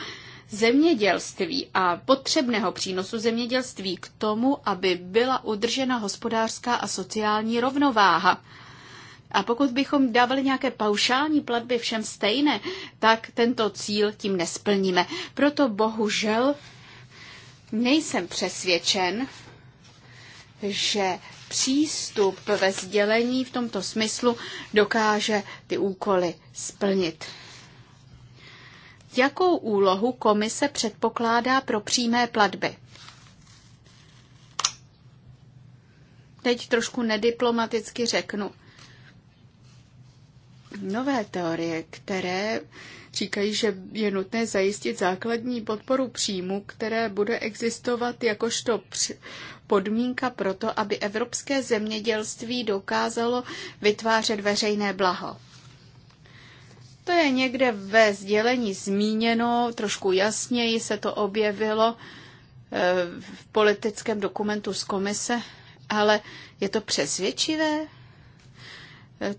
Speaker 3: zemědělství a potřebného přínosu zemědělství k tomu, aby byla udržena hospodářská a sociální rovnováha. A pokud bychom dávali nějaké paušální platby všem stejné, tak tento cíl tím nesplníme. Proto bohužel nejsem přesvědčen, že přístup ve sdělení v tomto smyslu dokáže ty úkoly splnit. Jakou úlohu komise předpokládá pro přímé platby? Teď trošku nediplomaticky řeknu nové teorie, které říkají, že je nutné zajistit základní podporu příjmu, které bude existovat jakožto podmínka pro to, aby evropské zemědělství dokázalo vytvářet veřejné blaho. To je někde ve sdělení zmíněno, trošku jasněji se to objevilo eh, v politickém dokumentu z komise, ale je to přesvědčivé?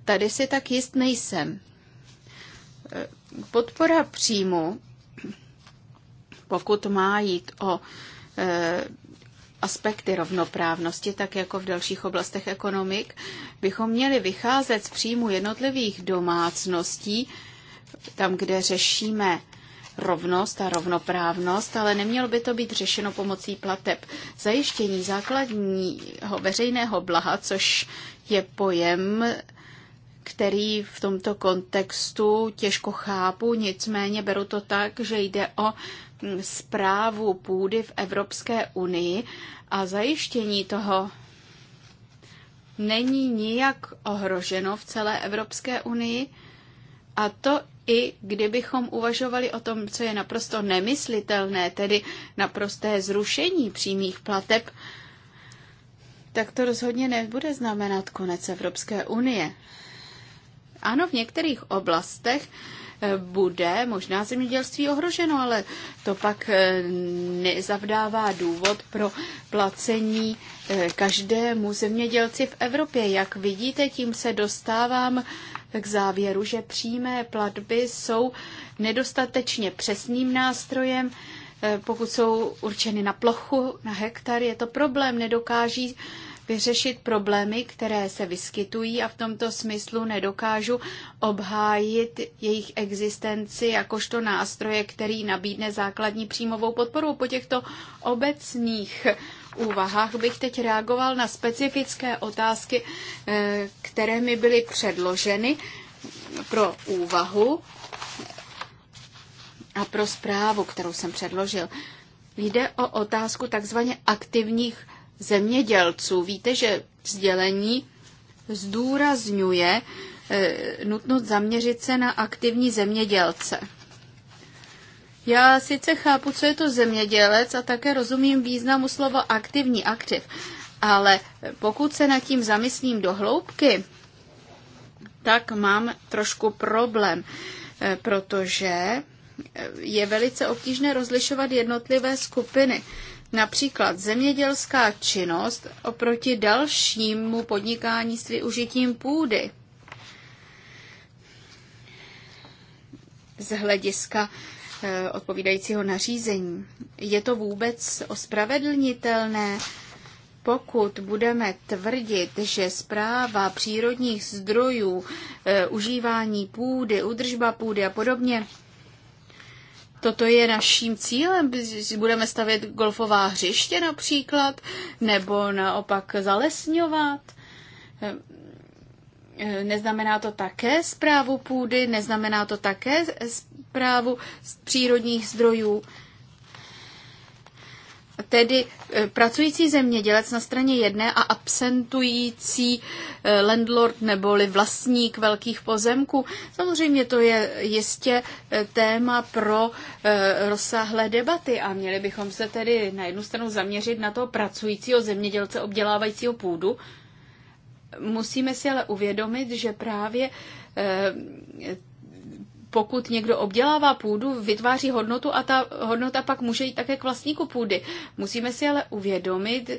Speaker 3: Tady si tak jist nejsem. Podpora příjmu, pokud má jít o e, aspekty rovnoprávnosti, tak jako v dalších oblastech ekonomik, bychom měli vycházet z příjmu jednotlivých domácností, tam, kde řešíme rovnost a rovnoprávnost, ale nemělo by to být řešeno pomocí plateb. Zajištění základního veřejného blaha, což je pojem který v tomto kontextu těžko chápu, nicméně beru to tak, že jde o mm, zprávu půdy v Evropské unii a zajištění toho není nijak ohroženo v celé Evropské unii a to i kdybychom uvažovali o tom, co je naprosto nemyslitelné, tedy naprosté zrušení přímých plateb, tak to rozhodně nebude znamenat konec Evropské unie. Ano, v některých oblastech eh, bude možná zemědělství ohroženo, ale to pak eh, nezavdává důvod pro placení eh, každému zemědělci v Evropě. Jak vidíte, tím se dostávám k závěru, že přímé platby jsou nedostatečně přesným nástrojem. Pokud jsou určeny na plochu, na hektar, je to problém, nedokáží vyřešit problémy, které se vyskytují a v tomto smyslu nedokážu obhájit jejich existenci jakožto nástroje, který nabídne základní příjmovou podporu. Po těchto obecných úvahách bych teď reagoval na specifické otázky, eh, které mi byly předloženy pro úvahu a pro zprávu, kterou jsem předložil. Jde o otázku takzvaně aktivních zemědělců. Víte, že vzdělení zdůrazňuje eh, nutnost zaměřit se na aktivní zemědělce. Já sice chápu, co je to zemědělec a také rozumím významu slova aktivní aktiv, ale pokud se nad tím zamyslím do hloubky, tak mám trošku problém, eh, protože eh, je velice obtížné rozlišovat jednotlivé skupiny. Například zemědělská činnost oproti dalšímu podnikání s využitím půdy. Z hlediska eh, odpovídajícího nařízení. Je to vůbec ospravedlnitelné, pokud budeme tvrdit, že zpráva přírodních zdrojů, eh, užívání půdy, udržba půdy a podobně Toto je naším cílem. Budeme stavět golfová hřiště například, nebo naopak zalesňovat. Eh, eh, neznamená to také zprávu půdy, neznamená to také zprávu přírodních zdrojů tedy e, pracující zemědělec na straně jedné a absentující e, landlord neboli vlastník velkých pozemků. Samozřejmě to je jistě e, téma pro rozsáhlé debaty a měli bychom se tedy na jednu stranu zaměřit na toho pracujícího zemědělce obdělávajícího půdu. Musíme si ale uvědomit, že právě pokud někdo obdělává půdu, vytváří hodnotu a ta hodnota pak může jít také k vlastníku půdy. Musíme si ale uvědomit,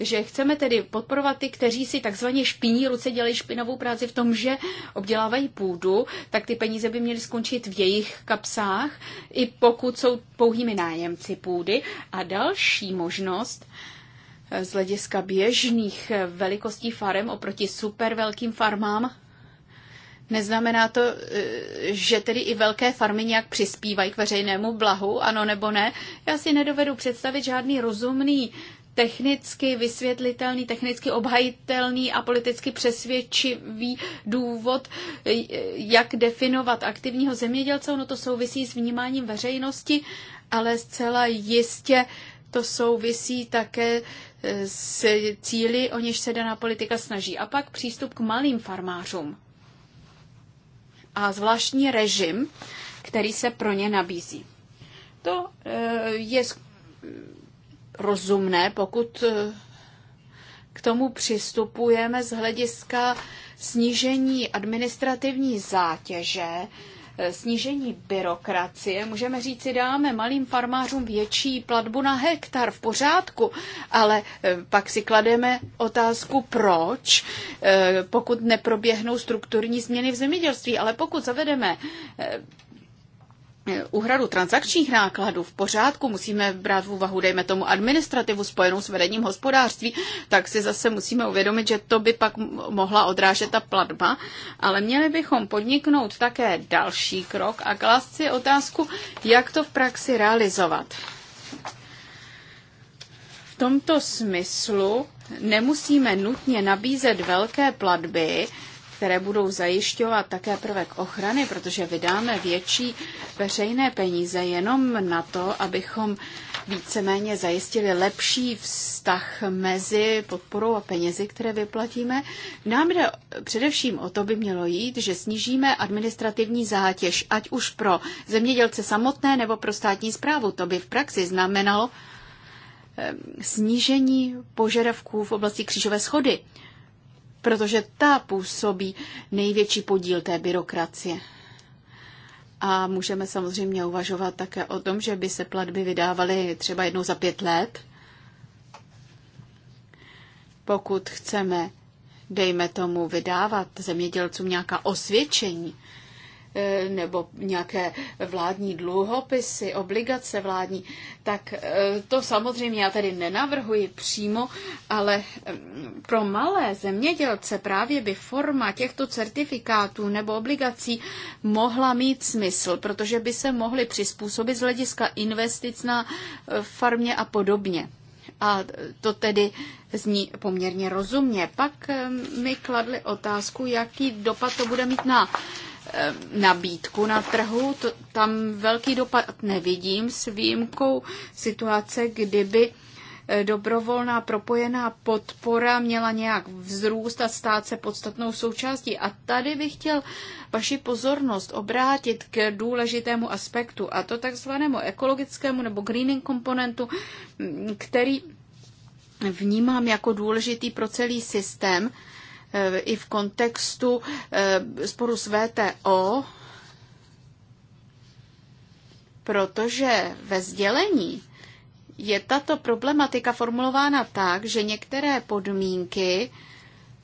Speaker 3: že chceme tedy podporovat ty, kteří si takzvaně špiní ruce dělají špinavou práci v tom, že obdělávají půdu, tak ty peníze by měly skončit v jejich kapsách, i pokud jsou pouhými nájemci půdy. A další možnost, eh, z hlediska běžných eh, velikostí farem oproti super velkým farmám Neznamená to, eh, že tedy i velké farmy nějak přispívají k veřejnému blahu, ano nebo ne? Já si nedovedu představit žádný rozumný technicky vysvětlitelný, technicky obhajitelný a politicky přesvědčivý důvod, eh, jak definovat aktivního zemědělce. Ono to souvisí s vnímáním veřejnosti, ale zcela jistě to souvisí také eh, s cíly, o něž se daná politika snaží. A pak přístup k malým farmářům a zvláštní režim, který se pro ně nabízí. To e, je rozumné, pokud e, k tomu přistupujeme z hlediska snížení administrativní zátěže, Eh, snížení byrokracie. Můžeme říct, si dáme malým farmářům větší platbu na hektar v pořádku, ale eh, pak si klademe otázku, proč, eh, pokud neproběhnou strukturní změny v zemědělství. Ale pokud zavedeme úhradu transakčních nákladů v pořádku, musíme brát v úvahu, dejme tomu, administrativu spojenou s vedením hospodářství, tak si zase musíme uvědomit, že to by pak mohla odrážet ta platba, ale měli bychom podniknout také další krok a klást si otázku, jak to v praxi realizovat. V tomto smyslu nemusíme nutně nabízet velké platby, které budou zajišťovat také prvek ochrany, protože vydáme větší veřejné peníze jenom na to, abychom víceméně zajistili lepší vztah mezi podporou a penězi, které vyplatíme. Nám jde především o to by mělo jít, že snížíme administrativní zátěž, ať už pro zemědělce samotné nebo pro státní zprávu. To by v praxi znamenalo ehm, snížení požadavků v oblasti křížové schody protože ta působí největší podíl té byrokracie. A můžeme samozřejmě uvažovat také o tom, že by se platby vydávaly třeba jednou za pět let. Pokud chceme, dejme tomu, vydávat zemědělcům nějaká osvědčení, Eh, nebo nějaké vládní dluhopisy, obligace vládní, tak eh, to samozřejmě já tedy nenavrhuji přímo, ale mm, pro malé zemědělce právě by forma těchto certifikátů nebo obligací mohla mít smysl, protože by se mohly přizpůsobit z hlediska investic na eh, farmě a podobně. A to tedy zní poměrně rozumně. Pak mi kladli otázku, jaký dopad to bude mít na Eh, nabídku na trhu. To, tam velký dopad nevidím s výjimkou situace, kdyby eh, dobrovolná propojená podpora měla nějak vzrůst a stát se podstatnou součástí. A tady bych chtěl vaši pozornost obrátit k důležitému aspektu, a to takzvanému ekologickému nebo greening komponentu, mm, který vnímám jako důležitý pro celý systém Eh, i v kontextu eh, sporu s VTO, protože ve sdělení je tato problematika formulována tak, že některé podmínky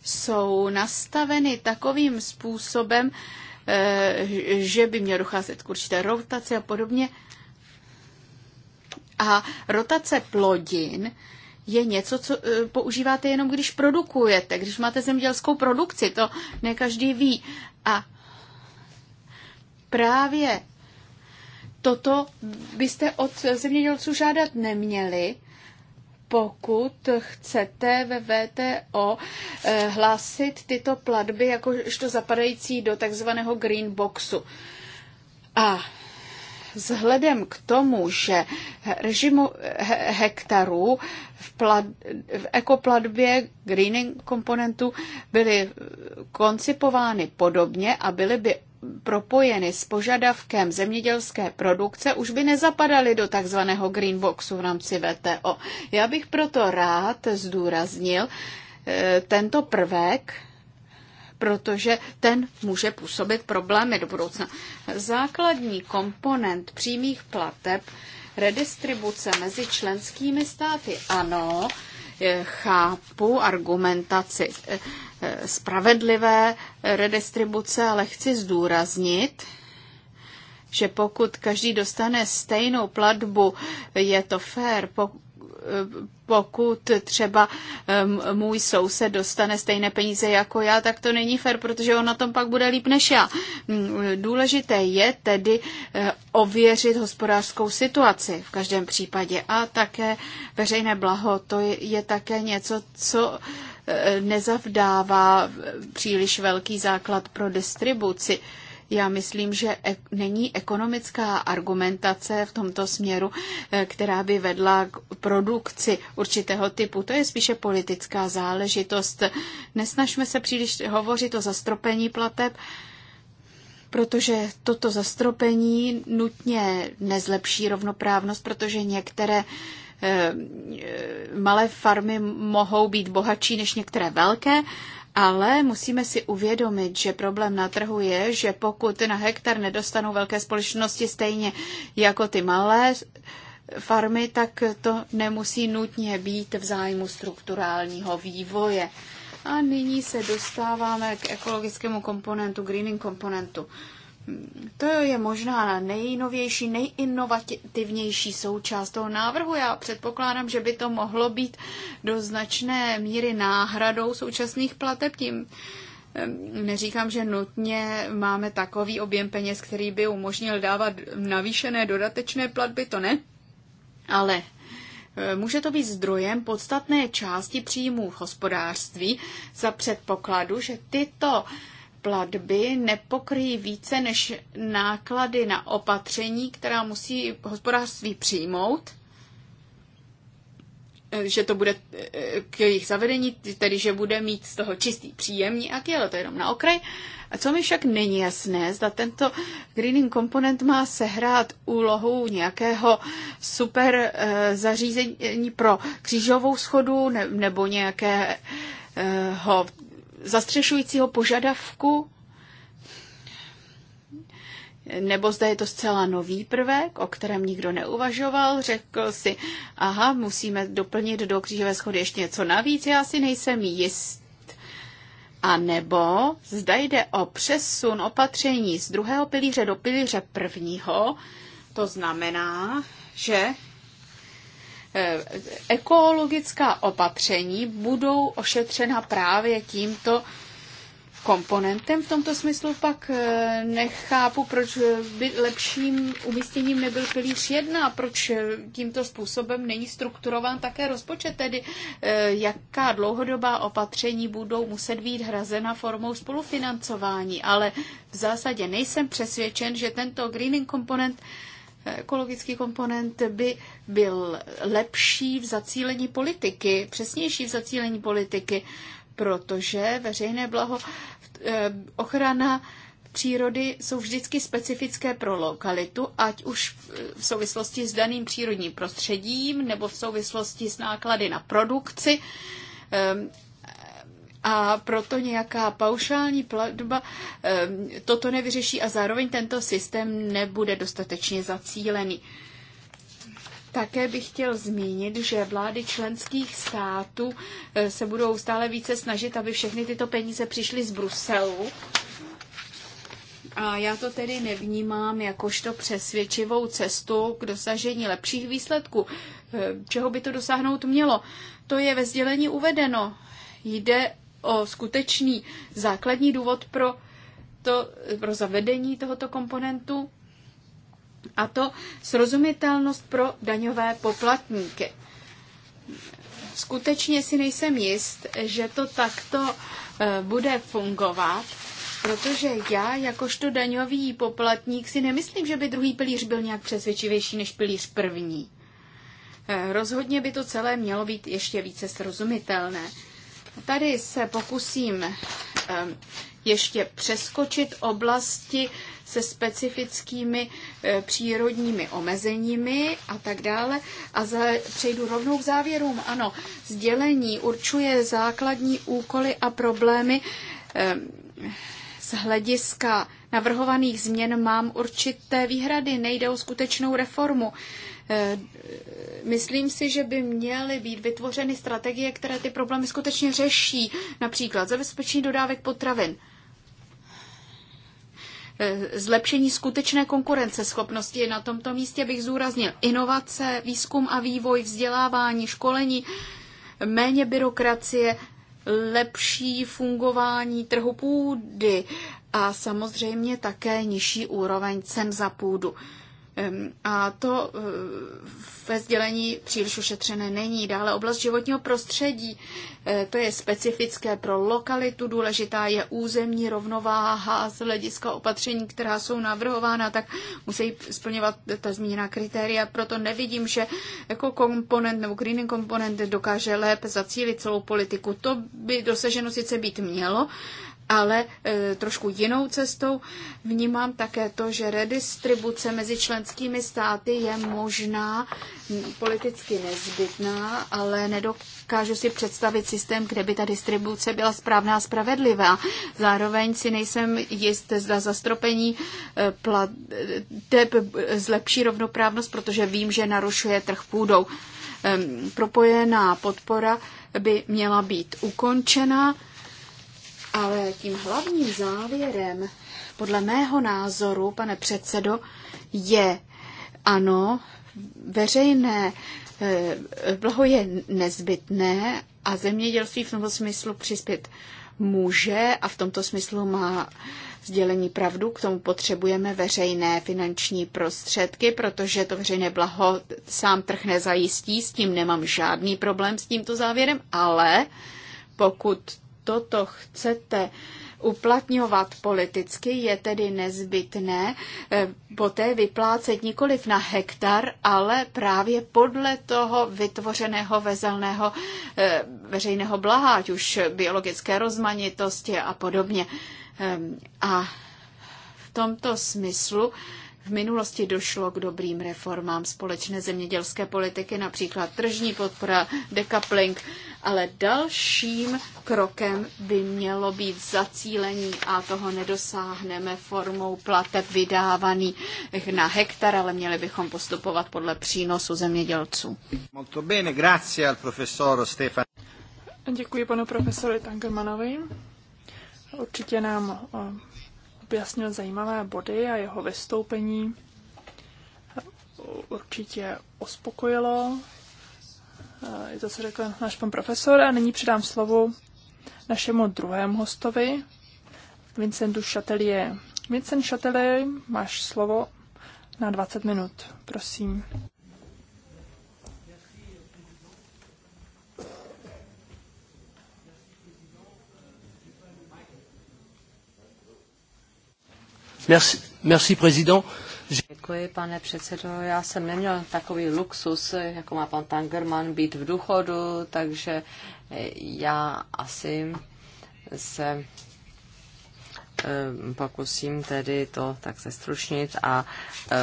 Speaker 3: jsou nastaveny takovým způsobem, eh, že by měl docházet k určité rotaci a podobně. A rotace plodin je něco, co e, používáte jenom, když produkujete, když máte zemědělskou produkci, to ne každý ví. A právě toto byste od zemědělců žádat neměli, pokud chcete ve VTO e, hlásit tyto platby jakožto zapadající do takzvaného green boxu. A vzhledem k tomu, že režimu hektarů v, plat, v ekoplatbě greening komponentu byly koncipovány podobně a byly by propojeny s požadavkem zemědělské produkce, už by nezapadaly do takzvaného greenboxu v rámci VTO. Já bych proto rád zdůraznil eh, tento prvek protože ten může působit problémy do budoucna. Základní komponent přímých plateb redistribuce mezi členskými státy. Ano, eh, chápu argumentaci eh, eh, spravedlivé redistribuce, ale chci zdůraznit, že pokud každý dostane stejnou platbu, je to fér pokud třeba můj soused dostane stejné peníze jako já, tak to není fér, protože on na tom pak bude líp než já. Hmm, důležité je tedy eh, ověřit hospodářskou situaci v každém případě a také veřejné blaho. To je také něco, co eh, nezavdává příliš velký základ pro distribuci. Já myslím, že e- není ekonomická argumentace v tomto směru, e, která by vedla k produkci určitého typu. To je spíše politická záležitost. Nesnažme se příliš hovořit o zastropení plateb, protože toto zastropení nutně nezlepší rovnoprávnost, protože některé e, malé farmy mohou být bohatší než některé velké ale musíme si uvědomit, že problém na trhu je, že pokud na hektar nedostanou velké společnosti stejně jako ty malé farmy, tak to nemusí nutně být v zájmu strukturálního vývoje. A nyní se dostáváme k ekologickému komponentu, greening komponentu. Uh, to je možná nejnovější, nejinovativnější součást toho návrhu. Já předpokládám, že by to mohlo být do značné míry náhradou současných plateb tím. Neříkám, že nutně máme takový objem peněz, který by umožnil dávat navýšené dodatečné platby, to ne. Ale e, může to být zdrojem podstatné části příjmů hospodářství za předpokladu, že tyto platby nepokryjí více než náklady na opatření, která musí hospodářství přijmout, eh, že to bude eh, k jejich zavedení, tedy že bude mít z toho čistý příjemní aký, ale to je jenom na okraj. A co mi však není jasné, zda tento greening komponent má sehrát úlohu nějakého super eh, zařízení pro křížovou schodu nebo nějakého zastřešujícího požadavku, nebo zda je to zcela nový prvek, o kterém nikdo neuvažoval, řekl si, aha, musíme doplnit do křížové schody ještě něco navíc, já si nejsem jist. A nebo zda jde o přesun opatření z druhého pilíře do pilíře prvního, to znamená, že Eh, ekologická opatření budou ošetřena právě tímto komponentem. V tomto smyslu pak eh, nechápu, proč by lepším umístěním nebyl pilíř jedna, a proč eh, tímto způsobem není strukturován také rozpočet, tedy jaká dlouhodobá opatření budou muset být hrazena formou spolufinancování. Ale v zásadě nejsem přesvědčen, že tento greening komponent ekologický komponent by byl lepší v zacílení politiky, přesnější v zacílení politiky, protože veřejné blaho, eh, ochrana přírody jsou vždycky specifické pro lokalitu, ať už v souvislosti s daným přírodním prostředím nebo v souvislosti s náklady na produkci ehm, a proto nějaká paušální platba toto nevyřeší a zároveň tento systém nebude dostatečně zacílený. Také bych chtěl zmínit, že vlády členských států eh, se budou stále více snažit, aby všechny tyto peníze přišly z Bruselu. A já to tedy nevnímám jakožto přesvědčivou cestu k dosažení lepších výsledků. Eh, čeho by to dosáhnout mělo? To je ve sdělení uvedeno. Jde o skutečný základní důvod pro, to, pro zavedení tohoto komponentu a to srozumitelnost pro daňové poplatníky. Skutečně si nejsem jist, že to takto e, bude fungovat, protože já jakožto daňový poplatník si nemyslím, že by druhý pilíř byl nějak přesvědčivější než pilíř první. E, rozhodně by to celé mělo být ještě více srozumitelné. Tady se pokusím eh, ještě přeskočit oblasti se specifickými eh, přírodními omezeními a tak dále. A za, přejdu rovnou k závěrům. Ano, sdělení určuje základní úkoly a problémy. Eh, z hlediska navrhovaných změn mám určité výhrady. Nejde o skutečnou reformu. Eh, myslím si, že by měly být vytvořeny strategie, které ty problémy skutečně řeší, například zabezpečení dodávek potravin eh, zlepšení skutečné konkurence schopnosti, Na tomto místě bych zúraznil inovace, výzkum a vývoj, vzdělávání, školení, méně byrokracie, lepší fungování trhu půdy a samozřejmě také nižší úroveň cen za půdu. A to eh, ve sdělení příliš ušetřené není. Dále oblast životního prostředí. Eh, to je specifické pro lokalitu. Důležitá je územní rovnováha z hlediska opatření, která jsou navrhována, tak musí splňovat ta zmíněná kritéria. Proto nevidím, že jako komponent nebo greening komponent dokáže lépe zacílit celou politiku. To by dosaženo sice být mělo, ale e, trošku jinou cestou vnímám také to, že redistribuce mezi členskými státy je možná politicky nezbytná, ale nedokážu si představit systém, kde by ta distribuce byla správná a spravedlivá. Zároveň si nejsem jist, zda zastropení e, plateb zlepší rovnoprávnost, protože vím, že narušuje trh půdou. Propojená podpora by měla být ukončena ale tím hlavním závěrem, podle mého názoru, pane předsedo, je ano, veřejné eh, blaho je nezbytné a zemědělství v tomto smyslu přispět může a v tomto smyslu má sdělení pravdu. K tomu potřebujeme veřejné finanční prostředky, protože to veřejné blaho sám trh nezajistí, s tím nemám žádný problém s tímto závěrem, ale pokud toto chcete uplatňovat politicky, je tedy nezbytné eh, poté vyplácet nikoliv na hektar, ale právě podle toho vytvořeného vezelného eh, veřejného blaha, ať už biologické rozmanitosti a podobně. Ehm, a v tomto smyslu v minulosti došlo k dobrým reformám společné zemědělské politiky, například tržní podpora, decoupling, ale dalším krokem by mělo být zacílení a toho nedosáhneme formou plateb vydávaných na hektar, ale měli bychom postupovat podle přínosu zemědělců. Molto bene, grazie al professor Stefan.
Speaker 2: Děkuji panu profesoru Tangermanovi. Určitě nám eh, objasnil zajímavé body a jeho vystoupení určitě uspokojilo. Je to, co řekl náš pan profesor. A nyní předám slovo našemu druhému hostovi, Vincentu Chatelier. Vincent Chatelier, máš slovo na 20 minut, prosím.
Speaker 1: Merci, merci président. Děkuji, pane předsedo. Já jsem neměl takový luxus, jako má pan Tangerman, být v důchodu, takže já asi se eh, pokusím tedy to tak se stručnit. a eh,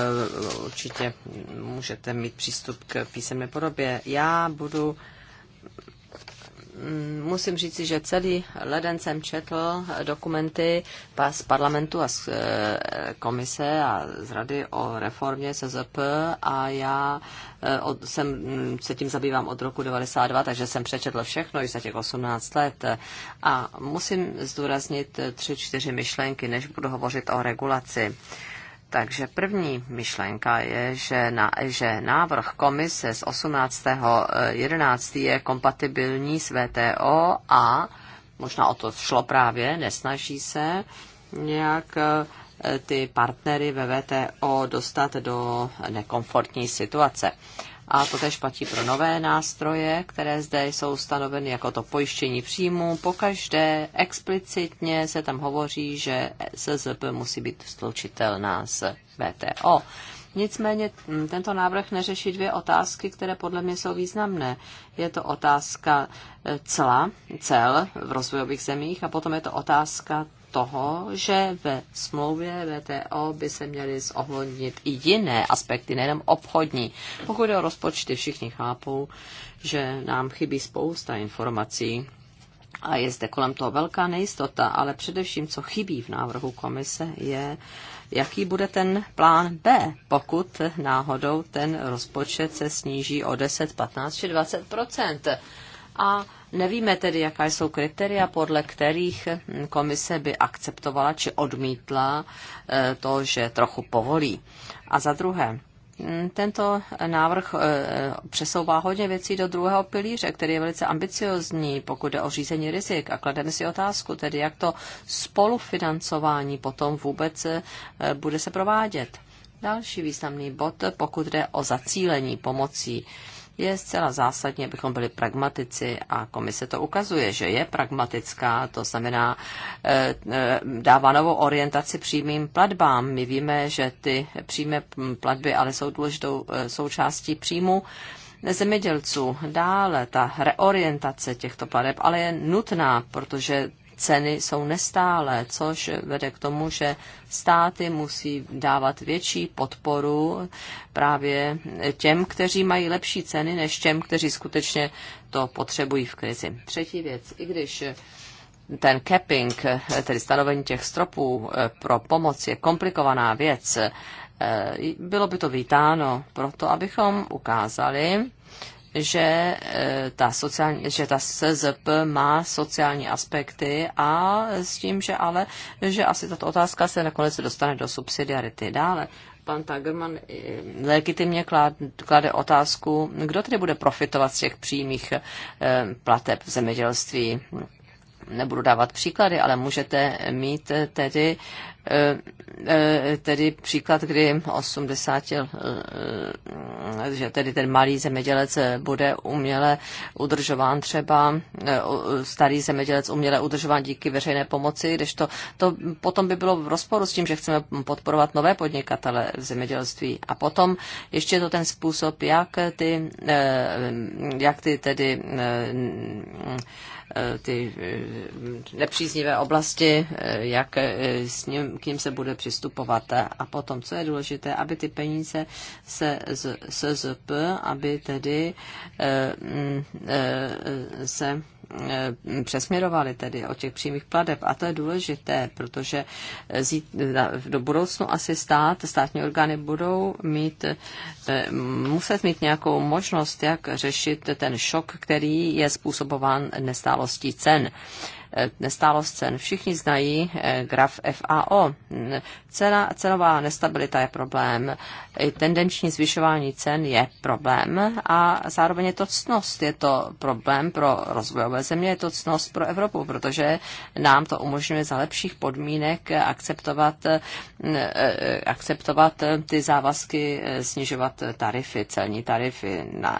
Speaker 1: určitě můžete mít přístup k písemné podobě. Já budu Mm, musím říci, že celý leden jsem četl dokumenty z parlamentu a z e, komise a z rady o reformě SZP a já e, od, jsem, mm, se tím zabývám od roku 92, takže jsem přečetl všechno i za těch 18 let a musím zdůraznit tři, čtyři myšlenky, než budu hovořit o regulaci. Takže první myšlenka je, že, na, že návrh komise z 18.11. je kompatibilní s VTO a možná o to šlo právě, nesnaží se nějak eh, ty partnery ve VTO dostat do nekomfortní situace. A to tež platí pro nové nástroje, které zde jsou stanoveny jako to pojištění příjmu. Pokaždé explicitně se tam hovoří, že SZP musí být slučitelná s VTO. Nicméně mm, tento návrh neřeší dvě otázky, které podle mě jsou významné. Je to otázka e, cla, cel v rozvojových zemích a potom je to otázka toho, že ve smlouvě VTO by se měly zohlednit i jiné aspekty, nejenom obchodní. Pokud je o rozpočty, všichni chápou, že nám chybí spousta informací a je zde kolem toho velká nejistota, ale především, co chybí v návrhu komise, je, jaký bude ten plán B, pokud náhodou ten rozpočet se sníží o 10, 15 či 20 a nevíme tedy, jaká jsou kritéria, podle kterých komise by akceptovala či odmítla eh, to, že trochu povolí. A za druhé, hm, tento návrh eh, přesouvá hodně věcí do druhého pilíře, který je velice ambiciozní, pokud jde o řízení rizik. A klademe si otázku, tedy jak to spolufinancování potom vůbec eh, bude se provádět. Další významný bod, pokud jde o zacílení pomocí je zcela zásadní, abychom byli pragmatici a komise to ukazuje, že je pragmatická, to znamená eh, eh, dává novou orientaci přímým platbám. My víme, že ty přímé platby ale jsou důležitou eh, součástí příjmu zemědělců. Dále ta reorientace těchto pladeb ale je nutná, protože ceny jsou nestálé, což vede k tomu, že státy musí dávat větší podporu právě těm, kteří mají lepší ceny, než těm, kteří skutečně to potřebují v krizi. Třetí věc, i když ten capping, tedy stanovení těch stropů eh, pro pomoc je komplikovaná věc, eh, bylo by to vítáno proto, abychom ukázali, že eh, ta, sociální, že ta SZP má sociální aspekty a s tím, že ale, že asi tato otázka se nakonec dostane do subsidiarity. Dále, pan Tagerman eh, legitimně klade otázku, kdo tedy bude profitovat z těch přímých eh, plateb v zemědělství nebudu dávat příklady, ale můžete mít tedy Eh, eh, tedy příklad, kdy 80, eh, že tedy ten malý zemědělec bude uměle udržován třeba, starý zemědělec uměle udržován díky veřejné pomoci, to, to potom by bylo v rozporu s tím, že chceme podporovat nové podnikatele v zemědělství. A potom ještě je to ten způsob, jak ty, jak ty tedy Eh, ty eh, nepříznivé oblasti, eh, jak s ním, k ním se bude přistupovat. A potom, co je důležité, aby ty peníze se z SZP, aby tedy mm, se Eh, přesměrovali tedy o těch přímých pladeb. A to je důležité, protože do budoucnu asi stát, státní orgány budou mít, eh, muset mít nějakou možnost, jak řešit ten šok, který je způsobován nestálostí cen nestálost cen. Všichni znají eh, graf FAO. Cena, cenová nestabilita je problém, tendenční zvyšování cen je problém a zároveň je to cnost. Je to problém pro rozvojové země, je to cnost pro Evropu, protože nám to umožňuje za lepších podmínek akceptovat, eh, eh, akceptovat ty závazky, snižovat tarify, celní tarify na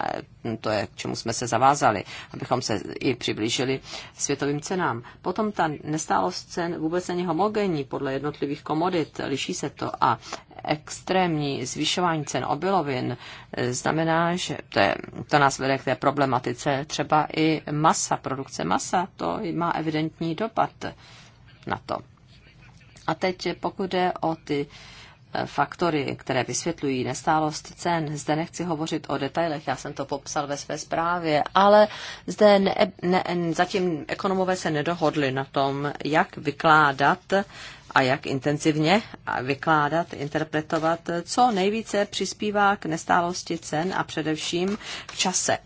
Speaker 1: to je, k čemu jsme se zavázali, abychom se i přiblížili světovým cenám. Potom ta nestálost cen vůbec není homogenní podle jednotlivých komodit, liší se to a extrémní zvyšování cen obilovin eh, znamená, že to, je, to nás vede k té problematice třeba i masa, produkce masa, to má evidentní dopad na to. A teď pokud jde o ty uh, faktory, které vysvětlují nestálost cen. Zde nechci hovořit o detailech, já jsem to popsal ve své zprávě, ale zde ne, ne, zatím ekonomové se nedohodli na tom, jak vykládat a jak intenzivně vykládat, interpretovat, co nejvíce přispívá k nestálosti cen a především v čase.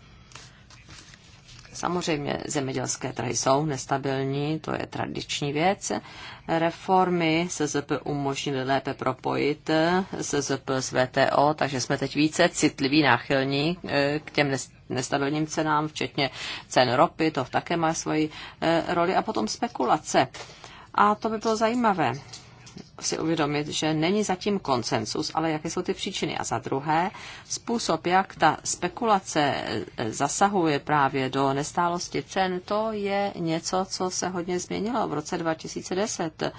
Speaker 1: Samozřejmě zemědělské trhy jsou nestabilní, to je tradiční věc. Reformy SZP umožnily lépe propojit SZP s VTO, takže jsme teď více citliví, náchylní eh, k těm nestabilním cenám, včetně cen ropy, to také má svoji eh, roli, a potom spekulace. A to by bylo zajímavé si uvědomit, že není zatím konsensus, ale jaké jsou ty příčiny. A za druhé, způsob, jak ta spekulace eh, zasahuje právě do nestálosti cen, to je něco, co se hodně změnilo v roce 2010 eh,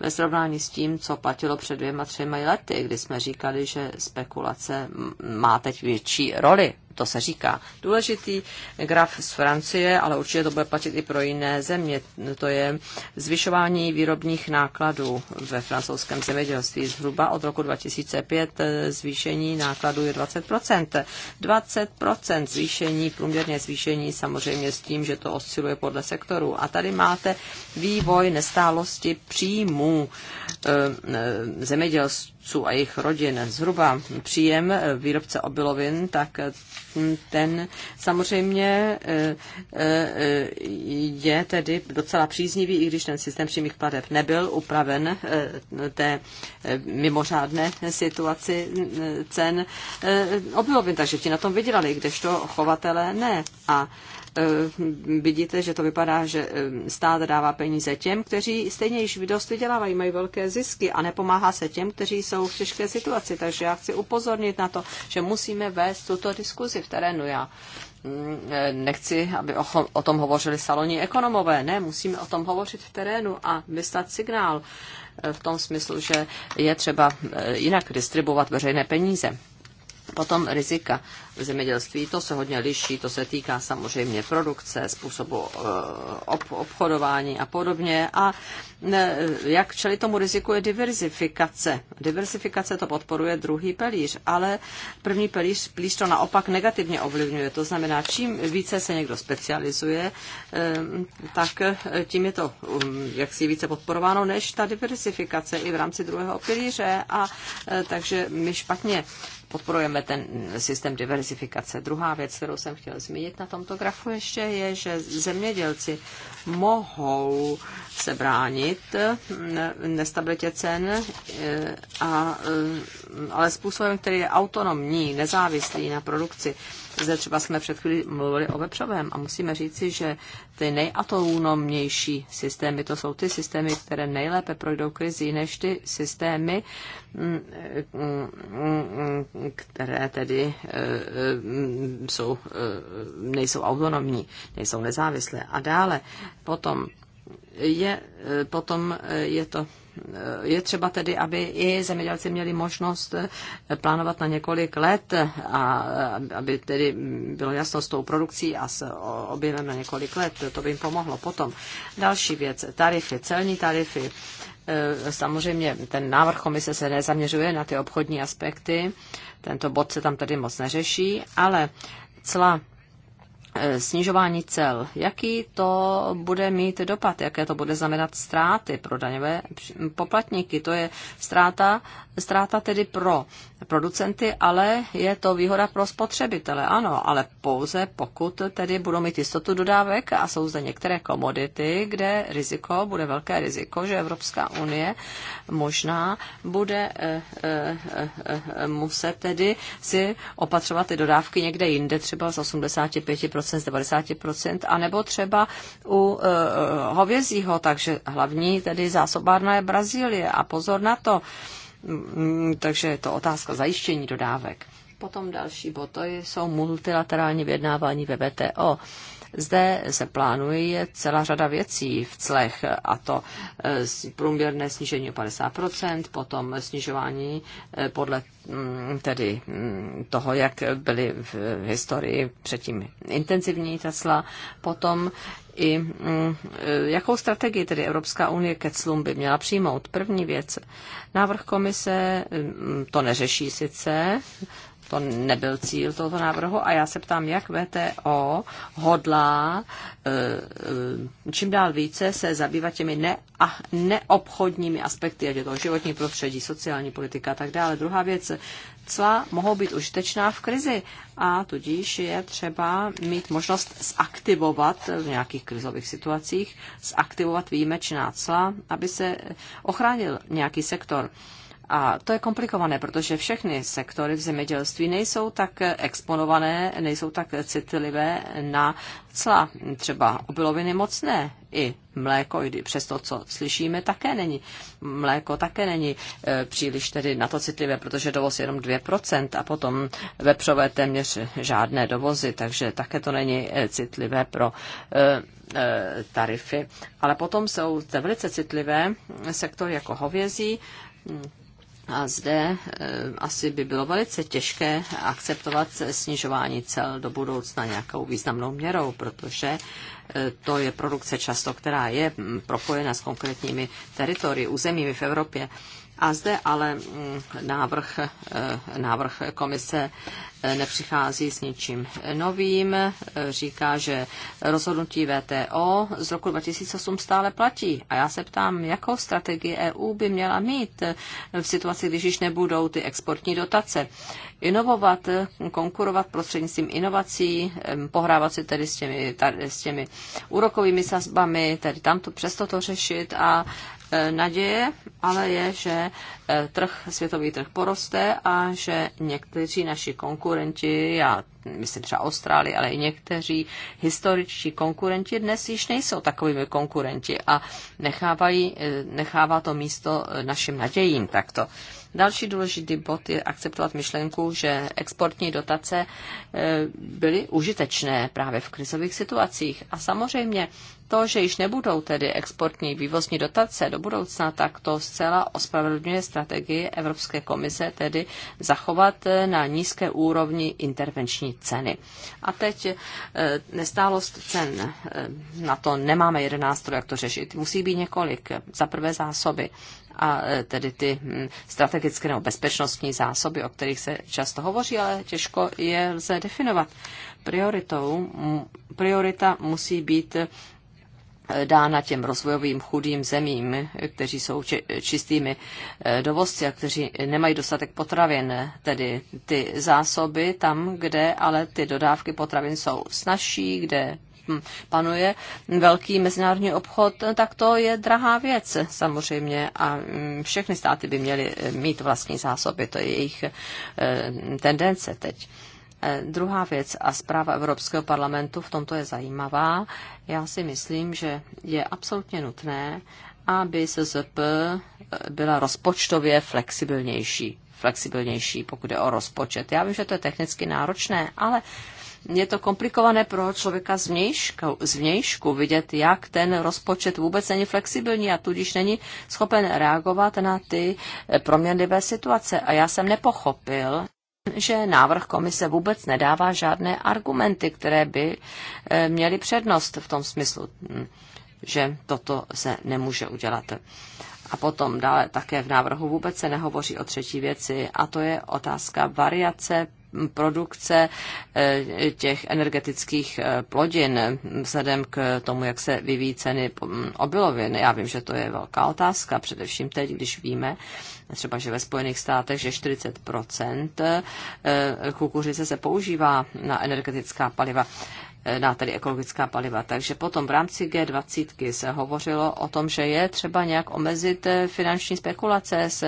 Speaker 1: ve srovnání s tím, co platilo před dvěma, třemi lety, kdy jsme říkali, že spekulace má teď větší roli to se říká. Důležitý graf z Francie, ale určitě to bude platit i pro jiné země, to je zvyšování výrobních nákladů ve francouzském zemědělství. Zhruba od roku 2005 eh, zvýšení nákladů je 20%. 20% zvýšení, průměrně zvýšení samozřejmě s tím, že to osciluje podle sektoru. A tady máte vývoj nestálosti příjmů eh, eh, zemědělství výrobců a jejich rodin. Zhruba příjem výrobce obilovin, tak mm, ten samozřejmě e, e, je tedy docela příznivý, i když ten systém přímých plateb nebyl upraven e, té mimořádné situaci cen obilovin, takže ti na tom vydělali, kdežto chovatele ne. A Eh, vidíte, že to vypadá, že eh, stát dává peníze těm, kteří stejně již dost vydělávají, mají velké zisky a nepomáhá se těm, kteří jsou v těžké situaci. Takže já chci upozornit na to, že musíme vést tuto diskuzi v terénu. Já mm, eh, nechci, aby o tom hovořili saloní ekonomové. Ne, musíme o tom hovořit v terénu a vystat signál v tom smyslu, že je třeba jinak distribuovat veřejné peníze. Potom rizika v zemědělství, to se hodně liší, to se týká samozřejmě produkce, způsobu eh, ob- obchodování a podobně. A eh, jak čeli tomu riziku je diversifikace. Diversifikace to podporuje druhý pilíř, ale první pilíř, pilíř to naopak negativně ovlivňuje. To znamená, čím více se někdo specializuje, eh, tak tím je to um, jaksi více podporováno než ta diversifikace i v rámci druhého pilíře. A takže my špatně podporujeme ten systém diversifikace. Druhá věc, kterou jsem chtěl zmínit na tomto grafu ještě, je, že zemědělci mohou se bránit nestabilitě cen, eh, a, eh, ale způsobem, který je autonomní, nezávislý na produkci. Zde třeba jsme před chvílí mluvili o vepřovém a musíme říci, že ty nejautonomnější systémy, to jsou ty systémy, které nejlépe projdou krizi, než ty systémy, mm, mm, které tedy eh, eh, jsou, eh, nejsou autonomní, nejsou nezávislé. A dále potom je, potom je to je třeba tedy, aby i zemědělci měli možnost plánovat na několik let a aby tedy bylo jasno s tou produkcí a s objemem na několik let. To by jim pomohlo. Potom další věc, tarify, celní tarify. Eh, samozřejmě ten návrh komise se nezaměřuje na ty obchodní aspekty, tento bod se tam tedy moc neřeší, ale cla E, snižování cel, jaký to bude mít dopad, jaké to bude znamenat ztráty pro daňové poplatníky. To je ztráta, ztráta tedy pro producenty, ale je to výhoda pro spotřebitele, ano, ale pouze pokud tedy budou mít jistotu dodávek a jsou zde některé komodity, kde riziko, bude velké riziko, že Evropská unie možná bude eh, eh, eh, muset tedy si opatřovat ty dodávky někde jinde, třeba z 85 z 90%, anebo třeba u e, e, hovězího, takže hlavní tedy zásobárna je Brazílie a pozor na to. Mm, takže je to otázka zajištění dodávek. Potom další bod, to jsou multilaterální vyjednávání ve VTO. Zde se plánuje celá řada věcí v clech, a to eh, průměrné snížení o 50%, potom snižování eh, podle mm, tedy mm, toho, jak byly v historii předtím intenzivní ta cla, potom i mm, eh, jakou strategii tedy Evropská unie ke clům by měla přijmout. První věc, návrh komise to neřeší sice, to nebyl cíl tohoto návrhu a já se ptám, jak VTO hodlá e, e, čím dál více se zabývat těmi ne, a neobchodními aspekty, ať je to životní prostředí, sociální politika a tak dále. Druhá věc, cla mohou být užitečná v krizi a tudíž je třeba mít možnost zaktivovat v nějakých krizových situacích, zaktivovat výjimečná cla, aby se ochránil nějaký sektor. A to je komplikované, protože všechny sektory v zemědělství nejsou tak exponované, nejsou tak citlivé na cla. Třeba obiloviny mocné, i mléko, i přes to, co slyšíme, také není. Mléko také není e, příliš tedy na to citlivé, protože dovoz je jenom 2% a potom vepřové téměř žádné dovozy, takže také to není e, citlivé pro e, e, tarify. Ale potom jsou velice citlivé sektory jako hovězí, a zde eh, asi by bylo velice těžké akceptovat snižování cel do budoucna nějakou významnou měrou, protože eh, to je produkce často, která je mm, propojena s konkrétními teritorii, územími v Evropě. A zde ale mm, návrh, eh, návrh komise eh, nepřichází s ničím novým. Eh, říká, že rozhodnutí VTO z roku 2008 stále platí. A já se ptám, jakou strategii EU by měla mít v situaci, když již nebudou ty exportní dotace. Inovovat, konkurovat prostřednictvím inovací, pohrávat si tedy s těmi, tady, s těmi úrokovými sazbami, tedy tamto přesto to řešit a Eh, naděje, ale je, že eh, trh, světový trh poroste a že někteří naši konkurenti, já myslím třeba Austrálii, ale i někteří historičtí konkurenti dnes již nejsou takovými konkurenti a nechávají, eh, nechává to místo našim nadějím takto. Další důležitý bod je akceptovat myšlenku, že exportní dotace e, byly užitečné právě v krizových situacích. A samozřejmě to, že již nebudou tedy exportní vývozní dotace do budoucna, tak to zcela ospravedlňuje strategii Evropské komise, tedy zachovat e, na nízké úrovni intervenční ceny. A teď e, nestálost cen. Na to nemáme jeden nástroj, jak to řešit. Musí být několik. Za prvé zásoby a e, tedy ty hm, strategické nebo bezpečnostní zásoby, o kterých se často hovoří, ale těžko je lze definovat. Prioritou, priorita musí být e, dána těm rozvojovým chudým zemím, kteří jsou čistými e, dovozci a kteří nemají dostatek potravin, tedy ty zásoby tam, kde ale ty dodávky potravin jsou snažší, kde panuje velký mezinárodní obchod, tak to je drahá věc samozřejmě a mm, všechny státy by měly eh, mít vlastní zásoby, to je jejich eh, tendence teď. Eh, druhá věc a zpráva Evropského parlamentu v tomto je zajímavá. Já si myslím, že je absolutně nutné, aby SZP byla rozpočtově flexibilnější. Flexibilnější, pokud je o rozpočet. Já vím, že to je technicky náročné, ale je to komplikované pro člověka z vnějšku vidět, jak ten rozpočet vůbec není flexibilní a tudíž není schopen reagovat na ty eh, proměnlivé situace. A já jsem nepochopil, že návrh komise vůbec nedává žádné argumenty, které by eh, měly přednost v tom smyslu, hm, že toto se nemůže udělat. A potom dále také v návrhu vůbec se nehovoří o třetí věci, a to je otázka variace produkce eh, těch energetických eh, plodin vzhledem k tomu, jak se vyvíjí ceny mm, obilovin. Já vím, že to je velká otázka, především teď, když víme, třeba že ve Spojených státech, že 40 eh, kukuřice se používá na energetická paliva na eh, tedy ekologická paliva. Takže potom v rámci G20 se hovořilo o tom, že je třeba nějak omezit eh, finanční spekulace s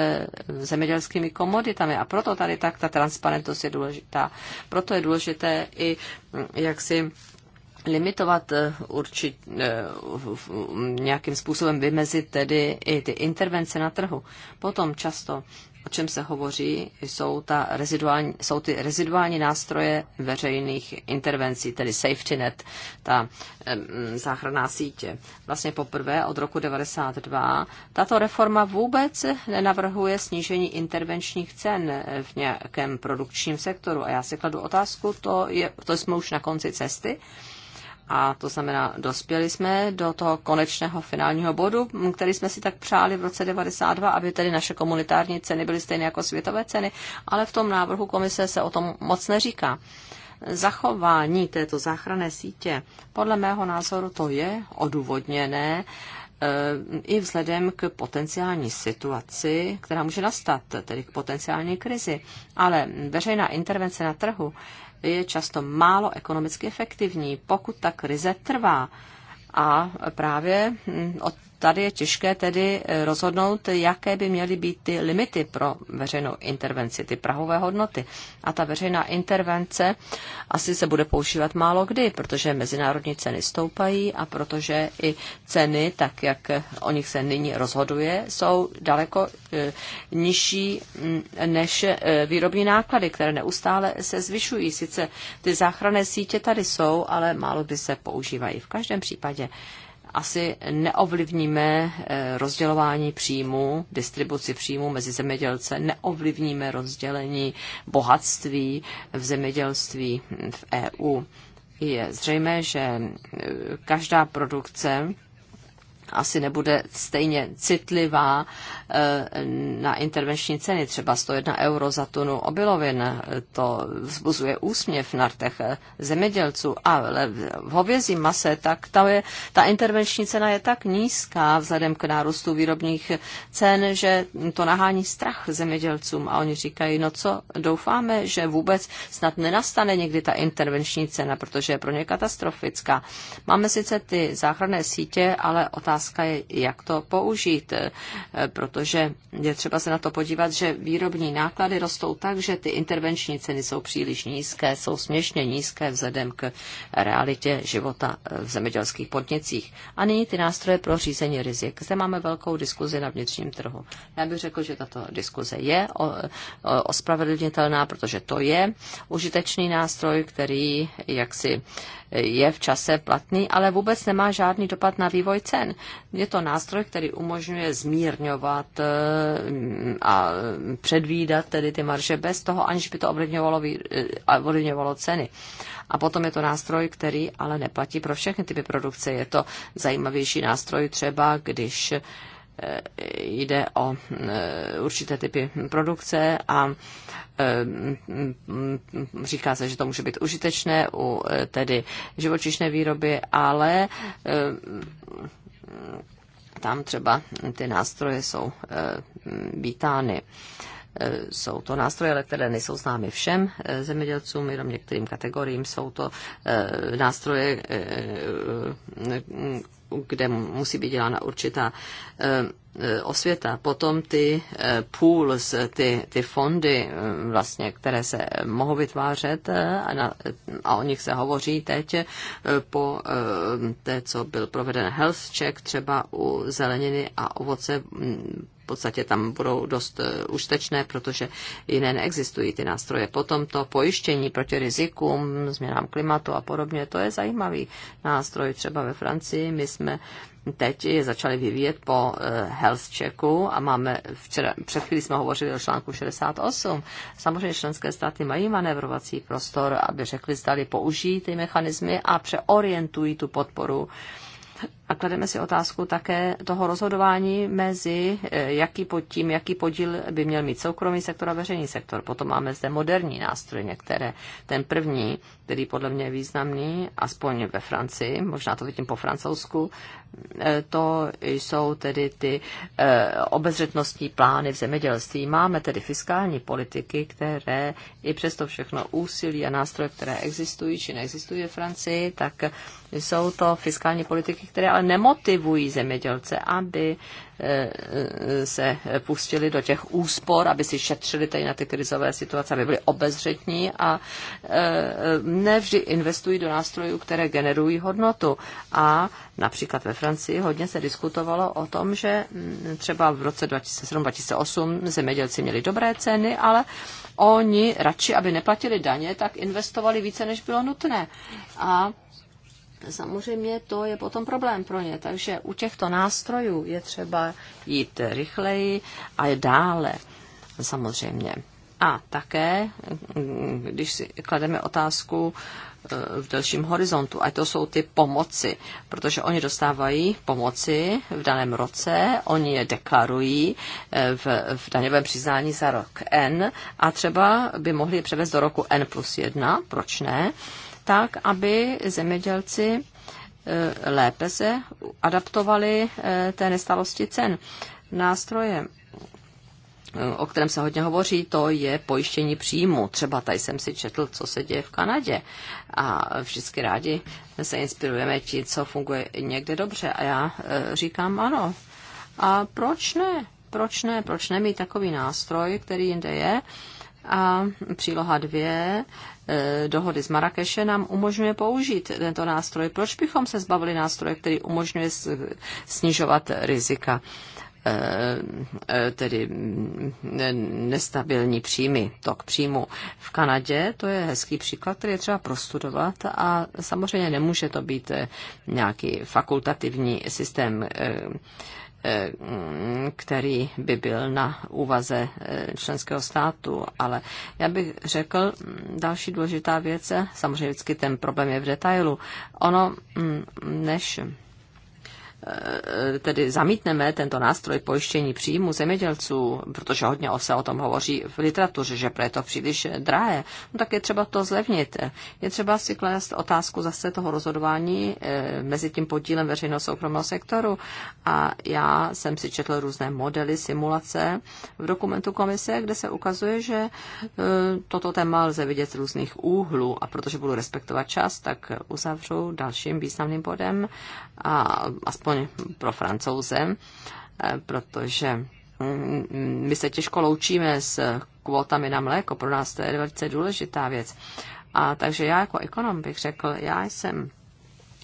Speaker 1: zemědělskými komoditami a proto tady tak ta transparentnost je důležitá. Proto je důležité i mm, jak si limitovat eh, určit, nějakým způsobem vymezit tedy i ty intervence na trhu. Potom často o čem se hovoří, jsou, ta reziduální, jsou ty reziduální nástroje veřejných intervencí, tedy safety net, ta um, záchranná sítě. Vlastně poprvé od roku 1992 tato reforma vůbec nenavrhuje snížení intervenčních cen v nějakém produkčním sektoru. A já si kladu otázku, to, je, to jsme už na konci cesty a to znamená, dospěli jsme do toho konečného finálního bodu, který jsme si tak přáli v roce 92, aby tedy naše komunitární ceny byly stejné jako světové ceny, ale v tom návrhu komise se o tom moc neříká. Zachování této záchranné sítě, podle mého názoru to je odůvodněné eh, i vzhledem k potenciální situaci, která může nastat, tedy k potenciální krizi. Ale veřejná intervence na trhu je často málo ekonomicky efektivní, pokud ta krize trvá. A právě hm, tady je těžké tedy eh, rozhodnout, jaké by měly být ty limity pro veřejnou intervenci, ty prahové hodnoty. A ta veřejná intervence asi se bude používat málo kdy, protože mezinárodní ceny stoupají a protože i ceny, tak jak o nich se nyní rozhoduje, jsou daleko eh, nižší mm, než eh, výrobní náklady, které neustále se zvyšují. Sice ty záchranné sítě tady jsou, ale málo by se používají. V každém případě asi neovlivníme eh, rozdělování příjmu, distribuci příjmu mezi zemědělce, neovlivníme rozdělení bohatství v zemědělství hm, v EU. Je zřejmé, že eh, každá produkce asi nebude stejně citlivá na intervenční ceny, třeba 101 euro za tunu obilovin. To vzbuzuje úsměv na rtech zemědělců, ale v hovězí mase, tak ta, je, ta intervenční cena je tak nízká vzhledem k nárůstu výrobních cen, že to nahání strach zemědělcům a oni říkají, no co, doufáme, že vůbec snad nenastane někdy ta intervenční cena, protože je pro ně katastrofická. Máme sice ty záchranné sítě, ale otázka je, jak to použít, protože protože je třeba se na to podívat, že výrobní náklady rostou tak, že ty intervenční ceny jsou příliš nízké, jsou směšně nízké vzhledem k realitě života v zemědělských podnicích. A nyní ty nástroje pro řízení rizik. Zde máme velkou diskuzi na vnitřním trhu. Já bych řekl, že tato diskuze je ospravedlnitelná, protože to je užitečný nástroj, který jaksi je v čase platný, ale vůbec nemá žádný dopad na vývoj cen. Je to nástroj, který umožňuje zmírňovat eh, mm, a mm, předvídat tedy ty marže bez toho, aniž by to ovlivňovalo, eh, ovlivňovalo ceny. A potom je to nástroj, který ale neplatí pro všechny typy produkce. Je to zajímavější nástroj třeba, když Eh, jde o eh, určité typy produkce a eh, říká se, že to může být užitečné u tedy živočišné výroby, ale tam třeba ty nástroje jsou vítány. Jsou to nástroje, ale které nejsou známy všem zemědělcům, jenom některým kategoriím. Jsou to nástroje, kde musí být dělána určitá eh, eh, osvěta. Potom ty eh, pools, ty, ty fondy, vlastně, které se mohou vytvářet a, na, a o nich se hovoří teď po té, co byl proveden health check třeba u zeleniny a ovoce mm, v podstatě tam budou dost eh, užtečné, protože jiné neexistují ty nástroje. Potom to pojištění proti rizikům, změnám klimatu a podobně, to je zajímavý nástroj. Třeba ve Francii my jsme teď je začali vyvíjet po eh, health checku a máme, včera, před chvílí jsme hovořili o článku 68. Samozřejmě členské státy mají manevrovací prostor, aby řekli, zdali použijí ty mechanismy a přeorientují tu podporu a klademe si otázku také toho rozhodování mezi eh, jaký pod tím, jaký podíl by měl mít soukromý sektor a veřejný sektor. Potom máme zde moderní nástroje některé. Ten první, který podle mě je významný, aspoň ve Francii, možná to vidím po francouzsku, eh, to jsou tedy ty eh, obezřetnostní plány v zemědělství. Máme tedy fiskální politiky, které i přesto všechno úsilí a nástroje, které existují či neexistují ve Francii, tak jsou to fiskální politiky, které ale nemotivují zemědělce, aby e, se pustili do těch úspor, aby si šetřili tady na ty krizové situace, aby byli obezřetní a e, nevždy investují do nástrojů, které generují hodnotu. A například ve Francii hodně se diskutovalo o tom, že třeba v roce 2007-2008 zemědělci měli dobré ceny, ale oni radši, aby neplatili daně, tak investovali více, než bylo nutné. A samozřejmě to je potom problém pro ně. Takže u těchto nástrojů je třeba jít rychleji a je dále samozřejmě. A také, když si klademe otázku eh, v delším horizontu, a to jsou ty pomoci, protože oni dostávají pomoci v daném roce, oni je deklarují eh, v, v daňovém přiznání za rok N a třeba by mohli převést do roku N plus 1, proč ne? tak, aby zemědělci e, lépe se adaptovali e, té nestalosti cen. Nástroje, e, o kterém se hodně hovoří, to je pojištění příjmu. Třeba tady jsem si četl, co se děje v Kanadě a vždycky rádi se inspirujeme ti, co funguje někde dobře. A já říkám ano. A proč ne? Proč ne? Proč nemít takový nástroj, který jinde je? A příloha dvě eh, dohody z Marrakeše nám umožňuje použít tento nástroj. Proč bychom se zbavili nástroje, který umožňuje snižovat rizika? Eh, eh, tedy mm, nestabilní příjmy, tok příjmu. V Kanadě to je hezký příklad, který je třeba prostudovat a samozřejmě nemůže to být nějaký fakultativní systém, Eh, který by byl na úvaze eh, členského státu. Ale já bych řekl, mm, další důležitá věc, samozřejmě vždycky ten problém je v detailu. Ono, mm, než Eh, tedy zamítneme tento nástroj pojištění příjmu zemědělců, protože hodně se o tom hovoří v literatuře, že pro je to příliš drahé, no tak je třeba to zlevnit. Je třeba si klást otázku zase toho rozhodování eh, mezi tím podílem veřejného soukromého sektoru a já jsem si četl různé modely, simulace v dokumentu komise, kde se ukazuje, že eh, toto téma lze vidět z různých úhlů a protože budu respektovat čas, tak uzavřu dalším významným bodem a aspoň pro francouze, eh, protože mm, my se těžko loučíme s kvótami na mléko, pro nás to je velice důležitá věc. A takže já jako ekonom bych řekl, já jsem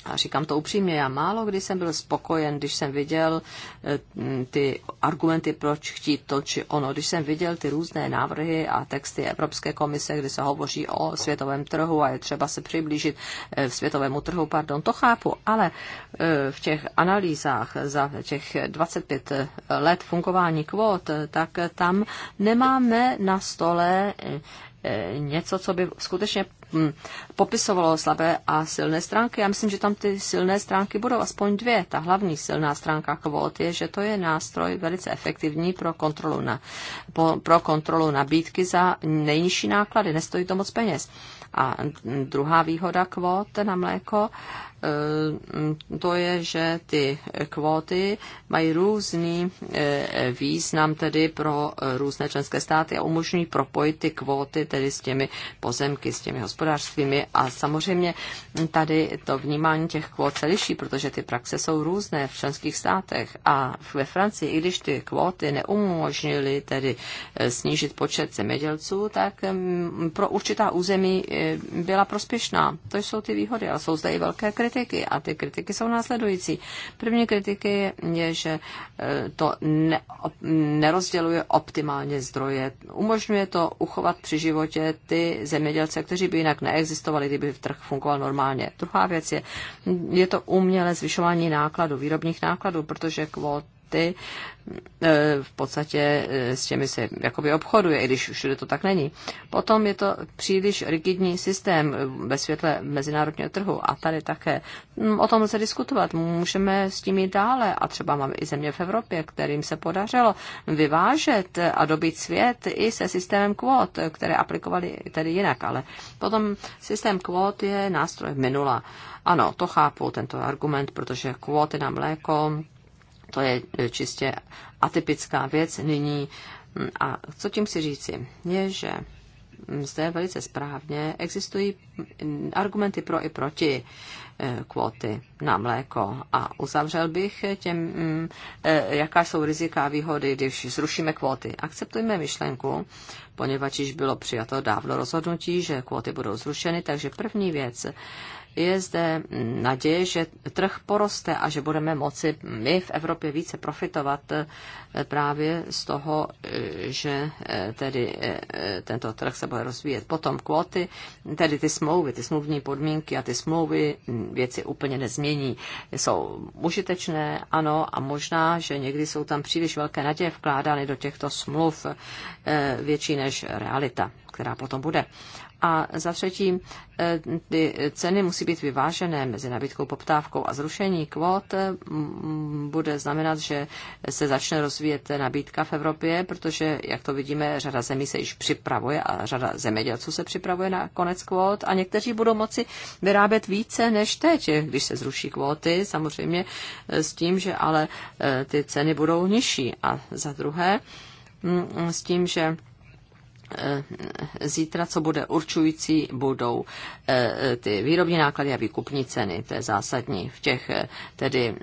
Speaker 1: a říkám to upřímně, já málo kdy jsem byl spokojen, když jsem viděl eh, ty argumenty, proč chtít to či ono. Když jsem viděl ty různé návrhy a texty Evropské komise, kdy se hovoří o světovém trhu a je třeba se přiblížit eh, světovému trhu, pardon, to chápu, ale eh, v těch analýzách za těch 25 let fungování kvót, tak tam nemáme na stole E, něco, co by skutečně mm, popisovalo slabé a silné stránky. Já myslím, že tam ty silné stránky budou aspoň dvě. Ta hlavní silná stránka kvót je, že to je nástroj velice efektivní pro kontrolu, na, pro kontrolu nabídky za nejnižší náklady. Nestojí to moc peněz. A druhá výhoda kvót na mléko Eh, to je, že ty kvóty mají různý eh, význam tedy pro eh, různé členské státy a umožňují propojit ty kvóty tedy s těmi pozemky, s těmi hospodářstvími a samozřejmě tady to vnímání těch kvót se liší, protože ty praxe jsou různé v členských státech a ve Francii, i když ty kvóty neumožnily tedy snížit počet zemědělců, tak mm, pro určitá území byla prospěšná. To jsou ty výhody, ale jsou zde i velké kritiky kritiky a ty kritiky jsou následující. První kritiky je, že eh, to ne, nerozděluje optimálně zdroje. Umožňuje to uchovat při životě ty zemědělce, kteří by jinak neexistovali, kdyby v trh fungoval normálně. Druhá věc je, je to umělé zvyšování nákladů, výrobních nákladů, protože kvót ty e, v podstatě e, s těmi se jakoby obchoduje, i když všude to tak není. Potom je to příliš rigidní systém e, ve světle mezinárodního trhu a tady také. O tom se diskutovat, můžeme s tím jít dále a třeba máme i země v Evropě, kterým se podařilo vyvážet a dobít svět i se systémem kvót, které aplikovali tedy jinak, ale potom systém kvót je nástroj minula. Ano, to chápu, tento argument, protože kvóty na mléko to je e, čistě atypická věc nyní. A co tím si říci, je, že zde velice správně existují argumenty pro i proti e, kvóty na mléko. A uzavřel bych těm, mm, e, jaká jsou rizika a výhody, když zrušíme kvóty. Akceptujme myšlenku, poněvadž již bylo přijato dávno rozhodnutí, že kvóty budou zrušeny, takže první věc, je zde naděje, že trh poroste a že budeme moci my v Evropě více profitovat eh, právě z toho, eh, že eh, tedy tento trh se bude rozvíjet. Potom kvóty, tedy ty smlouvy, ty smluvní podmínky a ty smlouvy hm, věci úplně nezmění. Jsou užitečné, ano, a možná, že někdy jsou tam příliš velké naděje vkládány do těchto smluv větší než realita, která potom bude. A za třetí, eh, ty ceny musí být vyvážené mezi nabídkou, poptávkou a zrušení kvót bude znamenat, že se začne rozvíjet nabídka v Evropě, protože, jak to vidíme, řada zemí se již připravuje a řada zemědělců se připravuje na konec kvót a někteří budou moci vyrábět více než teď, když se zruší kvóty, samozřejmě eh, s tím, že ale eh, ty ceny budou nižší. A za druhé, mm, s tím, že Eh, zítra, co bude určující, budou eh, ty výrobní náklady a výkupní ceny. To je zásadní v těch, eh, tedy,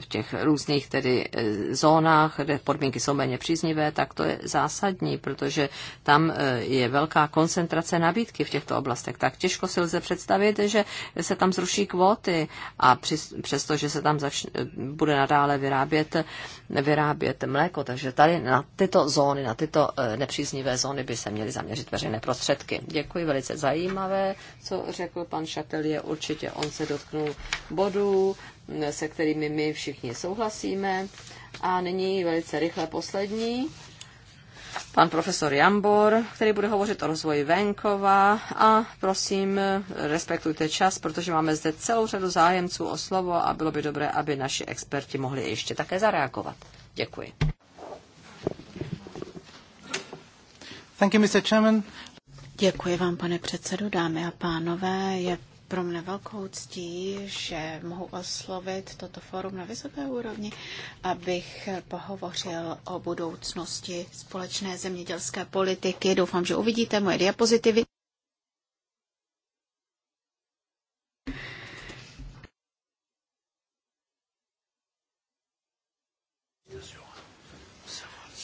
Speaker 1: v těch různých tedy zónách, kde podmínky jsou méně příznivé, tak to je zásadní, protože tam je velká koncentrace nabídky v těchto oblastech. Tak těžko si lze představit, že se tam zruší kvóty a přesto, že se tam začne, bude nadále vyrábět, vyrábět mléko. Takže tady na tyto zóny, na tyto nepříznivé zóny by se měly zaměřit veřejné prostředky. Děkuji, velice zajímavé, co řekl pan je Určitě on se dotknul bodů, se kterými my všichni souhlasíme. A nyní velice rychle poslední. Pan profesor Jambor, který bude hovořit o rozvoji venkova a prosím, respektujte čas, protože máme zde celou řadu zájemců o slovo a bylo by dobré, aby naši experti mohli ještě také zareagovat. Děkuji.
Speaker 3: Thank you, Mr. Chairman. Děkuji vám, pane předsedo, dámy a pánové. Je pro mne velkou ctí, že mohu oslovit toto fórum na vysoké úrovni, abych pohovořil o budoucnosti společné zemědělské politiky. Doufám, že uvidíte moje diapozitivy.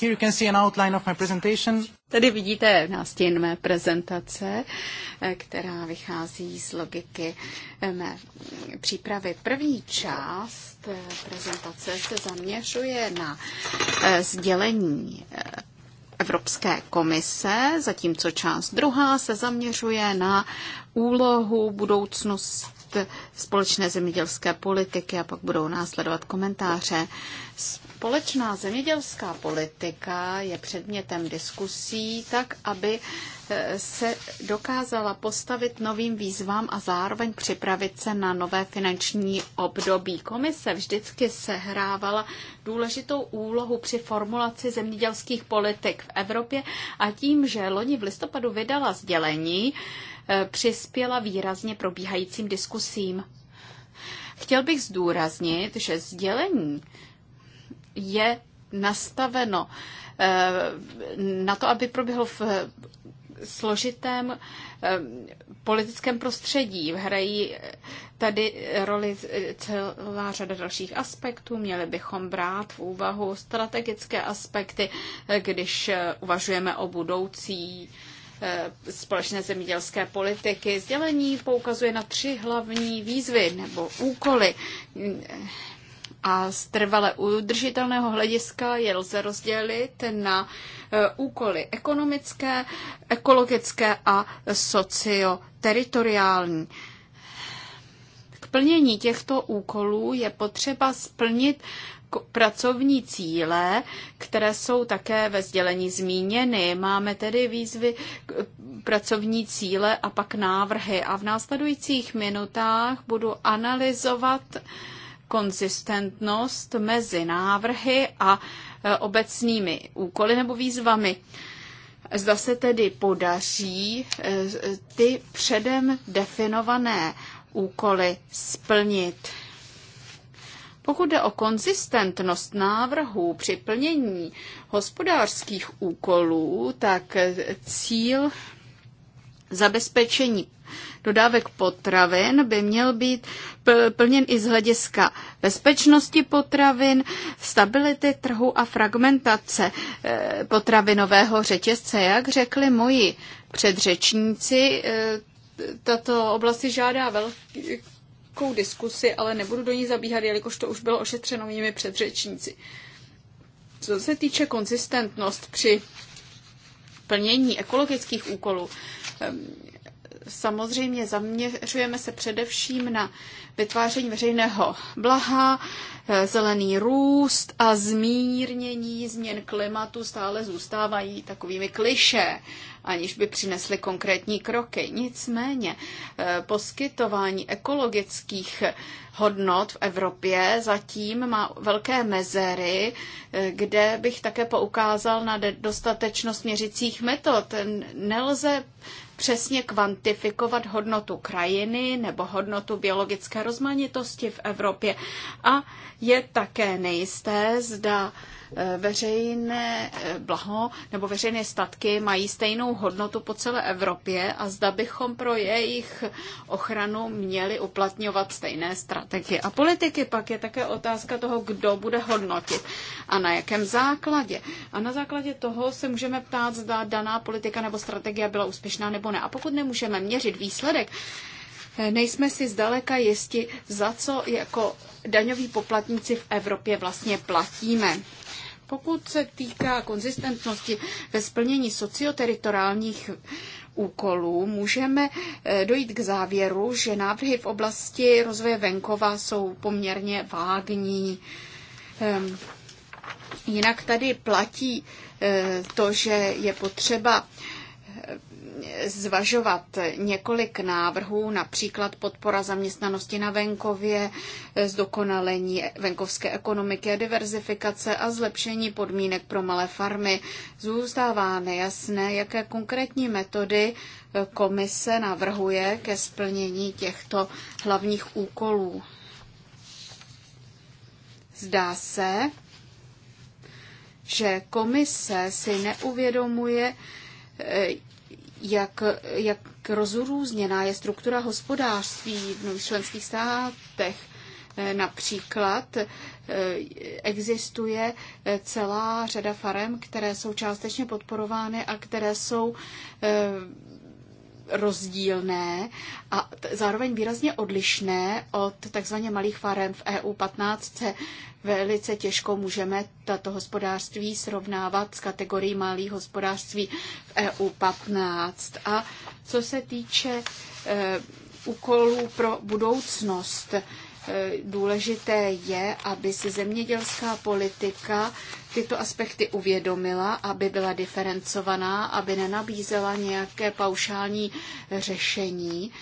Speaker 2: Here you can see an outline of my presentation.
Speaker 3: Tady vidíte nástěn mé prezentace, eh, která vychází z logiky eh, mé přípravy. První část eh, prezentace se zaměřuje na sdělení Evropské komise, zatímco část druhá se zaměřuje na úlohu budoucnost společné zemědělské politiky a pak budou následovat komentáře. Z Společná zemědělská politika je předmětem diskusí tak, aby eh, se dokázala postavit novým výzvám a zároveň připravit se na nové finanční období. Komise vždycky sehrávala důležitou úlohu při formulaci zemědělských politik v Evropě a tím, že loni v listopadu vydala sdělení, eh, přispěla výrazně probíhajícím diskusím. Chtěl bych zdůraznit, že sdělení je nastaveno eh, na to, aby proběhlo v složitém eh, politickém prostředí. Hrají tady roli celá řada dalších aspektů. Měli bychom brát v úvahu strategické aspekty, eh, když uvažujeme o budoucí společné zemědělské politiky. Sdělení poukazuje na tři hlavní výzvy nebo úkoly. A z trvale udržitelného hlediska je lze rozdělit na e, úkoly ekonomické, ekologické a socioteritoriální. K plnění těchto úkolů je potřeba splnit pracovní cíle, které jsou také ve sdělení zmíněny. Máme tedy výzvy pracovní cíle a pak návrhy. A v následujících minutách budu analyzovat uh, konzistentnost mezi návrhy a e, obecnými úkoly nebo výzvami. Zda se tedy podaří e, ty předem definované úkoly splnit. Pokud jde o konzistentnost návrhů při plnění hospodářských úkolů, tak cíl zabezpečení dodávek potravin by měl být plněn i z hlediska bezpečnosti potravin, stability trhu a fragmentace eh, potravinového řetězce. Jak řekli moji předřečníci, eh, tato oblast si žádá velkou diskusi, ale nebudu do ní zabíhat, jelikož to už bylo ošetřeno mými předřečníci. Co se týče konzistentnost při plnění ekologických úkolů, samozřejmě zaměřujeme se především na vytváření veřejného blaha, eh, zelený růst a zmírnění změn klimatu stále zůstávají takovými kliše aniž by přinesly konkrétní kroky. Nicméně eh, poskytování ekologických hodnot v Evropě zatím má velké mezery, eh, kde bych také poukázal na dostatečnost měřicích metod. Nelze přesně kvantifikovat hodnotu krajiny nebo hodnotu biologické rozmanitosti v Evropě. A je také nejisté, zda Eh, veřejné eh, blaho nebo veřejné statky mají stejnou hodnotu po celé Evropě a zda bychom pro jejich ochranu měli uplatňovat stejné strategie. A politiky pak je také otázka toho, kdo bude hodnotit a na jakém základě. A na základě toho se můžeme ptát, zda daná politika nebo strategie byla úspěšná nebo ne. A pokud nemůžeme měřit výsledek, eh, nejsme si zdaleka jisti, za co jako daňoví poplatníci v Evropě vlastně platíme. Pokud se týká konzistentnosti ve splnění socioteritoriálních úkolů můžeme eh, dojít k závěru, že návrhy v oblasti rozvoje venkova jsou poměrně vágní. Ehm, jinak tady platí eh, to, že je potřeba zvažovat několik návrhů, například podpora zaměstnanosti na venkově, zdokonalení venkovské ekonomiky a diverzifikace a zlepšení podmínek pro malé farmy. Zůstává nejasné, jaké konkrétní metody komise navrhuje ke splnění těchto hlavních úkolů. Zdá se, že komise si neuvědomuje, jak, jak rozrůzněná je struktura hospodářství v členských státech. Eh, například eh, existuje eh, celá řada farem, které jsou částečně podporovány a které jsou rozdílné a zároveň výrazně odlišné od takzvaně malých farem v EU 15 velice těžko můžeme tato hospodářství srovnávat s kategorií malých hospodářství v EU 15. A co se týče eh, úkolů pro budoucnost, eh, důležité je, aby si zemědělská politika tyto aspekty uvědomila, aby byla diferencovaná, aby nenabízela nějaké paušální řešení.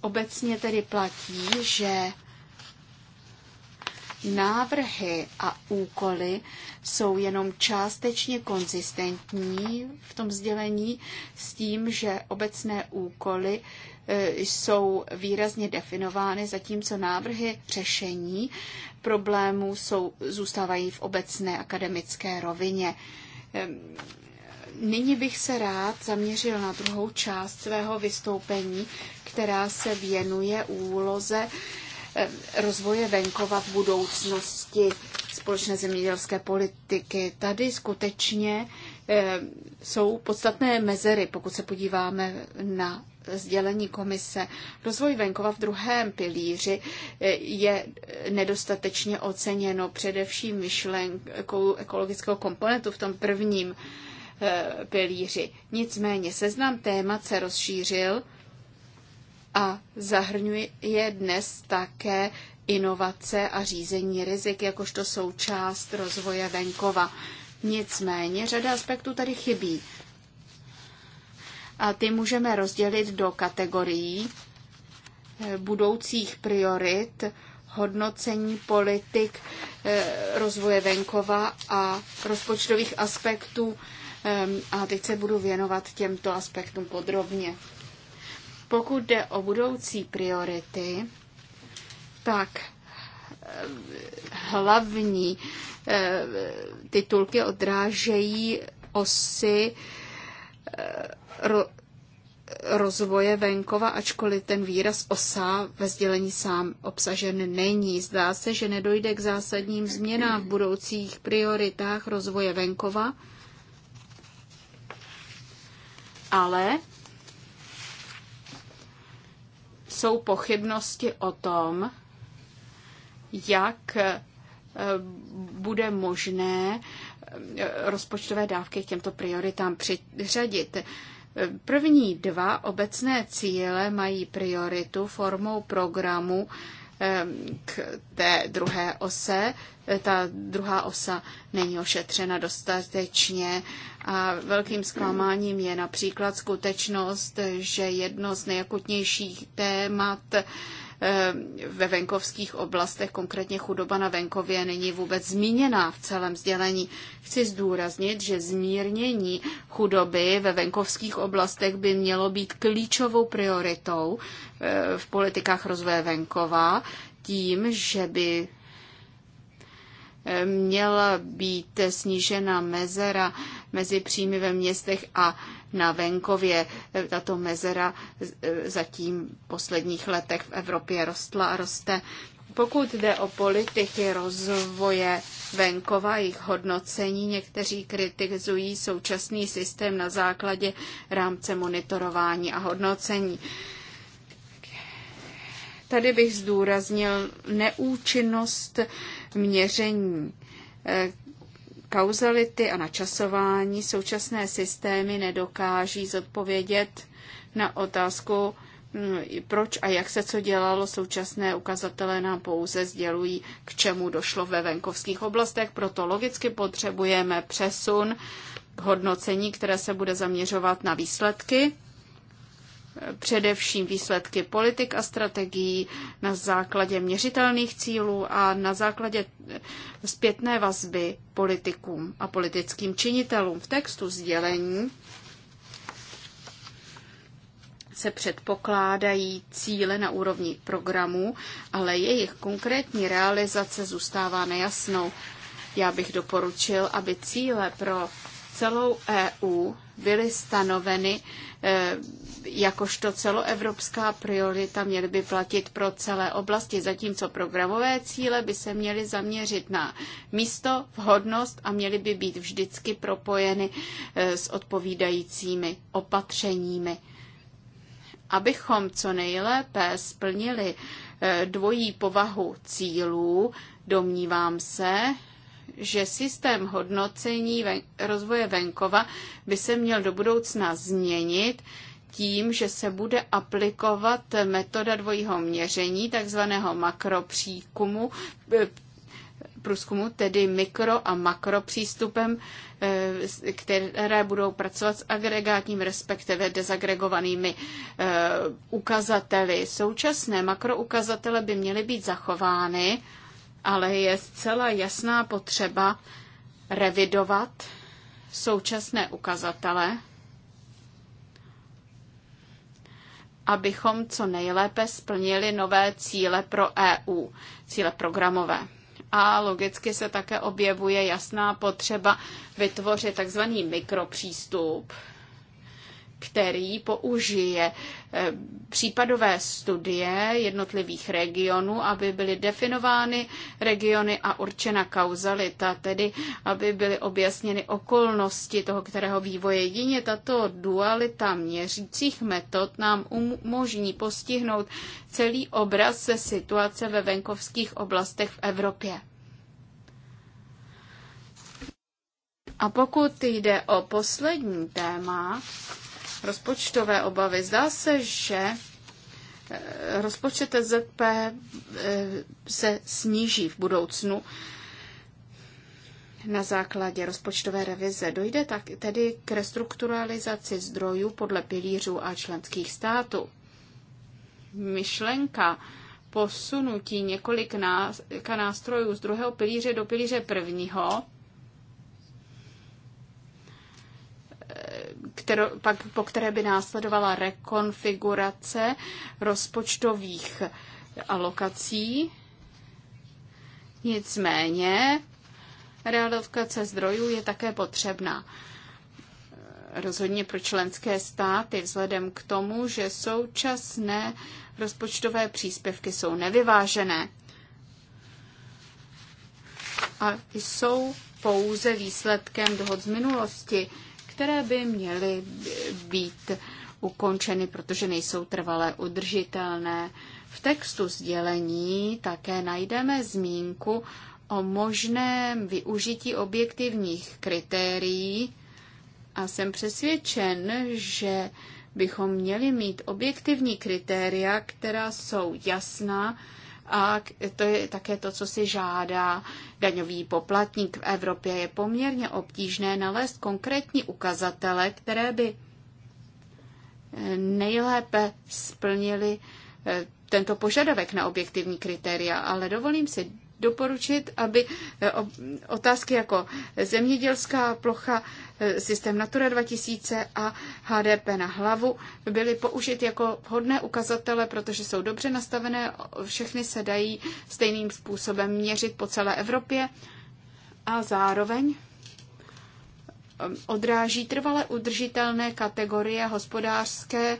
Speaker 3: Obecně tedy platí, že návrhy a úkoly jsou jenom částečně konzistentní v tom sdělení s tím, že obecné úkoly e, jsou výrazně definovány, zatímco návrhy řešení problémů jsou, zůstávají v obecné akademické rovině. E, nyní bych se rád zaměřil na druhou část svého vystoupení, která se věnuje úloze Eh, rozvoje venkova v budoucnosti společné zemědělské politiky. Tady skutečně eh, jsou podstatné mezery, pokud se podíváme na sdělení komise. Rozvoj venkova v druhém pilíři eh, je nedostatečně oceněno především myšlenkou ekologického komponentu v tom prvním pilíři. Nicméně seznam témat se rozšířil a zahrnuje je dnes také inovace a řízení rizik jakožto součást rozvoje venkova. Nicméně řada aspektů tady chybí. A ty můžeme rozdělit do kategorií budoucích priorit, hodnocení politik eh, rozvoje venkova a rozpočtových aspektů. Ehm, a teď se budu věnovat těmto aspektům podrobně. Pokud jde o budoucí priority, tak eh, hlavní eh, titulky odrážejí osy eh, rozvoje venkova, ačkoliv ten výraz osa ve sdělení sám obsažen není. Zdá se, že nedojde k zásadním změnám v budoucích prioritách rozvoje venkova, ale jsou pochybnosti o tom, jak eh, bude možné eh, rozpočtové dávky k těmto prioritám přiřadit. První dva obecné cíle mají prioritu formou programu k té druhé ose. Ta druhá osa není ošetřena dostatečně a velkým zklamáním je například skutečnost, že jedno z nejakutnějších témat Eh, ve venkovských oblastech, konkrétně chudoba na venkově, není vůbec zmíněná v celém sdělení. Chci zdůraznit, že zmírnění chudoby ve venkovských oblastech by mělo být klíčovou prioritou eh, v politikách rozvoje venkova tím, že by eh, měla být snížena mezera mezi příjmy ve městech a na venkově. Tato mezera zatím v posledních letech v Evropě rostla a roste. Pokud jde o politiky rozvoje venkova, jejich hodnocení, někteří kritizují současný systém na základě rámce monitorování a hodnocení. Tady bych zdůraznil neúčinnost měření kauzality a načasování současné systémy nedokáží zodpovědět na otázku, mm, proč a jak se co dělalo, současné ukazatele nám pouze sdělují, k čemu došlo ve venkovských oblastech, proto logicky potřebujeme přesun k hodnocení, které se bude zaměřovat na výsledky především výsledky politik a strategií na základě měřitelných cílů a na základě zpětné vazby politikům a politickým činitelům. V textu sdělení se předpokládají cíle na úrovni programů, ale jejich konkrétní realizace zůstává nejasnou. Já bych doporučil, aby cíle pro celou EU byly stanoveny eh, jakožto celoevropská priorita, měly by platit pro celé oblasti, zatímco programové cíle by se měly zaměřit na místo, vhodnost a měly by být vždycky propojeny eh, s odpovídajícími opatřeními. Abychom co nejlépe splnili eh, dvojí povahu cílů, domnívám se, že systém hodnocení ven, rozvoje venkova by se měl do budoucna změnit tím, že se bude aplikovat metoda dvojího měření, takzvaného makropříkumu, eh, průzkumu, tedy mikro a makro přístupem, eh, které budou pracovat s agregátním, respektive dezagregovanými eh, ukazateli. Současné makroukazatele by měly být zachovány, ale je zcela jasná potřeba revidovat současné ukazatele, abychom co nejlépe splnili nové cíle pro EU, cíle programové. A logicky se také objevuje jasná potřeba vytvořit takzvaný mikropřístup, který použije eh, případové studie jednotlivých regionů, aby byly definovány regiony a určena kauzalita, tedy aby byly objasněny okolnosti toho, kterého vývoje. Jedině tato dualita měřících metod nám umožní postihnout celý obraz se situace ve venkovských oblastech v Evropě. A pokud jde o poslední téma, rozpočtové obavy. Zdá se, že eh, rozpočet ZP eh, se sníží v budoucnu na základě rozpočtové revize. Dojde tak tedy k restrukturalizaci zdrojů podle pilířů a členských států. Myšlenka posunutí několika nástrojů z druhého pilíře do pilíře prvního kterou, pak, po které by následovala rekonfigurace rozpočtových alokací. Nicméně realokace zdrojů je také potřebná. Rozhodně pro členské státy, vzhledem k tomu, že současné rozpočtové příspěvky jsou nevyvážené a jsou pouze výsledkem dohod z minulosti které by měly být ukončeny, protože nejsou trvalé udržitelné. V textu sdělení také najdeme zmínku o možném využití objektivních kritérií a jsem přesvědčen, že bychom měli mít objektivní kritéria, která jsou jasná, a to je také to, co si žádá daňový poplatník v Evropě. Je poměrně obtížné nalézt konkrétní ukazatele, které by eh, nejlépe splnili eh, tento požadavek na objektivní kritéria, ale dovolím si doporučit, aby eh, otázky jako zemědělská plocha, eh, systém Natura 2000 a HDP na hlavu byly použit jako hodné ukazatele, protože jsou dobře nastavené, všechny se dají stejným způsobem měřit po celé Evropě a zároveň eh, odráží trvale udržitelné kategorie hospodářské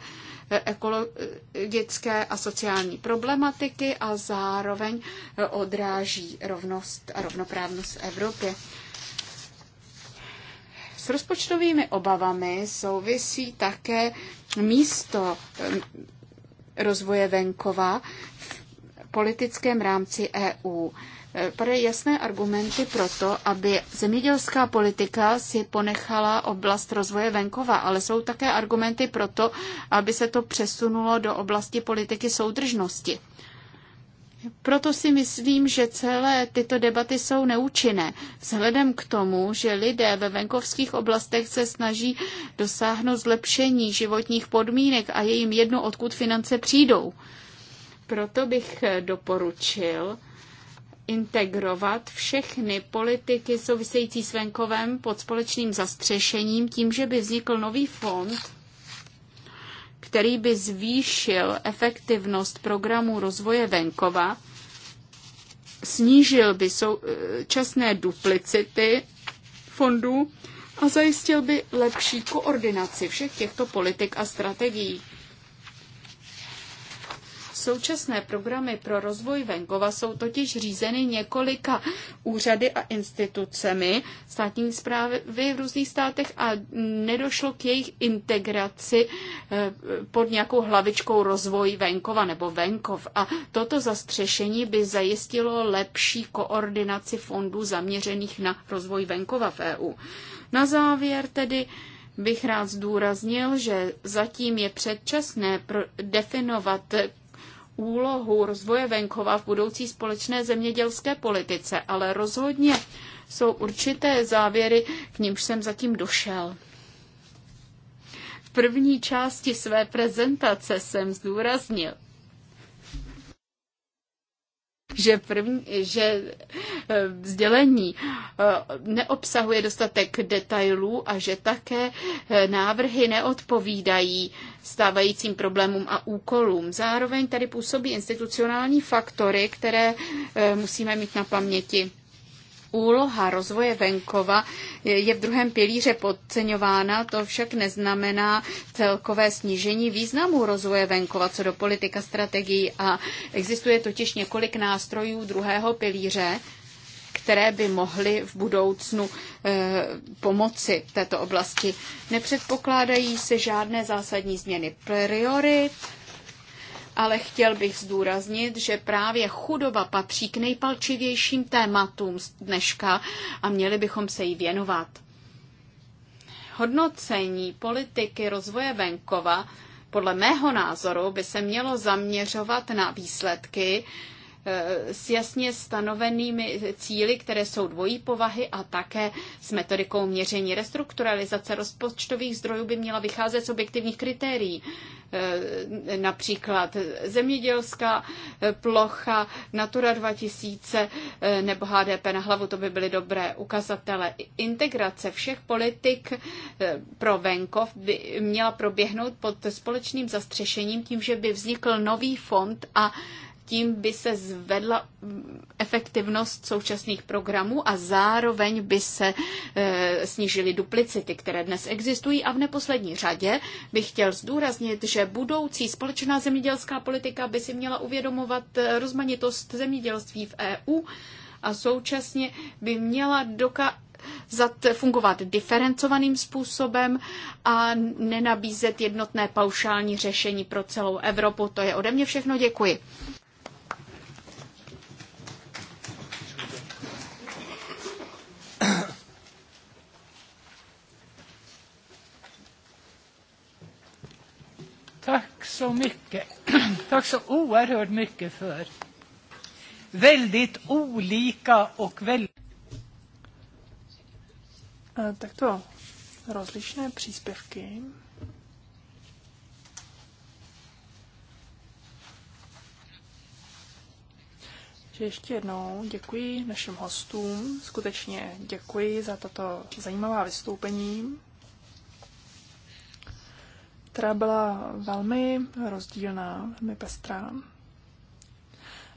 Speaker 3: Eh, ekologické a sociální problematiky a zároveň eh, odráží rovnost a rovnoprávnost v Evropě. S rozpočtovými obavami souvisí také místo eh, rozvoje venkova v politickém rámci EU padají jasné argumenty pro to, aby zemědělská politika si ponechala oblast rozvoje venkova, ale jsou také argumenty pro to, aby se to přesunulo do oblasti politiky soudržnosti. Proto si myslím, že celé tyto debaty jsou neúčinné, vzhledem k tomu, že lidé ve venkovských oblastech se snaží dosáhnout zlepšení životních podmínek a je jim jedno, odkud finance přijdou. Proto bych doporučil, integrovat všechny politiky související s venkovem pod společným zastřešením tím, že by vznikl nový fond, který by zvýšil efektivnost programu rozvoje venkova, snížil by současné eh, duplicity fondů a zajistil by lepší koordinaci všech těchto politik a strategií. Současné programy pro rozvoj venkova jsou totiž řízeny několika úřady a institucemi státní zprávy v různých státech a nedošlo k jejich integraci eh, pod nějakou hlavičkou rozvoj venkova nebo venkov. A toto zastřešení by zajistilo lepší koordinaci fondů zaměřených na rozvoj venkova v EU. Na závěr tedy bych rád zdůraznil, že zatím je předčasné definovat úlohu rozvoje venkova v budoucí společné zemědělské politice, ale rozhodně jsou určité závěry, k nímž jsem zatím došel. V první části své prezentace jsem zdůraznil, že, první, že vzdělení eh, eh, neobsahuje dostatek detailů a že také eh, návrhy neodpovídají stávajícím problémům a úkolům. Zároveň tady působí institucionální faktory, které musíme mít na paměti úloha rozvoje venkova je v druhém pilíře podceňována, to však neznamená celkové snížení významu rozvoje venkova co do politika, strategií a existuje totiž několik nástrojů druhého pilíře, které by mohly v budoucnu eh, pomoci v této oblasti. Nepředpokládají se žádné zásadní změny priorit, ale chtěl bych zdůraznit, že právě chudoba patří k nejpalčivějším tématům dneška a měli bychom se jí věnovat. Hodnocení politiky rozvoje venkova podle mého názoru by se mělo zaměřovat na výsledky e, s jasně stanovenými cíly, které jsou dvojí povahy a také s metodikou měření restrukturalizace rozpočtových zdrojů by měla vycházet z objektivních kritérií. Eh, například zemědělská eh, plocha, Natura 2000 eh, nebo HDP na hlavu, to by byly dobré ukazatele. Integrace všech politik pro venkov by měla proběhnout pod společným zastřešením tím, že by vznikl nový fond a tím by se zvedla mm, efektivnost současných programů a zároveň by se e, snížily duplicity, které dnes existují. A v neposlední řadě bych chtěl zdůraznit, že budoucí společná zemědělská politika by si měla uvědomovat e, rozmanitost zemědělství v EU a současně by měla doka- zat fungovat diferencovaným způsobem a nenabízet jednotné paušální řešení pro celou Evropu. To je ode mě všechno. Děkuji.
Speaker 2: Tack så mycket. [clears throat] Tack så oerhört mycket för väldigt olika och väldigt... Eh, tak to, rozlišné příspěvky. Takže ještě jednou děkuji našim hostům. Skutečně děkuji za tato zajímavá vystoupení, která byla velmi rozdílná, velmi pestrá.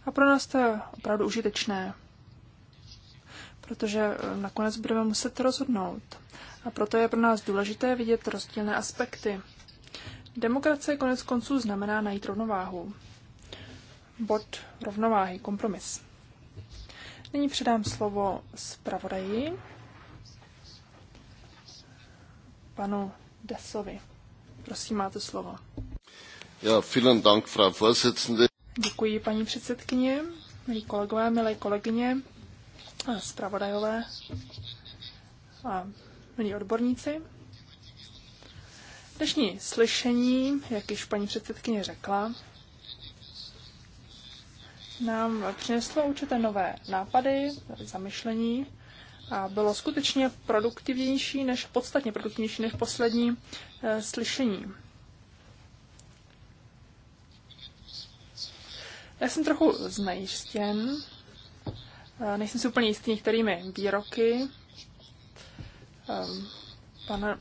Speaker 2: A pro nás to je opravdu užitečné, protože nakonec budeme muset rozhodnout. A proto je pro nás důležité vidět rozdílné aspekty. Demokracie konec konců znamená najít rovnováhu bod rovnováhy, kompromis. Nyní předám slovo zpravodaji, panu Desovi. Prosím, máte slovo. Ja, vielen Dank, Frau Vorsitzende. Děkuji, paní předsedkyně, milí kolegové, milé kolegyně, zpravodajové a milí odborníci. Dnešní slyšení, jak již paní předsedkyně řekla, nám přineslo určité nové nápady, zamyšlení a bylo skutečně produktivnější než, podstatně produktivnější než poslední e, slyšení. Já jsem trochu znejistěn, e, nejsem si úplně jistý některými výroky. E, pan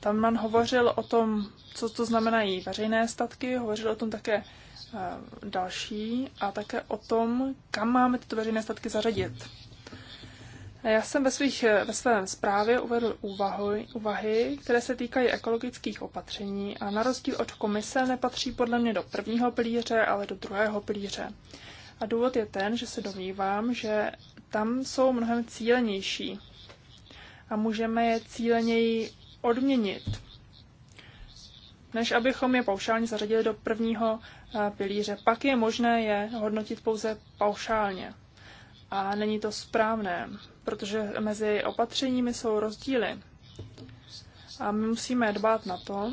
Speaker 2: Tamman hovořil o tom, co to znamenají veřejné statky, hovořil o tom také Eh, další a také o tom, kam máme tyto veřejné statky zařadit. Já jsem ve, svých, eh, ve svém zprávě uvedl úvahy, úvahy, které se týkají ekologických opatření a na rozdíl od komise nepatří podle mě do prvního pilíře, ale do druhého pilíře. A důvod je ten, že se domnívám, že tam jsou mnohem cílenější a můžeme je cíleněji odměnit, než abychom je paušálně zařadili do prvního pilíře, pak je možné je hodnotit pouze paušálně. A není to správné, protože mezi opatřeními jsou rozdíly. A my musíme dbát na to,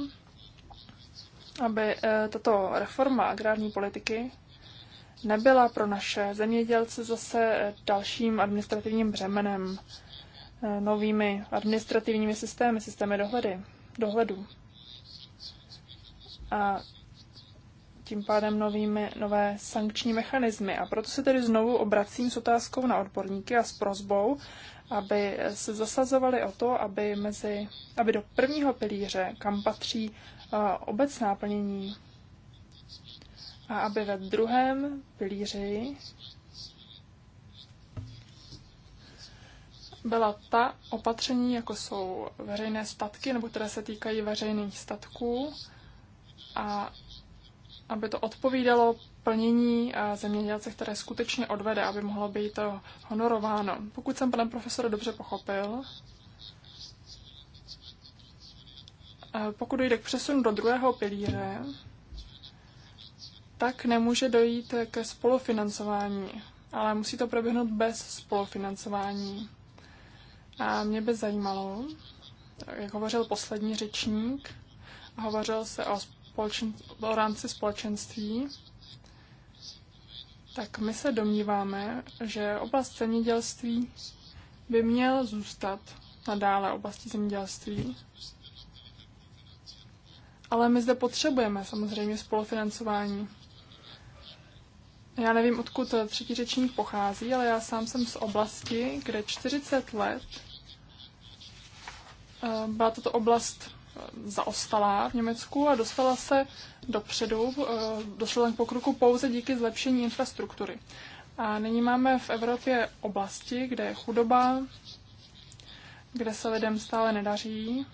Speaker 2: aby e, tato reforma agrární politiky nebyla pro naše zemědělce zase dalším administrativním břemenem, e, novými administrativními systémy, systémy dohledy, dohledu. A tím pádem novými, nové sankční mechanismy. A proto se tedy znovu obracím s otázkou na odborníky a s prozbou, aby se zasazovali o to, aby, mezi, aby do prvního pilíře, kam patří eh, obecná plnění, a aby ve druhém pilíři byla ta opatření, jako jsou veřejné statky, nebo které se týkají veřejných statků, a aby to odpovídalo plnění eh, zemědělce, které skutečně odvede, aby mohlo být to honorováno. Pokud jsem pana profesora dobře pochopil, eh, pokud dojde k přesunu do druhého pilíře, tak nemůže dojít ke spolufinancování, ale musí to proběhnout bez spolufinancování. A mě by zajímalo, jak hovořil poslední řečník, hovořil se o společen, o rámci společenství, tak my se domníváme, že oblast zemědělství by měl zůstat nadále oblasti zemědělství. Ale my zde potřebujeme samozřejmě spolufinancování. Já nevím, odkud třetí řečník pochází, ale já sám jsem z oblasti, kde 40 let eh, byla tato oblast zaostalá v Německu a dostala se dopředu, eh, došlo k pokroku pouze díky zlepšení infrastruktury. A nyní máme v Evropě oblasti, kde je chudoba, kde se lidem stále nedaří.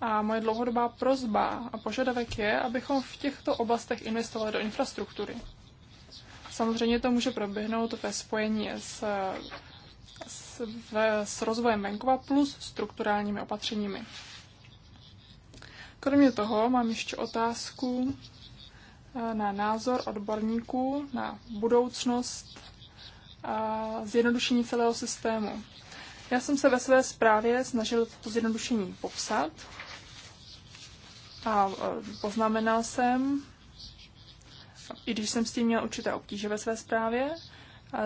Speaker 2: A moje dlouhodobá prozba a požadavek je, abychom v těchto oblastech investovali do infrastruktury. Samozřejmě to může proběhnout ve spojení s, s, v, s rozvojem venkova plus strukturálními opatřeními. Kromě toho mám ještě otázku eh, na názor odborníků na budoucnost a eh, zjednodušení celého systému. Já jsem se ve své zprávě snažil to zjednodušení popsat a eh, poznamenal jsem, i když jsem s tím měl určité obtíže ve své zprávě,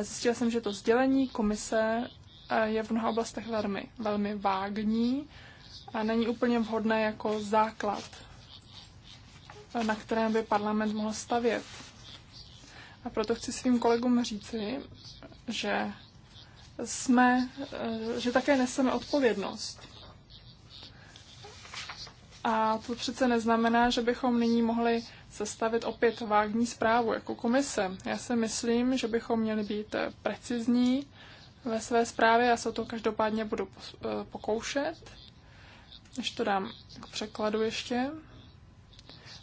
Speaker 2: zjistil jsem, že to sdělení komise je v mnoha oblastech velmi, velmi vágní není úplně vhodné jako základ, na kterém by parlament mohl stavět. A proto chci svým kolegům říci, že jsme, eh, že také neseme odpovědnost. A to přece neznamená, že bychom nyní mohli sestavit opět vágní zprávu jako komise. Já si myslím, že bychom měli být precizní ve své zprávě, já se o to každopádně budu eh, pokoušet než to dám k překladu ještě.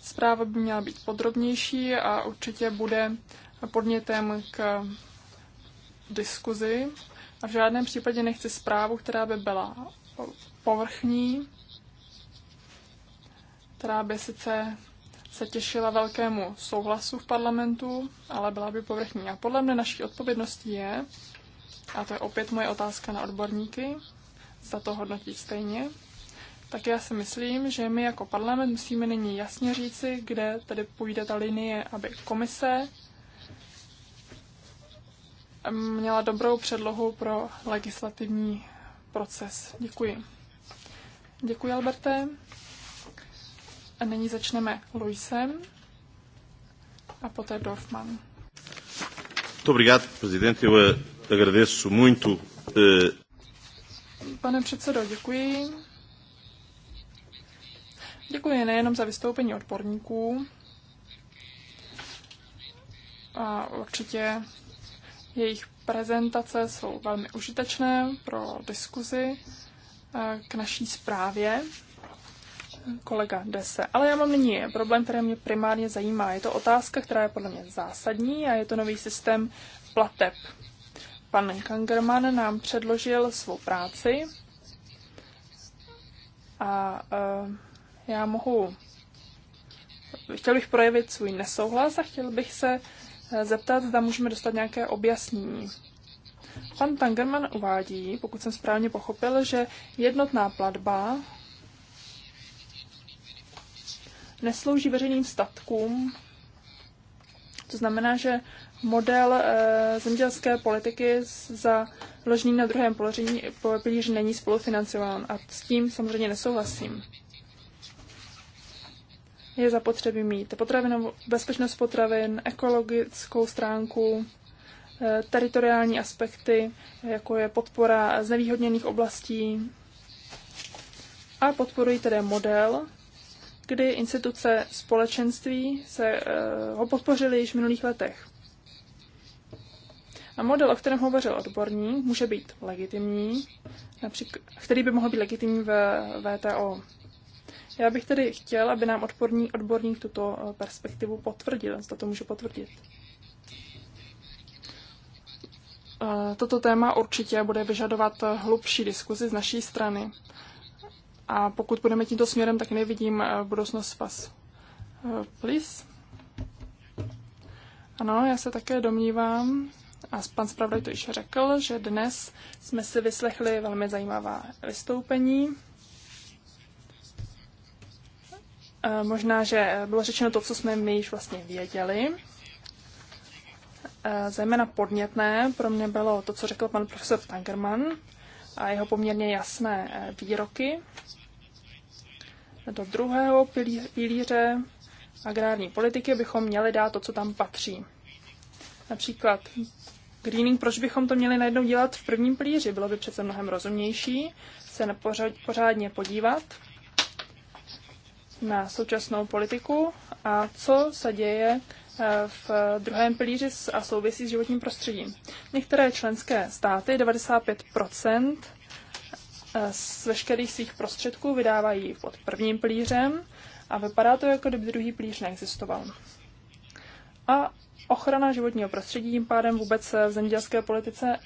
Speaker 2: Zpráva by měla být podrobnější a určitě bude podnětem k diskuzi. A v žádném případě nechci zprávu, která by byla povrchní, která by sice se těšila velkému souhlasu v parlamentu, ale byla by povrchní. A podle mne naší odpovědností je, a to je opět moje otázka na odborníky, za to hodnotí stejně, tak já si myslím, že my jako parlament musíme nyní jasně říci, kde tedy půjde ta linie, aby komise měla dobrou předlohu pro legislativní proces. Děkuji. Děkuji, Alberte. A nyní začneme Luisem a poté Dorfman.
Speaker 1: presidente. Eh, eh,
Speaker 2: Pane předsedo, děkuji. Děkuji nejenom za vystoupení odborníků, a určitě jejich prezentace jsou velmi užitečné pro diskuzi eh, k naší zprávě kolega Dese. Ale já mám nyní problém, který mě primárně zajímá. Je to otázka, která je podle mě zásadní a je to nový systém plateb. Pan Kangerman nám předložil svou práci a uh, já mohu, chtěl bych projevit svůj nesouhlas a chtěl bych se eh, zeptat, zda můžeme dostat nějaké objasnění. Pan Tangerman uvádí, pokud jsem správně pochopil, že jednotná platba neslouží veřejným statkům. To znamená, že model e, zemědělské politiky za ložní na druhém pilíři není spolufinancován a s tím samozřejmě nesouhlasím je zapotřebí mít potravinovou bezpečnost potravin, ekologickou stránku, eh, teritoriální aspekty, jako je podpora znevýhodněných oblastí. A podporují tedy model, kdy instituce společenství se eh, ho podpořily již v minulých letech. A model, o kterém hovořil odborník, může být legitimní, například, který by mohl být legitimní v VTO. Já bych tedy chtěl, aby nám odporní odborník tuto eh, perspektivu potvrdil, zda to může potvrdit. Eh, toto téma určitě bude vyžadovat eh, hlubší diskuzi z naší strany. A pokud budeme tímto směrem, tak nevidím budoucnost vás, Please. Ano, já se také domnívám, a pan zpravodaj to již řekl, že dnes jsme si vyslechli velmi zajímavá vystoupení. Eh, možná, že bylo řečeno to, co jsme my již vlastně věděli. Eh, zejména podnětné pro mě bylo to, co řekl pan profesor Tangerman a jeho poměrně jasné eh, výroky. Do druhého pilíře agrární politiky bychom měli dát to, co tam patří. Například greening, proč bychom to měli najednou dělat v prvním pilíři? Bylo by přece mnohem rozumnější se pořádně podívat na současnou politiku a co se děje eh, v druhém pilíři a souvisí s životním prostředím. Některé členské státy, 95 eh, z veškerých svých prostředků vydávají pod prvním pilířem a vypadá to, jako kdyby druhý pilíř neexistoval. A ochrana životního prostředí tím pádem vůbec v zemědělské politice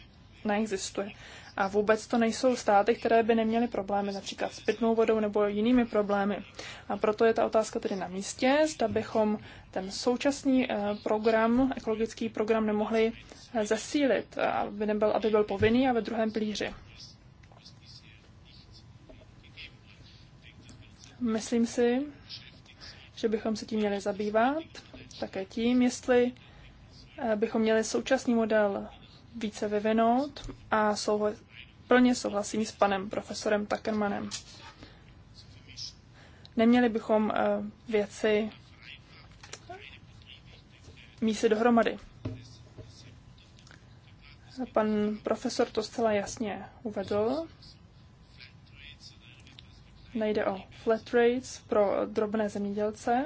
Speaker 2: neexistuje. A vůbec to nejsou státy, které by neměly problémy například s pitnou vodou nebo jinými problémy. A proto je ta otázka tedy na místě, zda bychom ten současný eh, program, ekologický program, nemohli eh, zesílit, eh, aby, nebyl, aby byl povinný a ve druhém plíři. Myslím si, že bychom se tím měli zabývat, také tím, jestli bychom měli současný model více vyvinout a Plně souhlasím s panem profesorem Takermanem. Neměli bychom eh, věci mísit dohromady. Pan profesor to zcela jasně uvedl. Nejde o flat rates pro drobné zemědělce.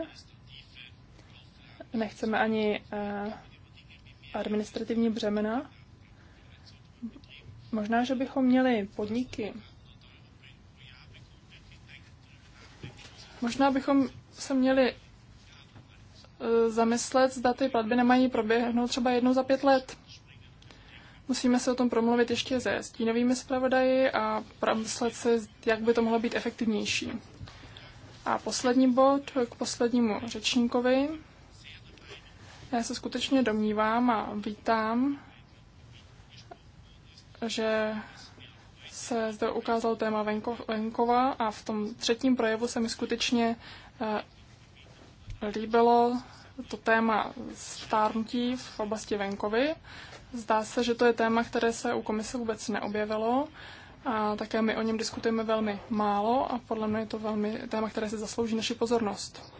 Speaker 2: Nechceme ani eh, administrativní břemena. Možná, že bychom měli podniky. Možná bychom se měli e, zamyslet, zda ty platby nemají proběhnout třeba jednou za pět let. Musíme se o tom promluvit ještě se stínovými zpravodaji a promyslet se, jak by to mohlo být efektivnější. A poslední bod k poslednímu řečníkovi. Já se skutečně domnívám a vítám že se zde ukázal téma venko, venkova a v tom třetím projevu se mi skutečně eh, líbilo to téma stárnutí v oblasti venkovy. Zdá se, že to je téma, které se u komise vůbec neobjevilo a také my o něm diskutujeme velmi málo a podle mě je to velmi téma, které se zaslouží naši pozornost.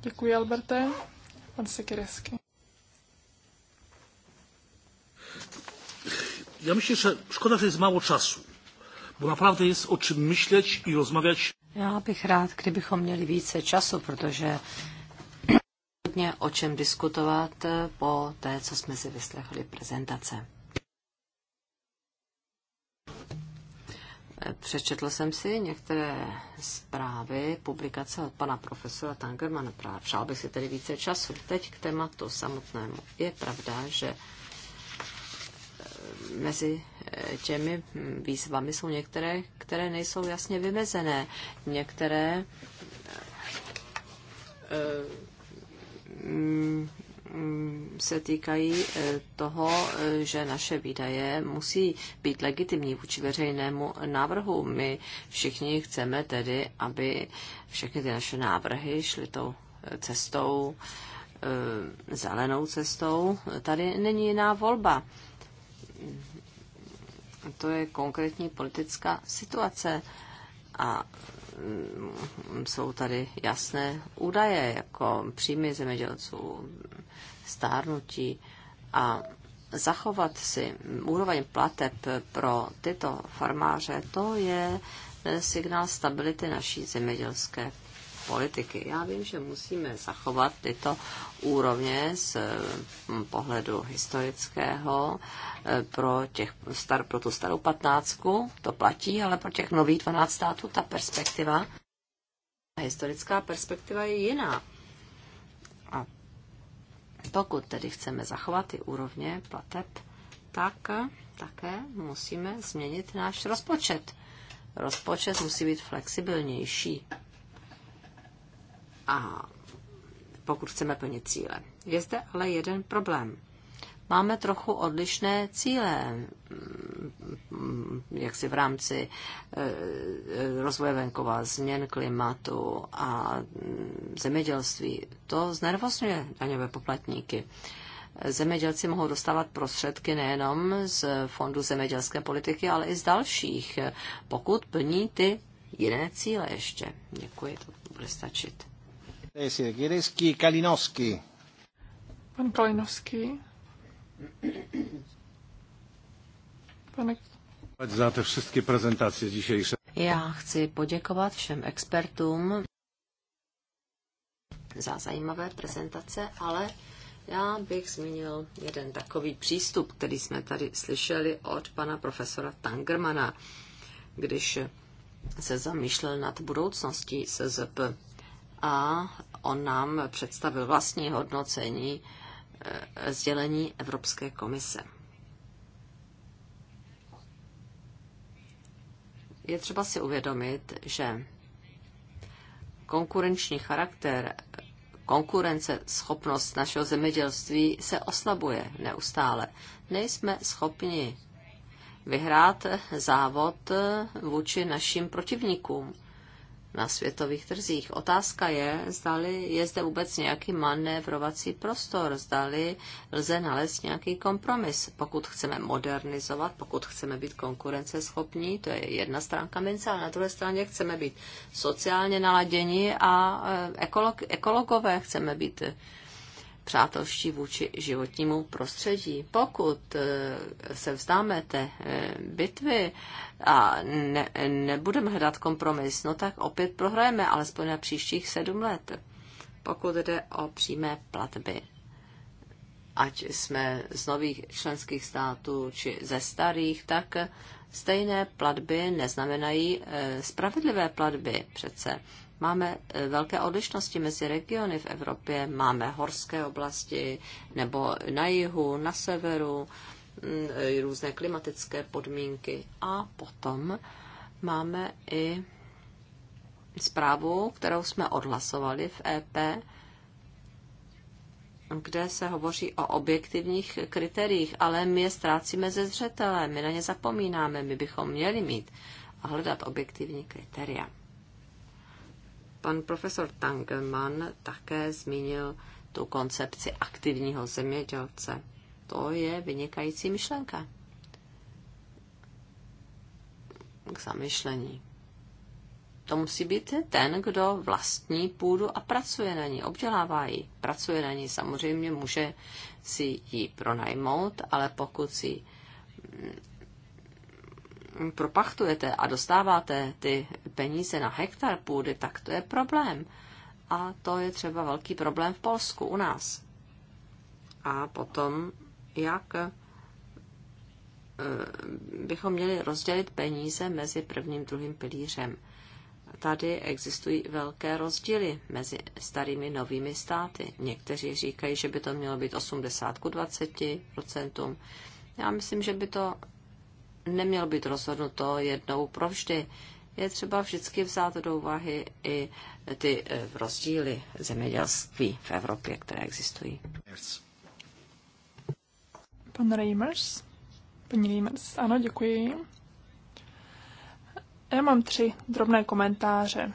Speaker 2: Děkuji, Alberte. Pan Sikiresky. ja myślę, że szkoda, że jest mało czasu, bo naprawdę jest o czym myśleć i rozmawiać.
Speaker 1: Já bych rád, kdybychom měli více času, protože hodně o čem diskutovat po té, co jsme si vyslechli prezentace. Přečetl jsem si některé zprávy, publikace od pana profesora Tangermana. Přál bych si tedy více času. Teď k tématu samotnému. Je pravda, že mezi eh, těmi hm, výzvami jsou některé, které nejsou jasně vymezené. Některé eh, hm, se týkají eh, toho, že naše výdaje musí být legitimní vůči veřejnému návrhu. My všichni chceme tedy, aby všechny ty naše návrhy šly tou cestou, zelenou cestou. Tady není jiná volba to je konkrétní politická situace a mm, jsou tady jasné údaje, jako příjmy zemědělců, stárnutí a zachovat si úroveň plateb pro tyto farmáře, to je eh, signál stability naší zemědělské politiky. Já vím, že musíme zachovat tyto úrovně z mm, pohledu historického eh, pro, těch, star, pro tu starou patnáctku, to platí, ale pro těch nových 12 států ta perspektiva, ta historická perspektiva je jiná. A pokud tedy chceme zachovat ty úrovně plateb, tak eh, také musíme změnit náš rozpočet. Rozpočet musí být flexibilnější a pokud chceme plnit cíle. Je zde ale jeden problém. Máme trochu odlišné cíle, mm, jak si v rámci e, e, rozvoje venkova, změn klimatu a mm, zemědělství. To znervozňuje daňové poplatníky zemědělci mohou dostávat prostředky nejenom z Fondu zemědělské politiky, ale i z dalších, pokud plní ty jiné cíle ještě. Děkuji, to bude stačit. Eh, Kalinovský. Kalinowski,
Speaker 2: Pan Kalinowski,
Speaker 1: Pane... Znáte všechny prezentace dzisiejsze. Já chci poděkovat všem expertům za zajímavé prezentace, ale já bych zmínil jeden takový přístup, který jsme tady slyšeli od pana profesora Tangermana, když se zamýšlel nad budoucností SZP a on nám představil vlastní hodnocení e, sdělení Evropské komise. Je třeba si uvědomit, že konkurenční charakter, konkurence, schopnost našeho zemědělství se oslabuje neustále. Nejsme schopni vyhrát závod vůči našim protivníkům na světových trzích. Otázka je, zdali je zde vůbec nějaký manévrovací prostor, zdali lze nalézt nějaký kompromis. Pokud chceme modernizovat, pokud chceme být konkurenceschopní, to je jedna stránka mince, ale na druhé straně chceme být sociálně naladění a eh, ekolog, ekologové chceme být eh, přátelští vůči životnímu prostředí. Pokud eh, se vzdáme té eh, bitvy a ne, nebudeme hledat kompromis, no tak opět prohrajeme, alespoň na příštích sedm let, pokud jde o přímé platby. Ať jsme z nových členských států či ze starých, tak stejné platby neznamenají eh, spravedlivé platby přece máme eh, velké odlišnosti mezi regiony v Evropě. Máme horské oblasti nebo na jihu, na severu, mm, eh, různé klimatické podmínky. A potom máme i zprávu, kterou jsme odhlasovali v EP, kde se hovoří o objektivních kritériích, ale my je ztrácíme ze zřetele, my na ně zapomínáme, my bychom měli mít a hledat objektivní kritéria. Pan profesor Tangelman také zmínil tu koncepci aktivního zemědělce. To je vynikající myšlenka k zamyšlení. To musí být ten, kdo vlastní půdu a pracuje na ní, obdělává ji. Pracuje na ní samozřejmě, může si ji pronajmout, ale pokud si propachtujete a dostáváte ty peníze na hektar půdy, tak to je problém. A to je třeba velký problém v Polsku u nás. A potom, jak eh, bychom měli rozdělit peníze mezi prvním a druhým pilířem. Tady existují velké rozdíly mezi starými novými státy. Někteří říkají, že by to mělo být 80 k 20 Já myslím, že by to nemělo být rozhodnuto jednou provždy. Je třeba vždycky vzát do úvahy i ty e, rozdíly zemědělství v Evropě, které existují.
Speaker 2: Pan Reimers? Pan Reimers, ano, děkuji. Já mám tři drobné komentáře.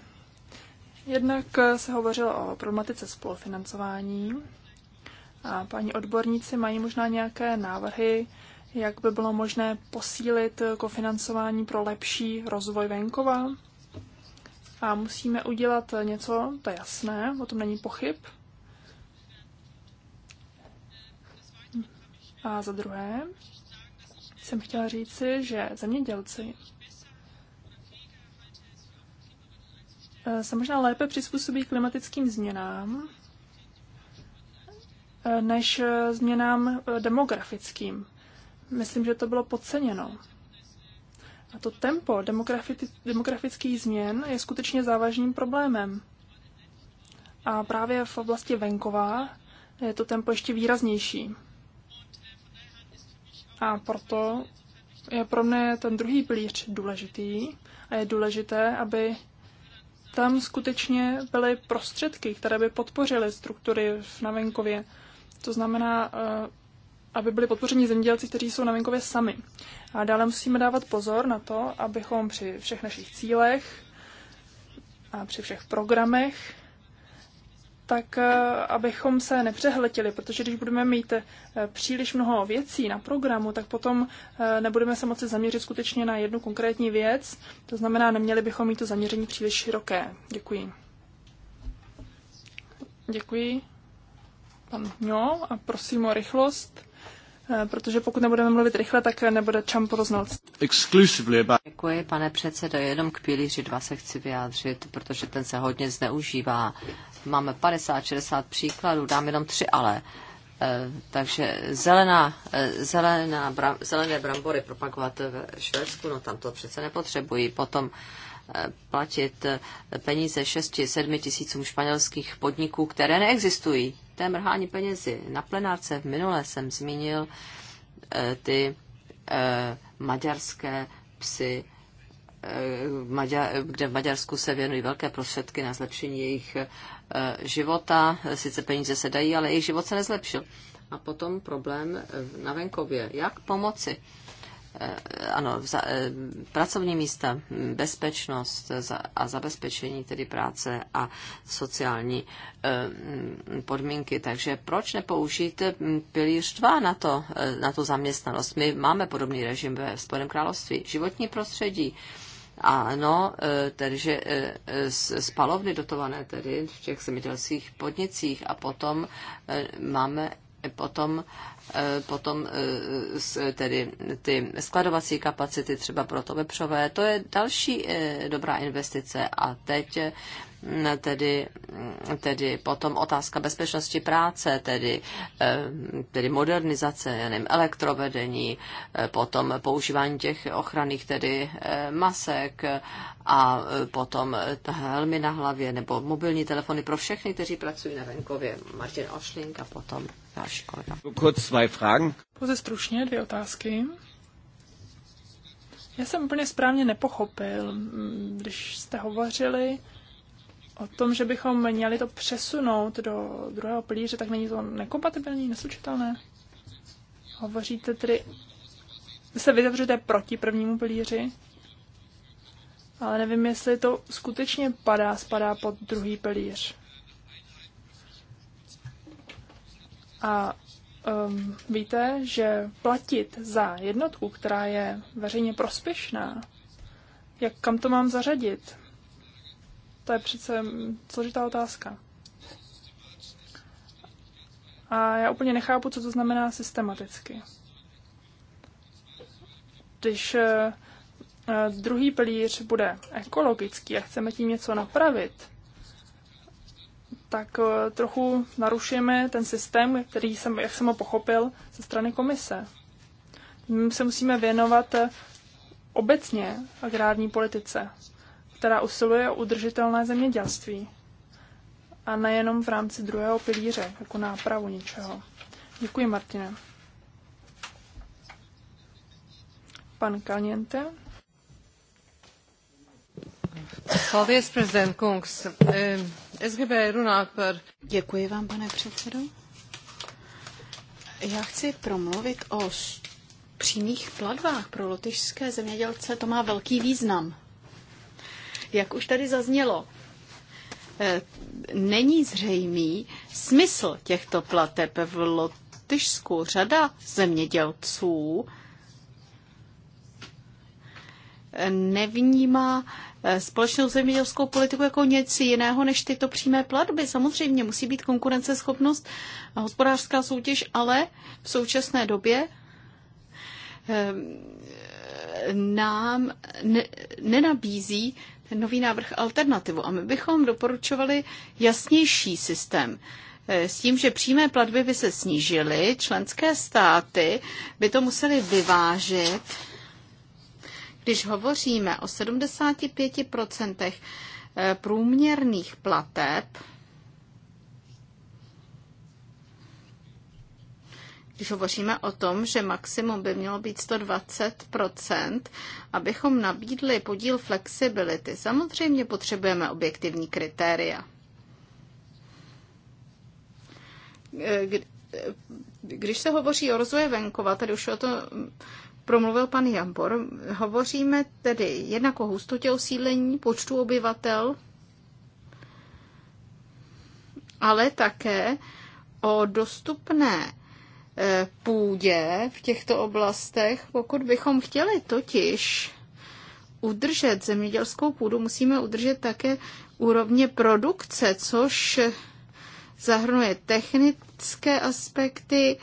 Speaker 2: Jednak e, se hovořilo o problematice spolufinancování a paní odborníci mají možná nějaké návrhy jak by bylo možné posílit kofinancování pro lepší rozvoj venkova. A musíme udělat něco, to je jasné, o tom není pochyb. A za druhé jsem chtěla říci, že zemědělci se možná lépe přizpůsobí klimatickým změnám než změnám demografickým myslím, že to bylo podceněno. A to tempo demografických změn je skutečně závažným problémem. A právě v oblasti venková je to tempo ještě výraznější. A proto je pro mě ten druhý pilíř důležitý a je důležité, aby tam skutečně byly prostředky, které by podpořily struktury na venkově. To znamená eh, aby byli podpořeni zemědělci, kteří jsou na venkově sami. A dále musíme dávat pozor na to, abychom při všech našich cílech a při všech programech tak eh, abychom se nepřehletili, protože když budeme mít eh, příliš mnoho věcí na programu, tak potom eh, nebudeme se moci zaměřit skutečně na jednu konkrétní věc. To znamená, neměli bychom mít to zaměření příliš široké. Děkuji. Děkuji. Pan Mňo a prosím o rychlost. Eh, protože pokud nebudeme mluvit rychle, tak nebude čem poroznout.
Speaker 1: Děkuji, pane předsedo. Jenom k pilíři dva se chci vyjádřit, protože ten se hodně zneužívá. Máme 50-60 příkladů, dám jenom tři ale. Eh, takže zelená, eh, zelená, zelené brambory propagovat ve Švédsku, no tam to přece nepotřebují. Potom platit peníze 6-7 tisícům španělských podniků, které neexistují té mrhání penězi. Na plenárce v minule jsem zmínil eh, ty eh, maďarské psy, eh, kde v Maďarsku se věnují velké prostředky na zlepšení jejich života. Sice peníze se dají, ale jejich život se nezlepšil. A potom problém na venkově. Jak pomoci? Eh, ano, za, eh, pracovní místa, hm, bezpečnost a zabezpečení tedy práce a sociální eh, hm, podmínky. Takže proč nepoužít hm, pilíř 2 na, to, na tu zaměstnanost? My máme podobný režim ve Spojeném království. Životní prostředí, ano, tedy že spalovny dotované tedy v těch zemědělských podnicích a potom máme potom Eh, potom eh, tedy ty skladovací kapacity třeba pro to vepřové, to je další eh, dobrá investice a teď tedy, mm, tedy potom otázka bezpečnosti práce, tedy, tedy modernizace, nevím, elektrovedení, potom používání těch ochranných tedy masek a potom helmy na hlavě nebo mobilní telefony pro všechny, kteří pracují na venkově. Martin Ošlink a potom další kolega.
Speaker 2: Pouze stručně dvě otázky. Já jsem úplně správně nepochopil, mm, když jste hovořili o tom, že bychom měli to přesunout do druhého pilíře, tak není to nekompatibilní, neslučitelné? Hovoříte tedy, se vytevřete proti prvnímu pilíři, ale nevím, jestli to skutečně padá, spadá pod druhý pilíř. A um, víte, že platit za jednotku, která je veřejně prospěšná, jak kam to mám zařadit? To je přece složitá otázka. A já úplně nechápu, co to znamená systematicky. Když eh, eh, druhý pilíř bude ekologický a chceme tím něco napravit, tak eh, trochu narušujeme ten systém, který jsem, jak jsem ho pochopil, ze strany komise. My se musíme věnovat eh, obecně agrární politice, která usiluje o udržitelné zemědělství. A nejenom v rámci druhého pilíře, jako nápravu něčeho. Děkuji, Martine. Pan Kaliente. Paldies, prezident Kungs. Děkuji vám, pane předsedo.
Speaker 3: Já chci promluvit o přímých platbách pro lotyšské zemědělce. To má velký význam. Jak už tady zaznělo, eh, není zřejmý smysl těchto plateb v Lotyšsku. Řada zemědělců nevnímá Eh, společnou zemědělskou politiku jako něco jiného než tyto přímé platby. Samozřejmě musí být konkurenceschopnost a hospodářská soutěž, ale v současné době eh, nám ne, nenabízí ten nový návrh alternativu. A my bychom doporučovali jasnější systém eh, s tím, že přímé platby by se snížily, členské státy by to museli vyvážit když hovoříme o 75% eh, průměrných plateb, když hovoříme o tom, že maximum by mělo být 120 abychom nabídli podíl flexibility, samozřejmě potřebujeme objektivní kritéria. Eh, eh, když se hovoří o rozvoje venkova, tady už o tom promluvil pan Jambor. Hovoříme tedy jednak o hustotě osídlení, počtu obyvatel, ale také o dostupné eh, půdě v těchto oblastech. Pokud bychom chtěli totiž udržet zemědělskou půdu, musíme udržet také úrovně produkce, což zahrnuje technické aspekty,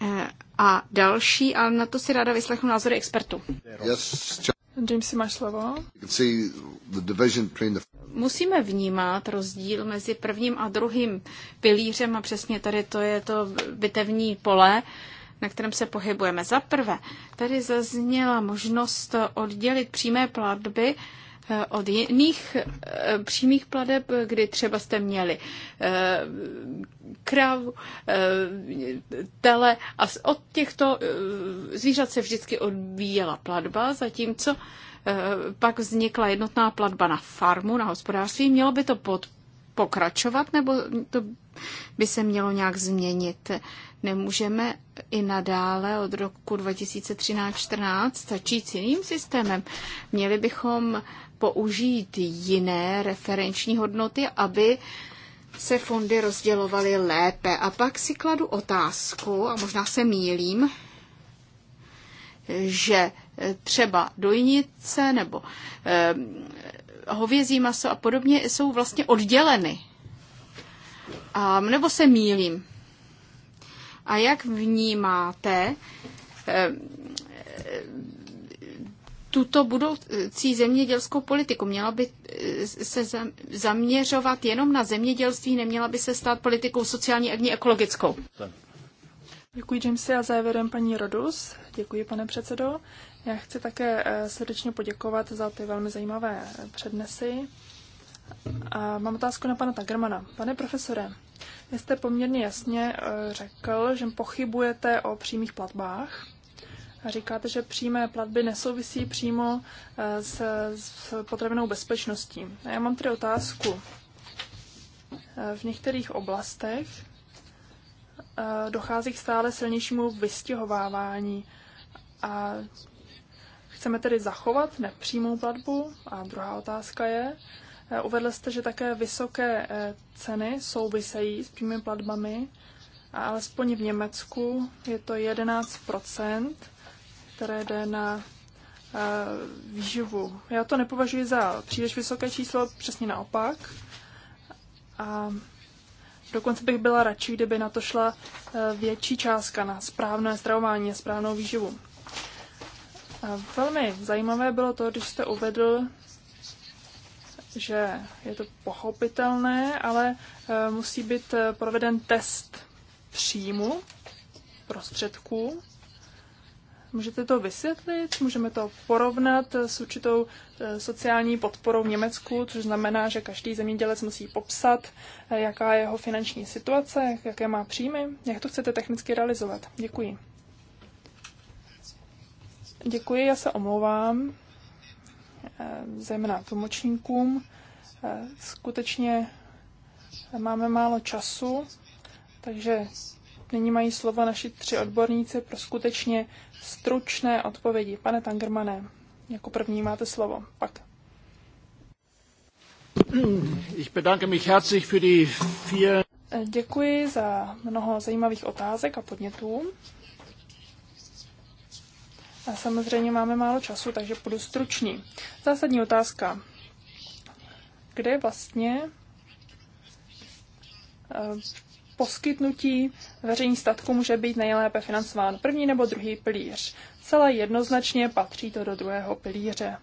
Speaker 3: Eh, a další, ale na to si ráda vyslechnu názory expertů.
Speaker 1: Yes.
Speaker 3: máš slovo. Musíme vnímat rozdíl mezi prvním a druhým pilířem a přesně tady to je to bitevní pole, na kterém se pohybujeme. Za prvé, tady zazněla možnost oddělit přímé platby Eh, od jiných eh, přímých pladeb, kdy třeba jste měli eh, krav, tele a od těchto zvířat se vždycky odvíjela platba, zatímco pak vznikla jednotná platba na farmu, na hospodářství. Mělo by to pod pokračovat, nebo to by se mělo nějak změnit? Nemůžeme i nadále od roku 2013-14 začít s jiným systémem. Měli bychom použít jiné referenční hodnoty, aby se fondy rozdělovaly lépe. A pak si kladu otázku, a možná se mílím, že eh, třeba dojnice nebo eh, hovězí maso a podobně jsou vlastně odděleny. A, nebo se mílím. A jak vnímáte eh, tuto budoucí zemědělskou politiku. Měla by eh, se zaměřovat jenom na zemědělství, neměla by se
Speaker 2: stát politikou sociální ani
Speaker 3: ekologickou.
Speaker 2: Děkuji Jamesy a závěrem paní Rodus. Děkuji, pane předsedo. Já chci také eh, srdečně poděkovat za ty velmi zajímavé eh, přednesy. A mám otázku na pana Tagermana. Pane profesore, jste poměrně jasně řekl, že pochybujete o přímých platbách a říkáte, že přímé platby nesouvisí přímo eh, s, s potravinou bezpečností. A já mám tedy otázku. Eh, v některých oblastech eh, dochází k stále silnějšímu vystěhovávání a chceme tedy zachovat nepřímou platbu? A druhá otázka je, uvedl jste, že také vysoké ceny souvisejí s přímými platbami a alespoň v Německu je to 11 které jde na eh, výživu. Já to nepovažuji za příliš vysoké číslo, přesně naopak. A dokonce bych byla radši, kdyby na to šla eh, větší částka na správné stravování a správnou výživu. A velmi zajímavé bylo to, když jste uvedl, že je to pochopitelné, ale eh, musí být proveden test příjmu prostředků Můžete to vysvětlit? Můžeme to porovnat s určitou eh, sociální podporou v Německu, což znamená, že každý zemědělec musí popsat, eh, jaká je jeho finanční situace, jaké má příjmy. Jak to chcete technicky realizovat? Děkuji. Děkuji, já se omlouvám, eh, zejména tlumočníkům. Skutečně máme málo času, takže Nyní mají slovo naši tři odborníci pro skutečně stručné odpovědi. Pane Tangermané, jako první máte slovo. Pak. Ich bedanke mich herzlich für die vier... Děkuji za mnoho zajímavých otázek a podnětů. A samozřejmě máme málo času, takže budu stručný. Zásadní otázka. Kde vlastně poskytnutí veřejných statků může být nejlépe financován první nebo druhý pilíř. Celé jednoznačně patří to do druhého pilíře.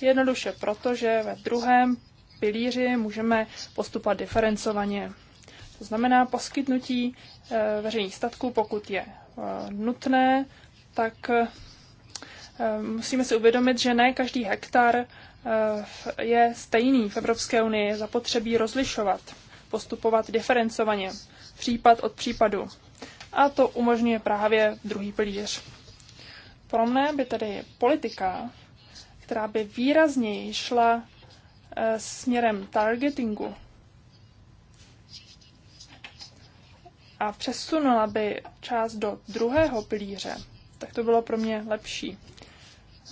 Speaker 2: Jednoduše proto, že ve druhém pilíři můžeme postupovat diferencovaně. To znamená poskytnutí eh, veřejných statků, pokud je eh, nutné, tak eh, musíme si uvědomit, že ne každý hektar je stejný v Evropské unii, zapotřebí rozlišovat, postupovat diferencovaně případ od případu. A to umožňuje právě druhý pilíř. Pro mne by tedy politika, která by výrazněji šla e, směrem targetingu a přesunula by část do druhého pilíře, tak to bylo pro mě lepší.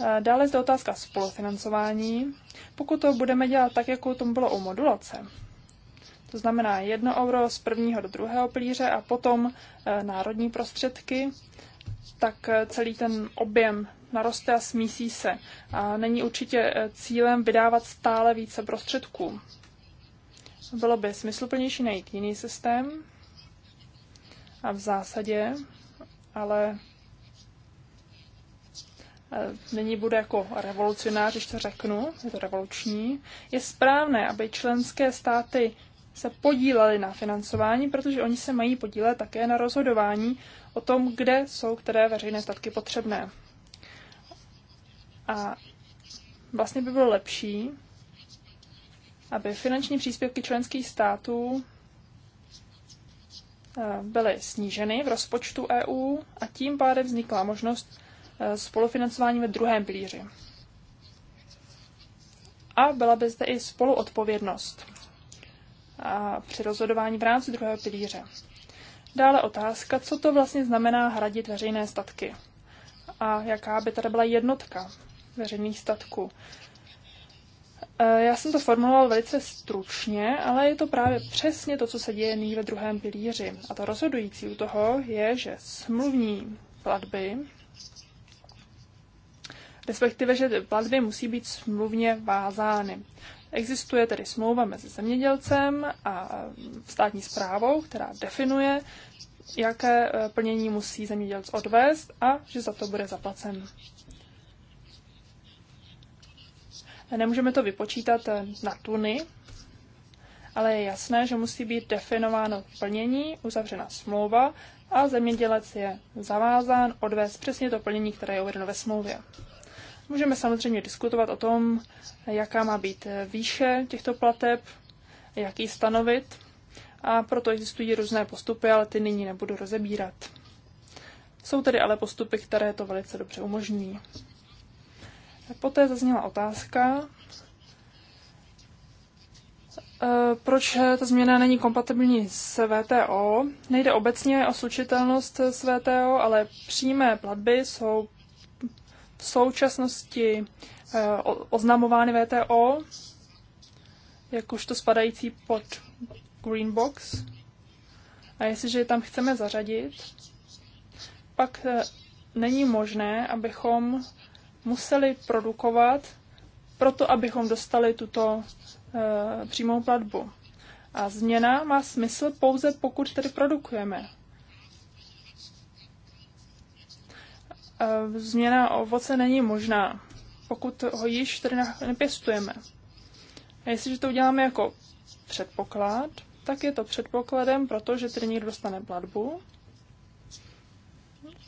Speaker 2: E, dále zde otázka spolufinancování. Pokud to budeme dělat tak, jako tomu bylo u modulace, to znamená 1 euro z prvního do druhého pilíře a potom e, národní prostředky, tak e, celý ten objem naroste a smísí se. A není určitě e, cílem vydávat stále více prostředků. Bylo by smysluplnější najít jiný systém a v zásadě, ale není bude jako revolucionář, když to řeknu, je to revoluční, je správné, aby členské státy se podíleli na financování, protože oni se mají podílet také na rozhodování o tom, kde jsou které veřejné statky potřebné. A vlastně by bylo lepší, aby finanční příspěvky členských států eh, byly sníženy v rozpočtu EU a tím pádem vznikla možnost eh, spolufinancování ve druhém pilíři. A byla by zde i spoluodpovědnost a při rozhodování v rámci druhého pilíře. Dále otázka, co to vlastně znamená hradit veřejné statky a jaká by tady byla jednotka veřejných statků. E, já jsem to formuloval velice stručně, ale je to právě přesně to, co se děje nyní ve druhém pilíři. A to rozhodující u toho je, že smluvní platby, respektive, že platby musí být smluvně vázány. Existuje tedy smlouva mezi zemědělcem a státní zprávou, která definuje, jaké eh, plnění musí zemědělc odvést a že za to bude zaplacen. Nemůžeme to vypočítat eh, na tuny, ale je jasné, že musí být definováno plnění, uzavřena smlouva a zemědělec je zavázán odvést přesně to plnění, které je uvedeno ve smlouvě. Můžeme samozřejmě diskutovat o tom, jaká má být výše těchto plateb, jak ji stanovit. A proto existují různé postupy, ale ty nyní nebudu rozebírat. Jsou tedy ale postupy, které to velice dobře umožní. Poté zazněla otázka, e, proč ta změna není kompatibilní s VTO? Nejde obecně o slučitelnost s VTO, ale přímé platby jsou v současnosti eh, oznamovány VTO, jakožto spadající pod Green Box. A jestliže je tam chceme zařadit, pak eh, není možné, abychom museli produkovat proto, abychom dostali tuto eh, přímou platbu. A změna má smysl pouze, pokud tedy produkujeme. Eh, změna ovoce není možná, pokud ho již tedy nepěstujeme. A jestliže to uděláme jako předpoklad, tak je to předpokladem, protože tedy někdo dostane platbu.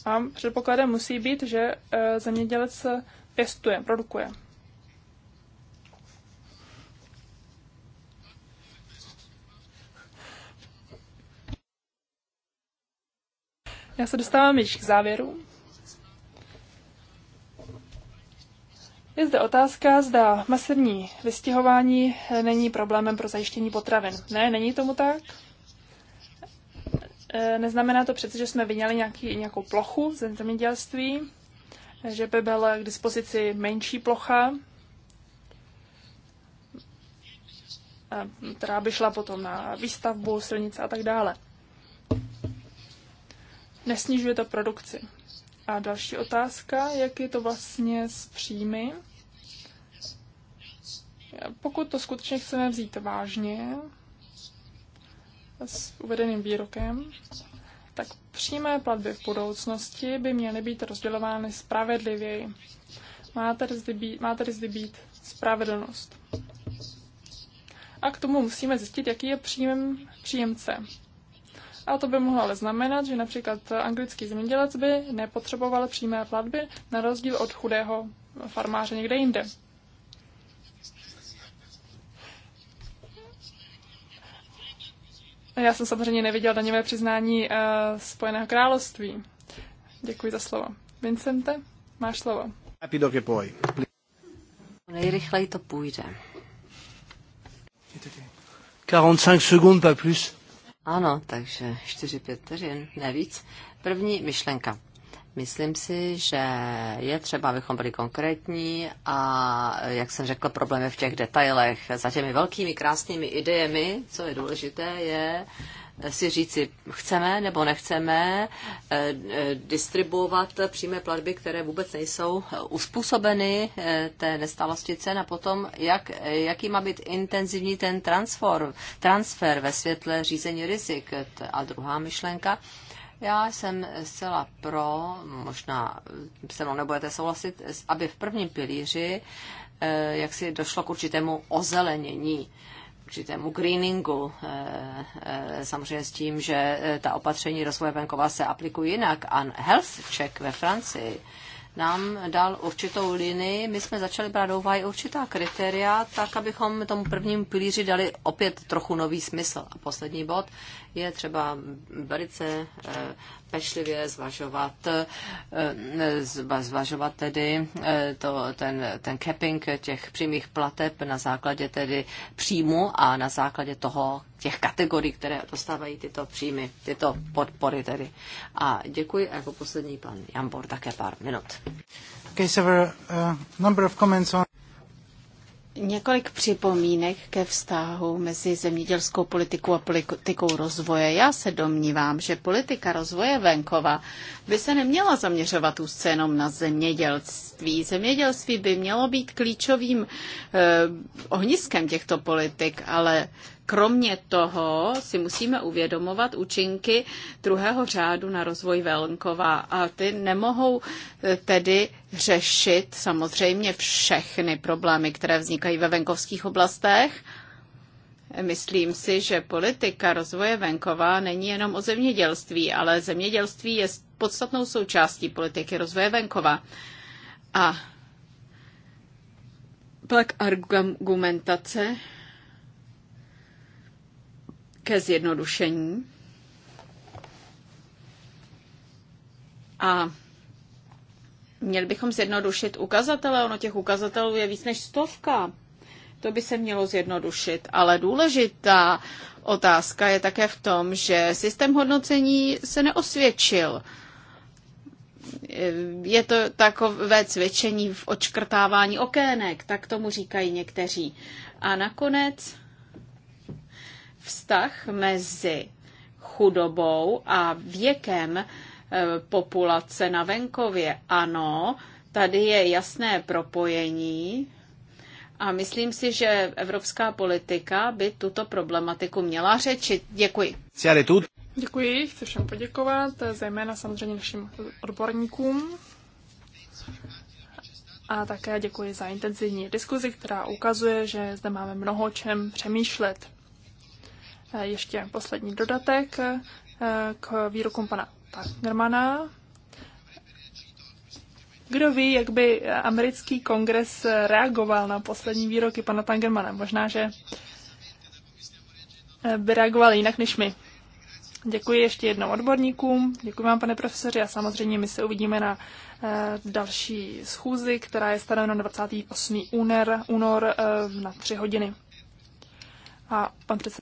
Speaker 2: A předpokladem musí být, že eh, zemědělec pěstuje, produkuje. Já se dostávám již k závěru. Je zde otázka, zda masivní vystěhování eh, není problémem pro zajištění potravin. Ne, není tomu tak. Eh, neznamená to přece, že jsme vyňali nějaký, nějakou plochu ze zemědělství, že by byla k dispozici menší plocha, která by šla potom na výstavbu, silnice a tak dále. Nesnižuje to produkci. A další otázka, jak je to vlastně s příjmy? pokud to skutečně chceme vzít vážně s uvedeným výrokem, tak přímé platby v budoucnosti by měly být rozdělovány spravedlivěji. Má tedy zde být, má tedy zde být spravedlnost. A k tomu musíme zjistit, jaký je příjem, příjemce. A to by mohlo ale znamenat, že například anglický zemědělec by nepotřeboval přímé platby na rozdíl od chudého farmáře někde jinde. Já jsem samozřejmě neviděl daňové přiznání uh, Spojeného království. Děkuji za slovo. Vincente, máš slovo. Rapido che Nejrychleji to půjde.
Speaker 1: 45 sekund, plus. Ano, takže 4-5 vteřin, nevíc. První myšlenka. Myslím si, že je třeba, abychom byli konkrétní a, jak jsem řekl, problémy v těch detailech. Za těmi velkými krásnými idejemi, co je důležité, je eh, si říci, chceme nebo nechceme eh, eh, distribuovat přímé platby, které vůbec nejsou uspůsobeny té nestalosti cen a potom, jak, jaký má být intenzivní ten transfer, transfer ve světle řízení rizik. A druhá myšlenka, já jsem zcela pro, možná se mnou nebudete souhlasit, aby v prvním pilíři eh, jak si došlo k určitému ozelenění určitému greeningu, eh, eh, samozřejmě s tím, že ta opatření rozvoje venkova se aplikují jinak. A health check ve Francii nám dal určitou linii. My jsme začali brát do úvahy určitá kritéria, tak abychom tomu prvnímu pilíři dali opět trochu nový smysl. A poslední bod, je třeba velice eh, pečlivě zvažovat, eh, zvažovat tedy eh, to, ten, ten capping těch přímých plateb na základě tedy příjmu a na základě toho těch kategorií, které dostávají tyto příjmy, tyto podpory tedy. A děkuji a jako poslední pan Jambor také pár
Speaker 2: minut. Okay, several, uh, number of comments on...
Speaker 3: Několik připomínek ke vztahu mezi zemědělskou politikou a politikou rozvoje. Já se domnívám, že politika rozvoje venkova by se neměla zaměřovat úzce jenom na zemědělství. Zemědělství by mělo být klíčovým eh, ohniskem těchto politik, ale Kromě toho si musíme uvědomovat účinky druhého řádu na rozvoj venkova a ty nemohou eh, tedy řešit samozřejmě všechny problémy, které vznikají ve venkovských oblastech. Myslím si, že politika rozvoje venkova není jenom o zemědělství, ale zemědělství je podstatnou součástí politiky rozvoje venkova. A pak argumentace ke zjednodušení. A měli bychom zjednodušit ukazatele. Ono těch ukazatelů je víc než stovka. To by se mělo zjednodušit. Ale důležitá otázka je také v tom, že systém hodnocení se neosvědčil. Je to takové cvičení v očkrtávání okének, tak tomu říkají někteří. A nakonec vztah mezi chudobou a věkem eh, populace na venkově. Ano, tady je jasné propojení a myslím si, že evropská politika by tuto problematiku měla řečit. Děkuji.
Speaker 2: Děkuji, chci všem poděkovat, zejména samozřejmě našim odborníkům. A také děkuji za intenzivní diskuzi, která ukazuje, že zde máme mnoho čem přemýšlet ještě poslední dodatek eh, k výrokům pana Tangermana. Kdo ví, jak by americký kongres reagoval na poslední výroky pana Tangermana? Možná, že eh, by reagoval jinak než my. Děkuji ještě jednou odborníkům, děkuji vám, pane profesoři, a samozřejmě my se uvidíme na eh, další schůzi, která je stanovena 28. únor, únor na 3 hodiny. A pan předseda